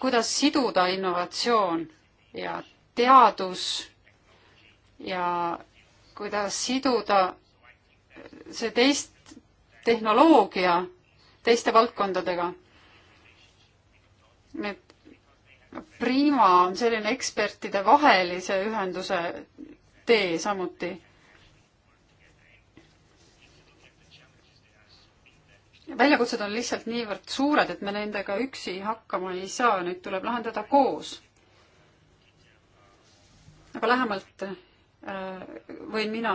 kuidas siduda innovatsioon ja teadus ja kuidas siduda see teist tehnoloogia teiste valdkondadega. Need Prima on selline ekspertide vahelise ühenduse tee samuti. väljakutsed on lihtsalt niivõrd suured, et me nendega üksi hakkama ei saa, neid tuleb lahendada koos. aga lähemalt Äh, võin mina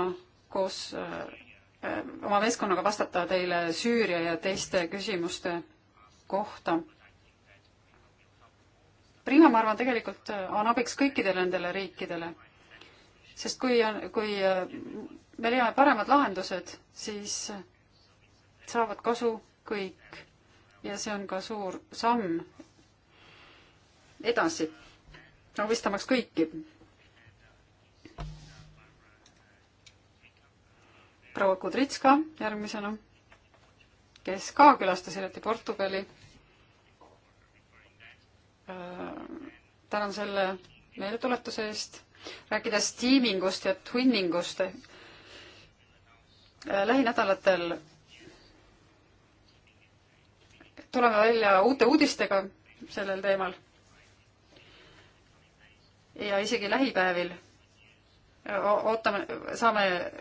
koos äh, oma meeskonnaga vastata teile Süüria ja teiste küsimuste kohta. Prima, ma arvan, tegelikult äh, on abiks kõikidele nendele riikidele, sest kui on, kui me leiame paremad lahendused, siis saavad kasu kõik ja see on ka suur samm edasi, abistamaks kõiki proua Kudritska järgmisena, kes ka külastas hiljuti Portugali. Äh, tänan selle meeldetuletuse eest. rääkides tiimingust ja twinningust, äh, lähinädalatel tuleme välja uute uudistega sellel teemal. ja isegi lähipäevil äh, ootame, saame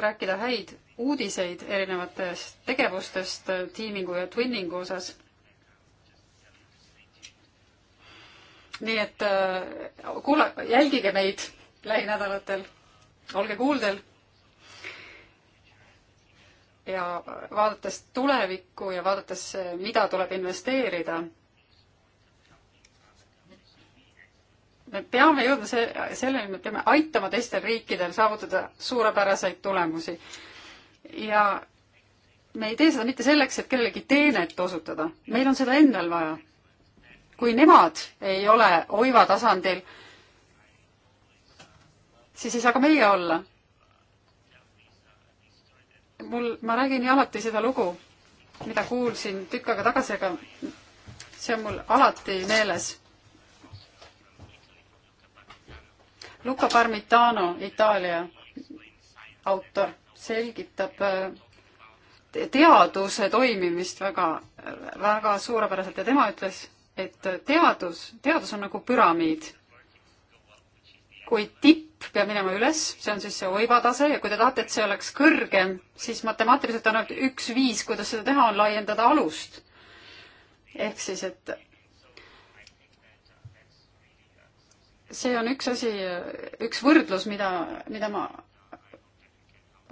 rääkida häid uudiseid erinevatest tegevustest tiimingu ja twinningu osas. nii et äh, kuula, jälgige meid lähinädalatel, olge kuuldel. ja vaadates tulevikku ja vaadates, mida tuleb investeerida me peame jõudma se-, selleni, me peame aitama teistel riikidel saavutada suurepäraseid tulemusi. ja me ei tee seda mitte selleks, et kellelegi teenet osutada, meil on seda endal vaja. kui nemad ei ole oiva tasandil, siis ei saa ka meie olla. mul, ma räägin ju alati seda lugu, mida kuulsin tükk aega tagasi, aga see on mul alati meeles Luca Parmitano, Itaalia autor, selgitab äh, teaduse toimimist väga, väga suurepäraselt ja tema ütles, et teadus, teadus on nagu püramiid. kui tipp peab minema üles, see on siis see oivatase ja kui te tahate, et see oleks kõrgem, siis matemaatiliselt on ainult üks viis, kuidas seda teha, on laiendada alust. ehk siis, et see on üks asi, üks võrdlus, mida, mida ma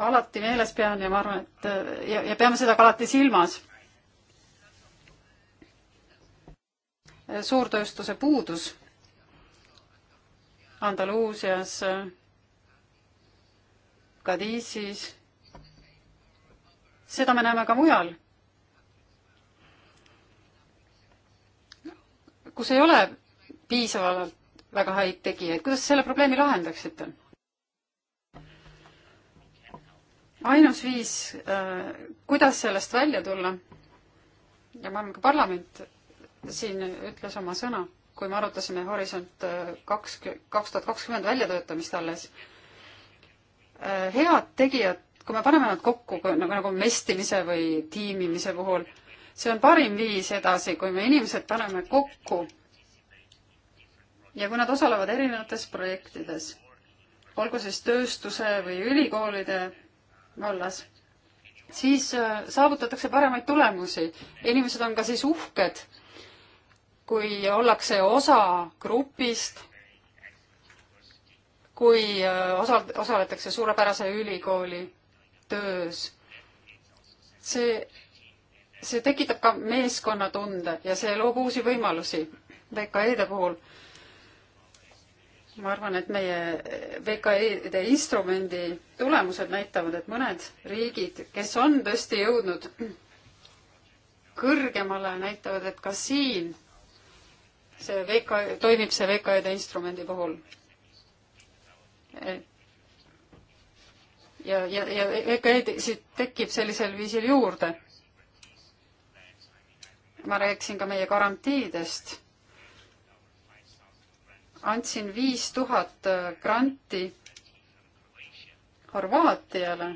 alati meeles pean ja ma arvan, et ja, ja peame seda ka alati silmas. suurtööstuse puudus Andaluusias, Kadiisis, seda me näeme ka mujal kus ei ole piisavalt väga häid tegijaid, kuidas selle probleemi lahendaksite? ainus viis, äh, kuidas sellest välja tulla ja ma arvan, ka parlament siin ütles oma sõna, kui me arutasime Horisont äh, kaks, kaks tuhat kakskümmend väljatöötamist alles. Äh, head tegijad, kui me paneme nad kokku nagu, nagu mestimise või tiimimise puhul, see on parim viis edasi, kui me inimesed paneme kokku ja kui nad osalevad erinevates projektides, olgu siis tööstuse või ülikoolide vallas, siis äh, saavutatakse paremaid tulemusi. inimesed on ka siis uhked, kui ollakse osa grupist, kui äh, osa, osaletakse suurepärase ülikooli töös. see, see tekitab ka meeskonnatunde ja see loob uusi võimalusi VKE-de puhul ma arvan, et meie VKE-de instrumendi tulemused näitavad, et mõned riigid, kes on tõesti jõudnud kõrgemale, näitavad, et ka siin see VK, toimib see VKE-de instrumendi puhul. ja, ja, ja VKE-sid tekib sellisel viisil juurde. ma rääkisin ka meie garantiidest andsin viis tuhat äh, granti Horvaatiale.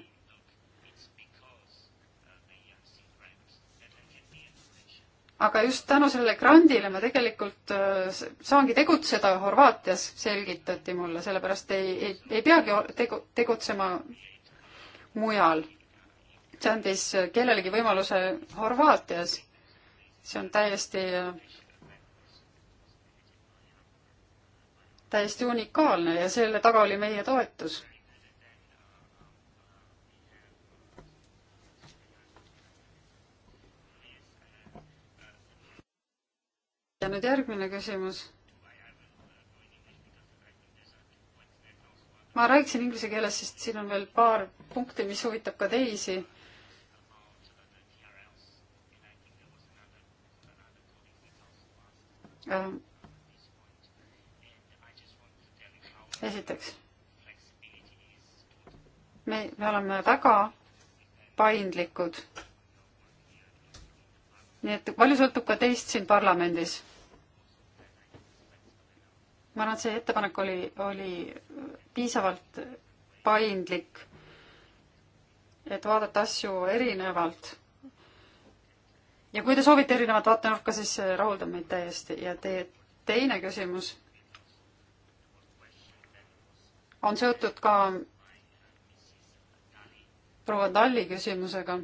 aga just tänu sellele grandile ma tegelikult äh, saangi tegutseda Horvaatias, selgitati mulle, sellepärast ei, ei, ei peagi tegu, tegutsema mujal. see andis äh, kellelegi võimaluse Horvaatias. see on täiesti täiesti unikaalne ja selle taga oli meie toetus. ja nüüd järgmine küsimus. ma rääkisin inglise keeles, sest siin on veel paar punkti, mis huvitab ka teisi ähm esiteks, me, me oleme väga paindlikud. nii et palju sõltub ka teist siin parlamendis. ma arvan, et see ettepanek oli, oli piisavalt paindlik, et vaadata asju erinevalt. ja kui te soovite erinevat vaatenurka, siis see rahuldab meid täiesti ja teie teine küsimus on seotud ka proua Talli küsimusega.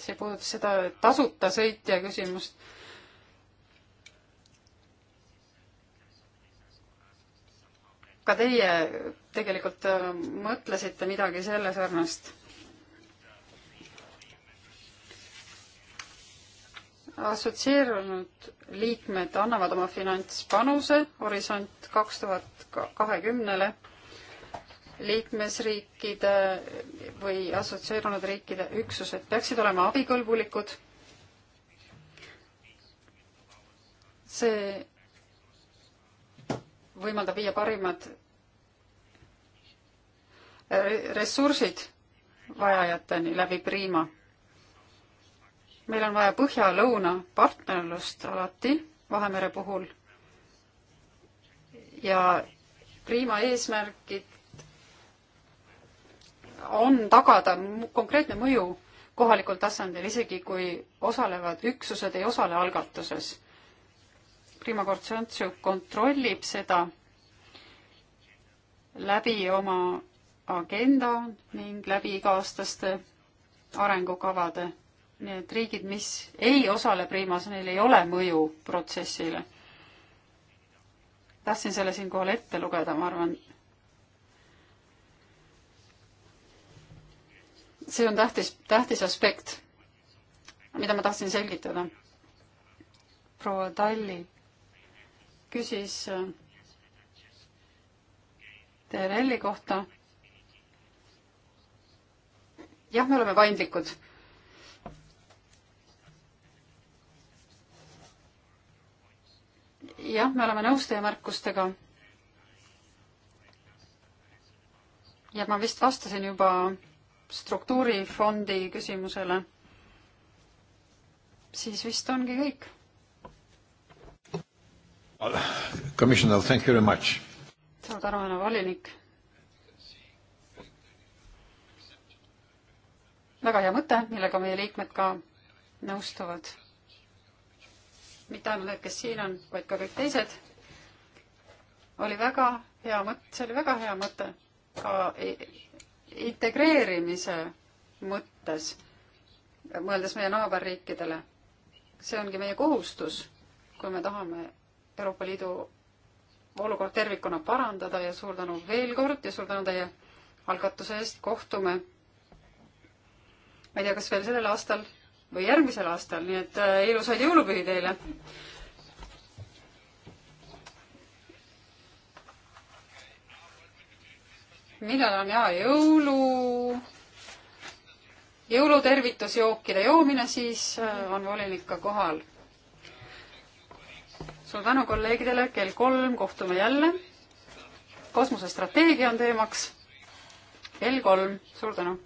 see puudutas seda tasuta sõitja küsimust. ka teie tegelikult äh, mõtlesite midagi selle sarnast assotsieerunud liikmed annavad oma finantspanuse Horisont kaks tuhat kahekümnele liikmesriikide või assotsieerunud riikide üksused peaksid olema abikõlbulikud. see võimaldab viia parimad ressursid vajajateni läbi Prima meil on vaja põhja-lõuna partnerlust alati Vahemere puhul ja kliimaeesmärgid on tagada konkreetne mõju kohalikul tasandil, isegi kui osalevad üksused ei osale algatuses. kliimakontsentsus kontrollib seda läbi oma agenda ning läbi iga-aastaste arengukavade nii et riigid, mis ei osale Primas, neil ei ole mõju protsessile. tahtsin selle siinkohal ette lugeda, ma arvan. see on tähtis, tähtis aspekt, mida ma tahtsin selgitada. proua Talli küsis äh, TRL-i kohta. jah, me oleme paindlikud jah, me oleme nõus teie märkustega. ja ma vist vastasin juba struktuurifondi küsimusele. siis vist ongi kõik. Commissioner, thank you very much. suur tänu, härra volinik. väga hea mõte, millega meie liikmed ka nõustuvad mitte ainult need, kes siin on, vaid ka kõik teised. oli väga hea mõte, see oli väga hea mõte ka integreerimise mõttes, mõeldes meie naaberriikidele. see ongi meie kohustus, kui me tahame Euroopa Liidu olukord tervikuna parandada ja suur tänu veel kord ja suur tänu teie algatuse eest, kohtume ma ei tea, kas veel sellel aastal või järgmisel aastal, nii et äh, ilusaid jõulupühi teile! millal on hea jõulu, jõulutervitus jookide joomine, siis äh, on volinik ka kohal. suur tänu kolleegidele, kell kolm kohtume jälle. kosmosestrateegia on teemaks. kell kolm, suur tänu.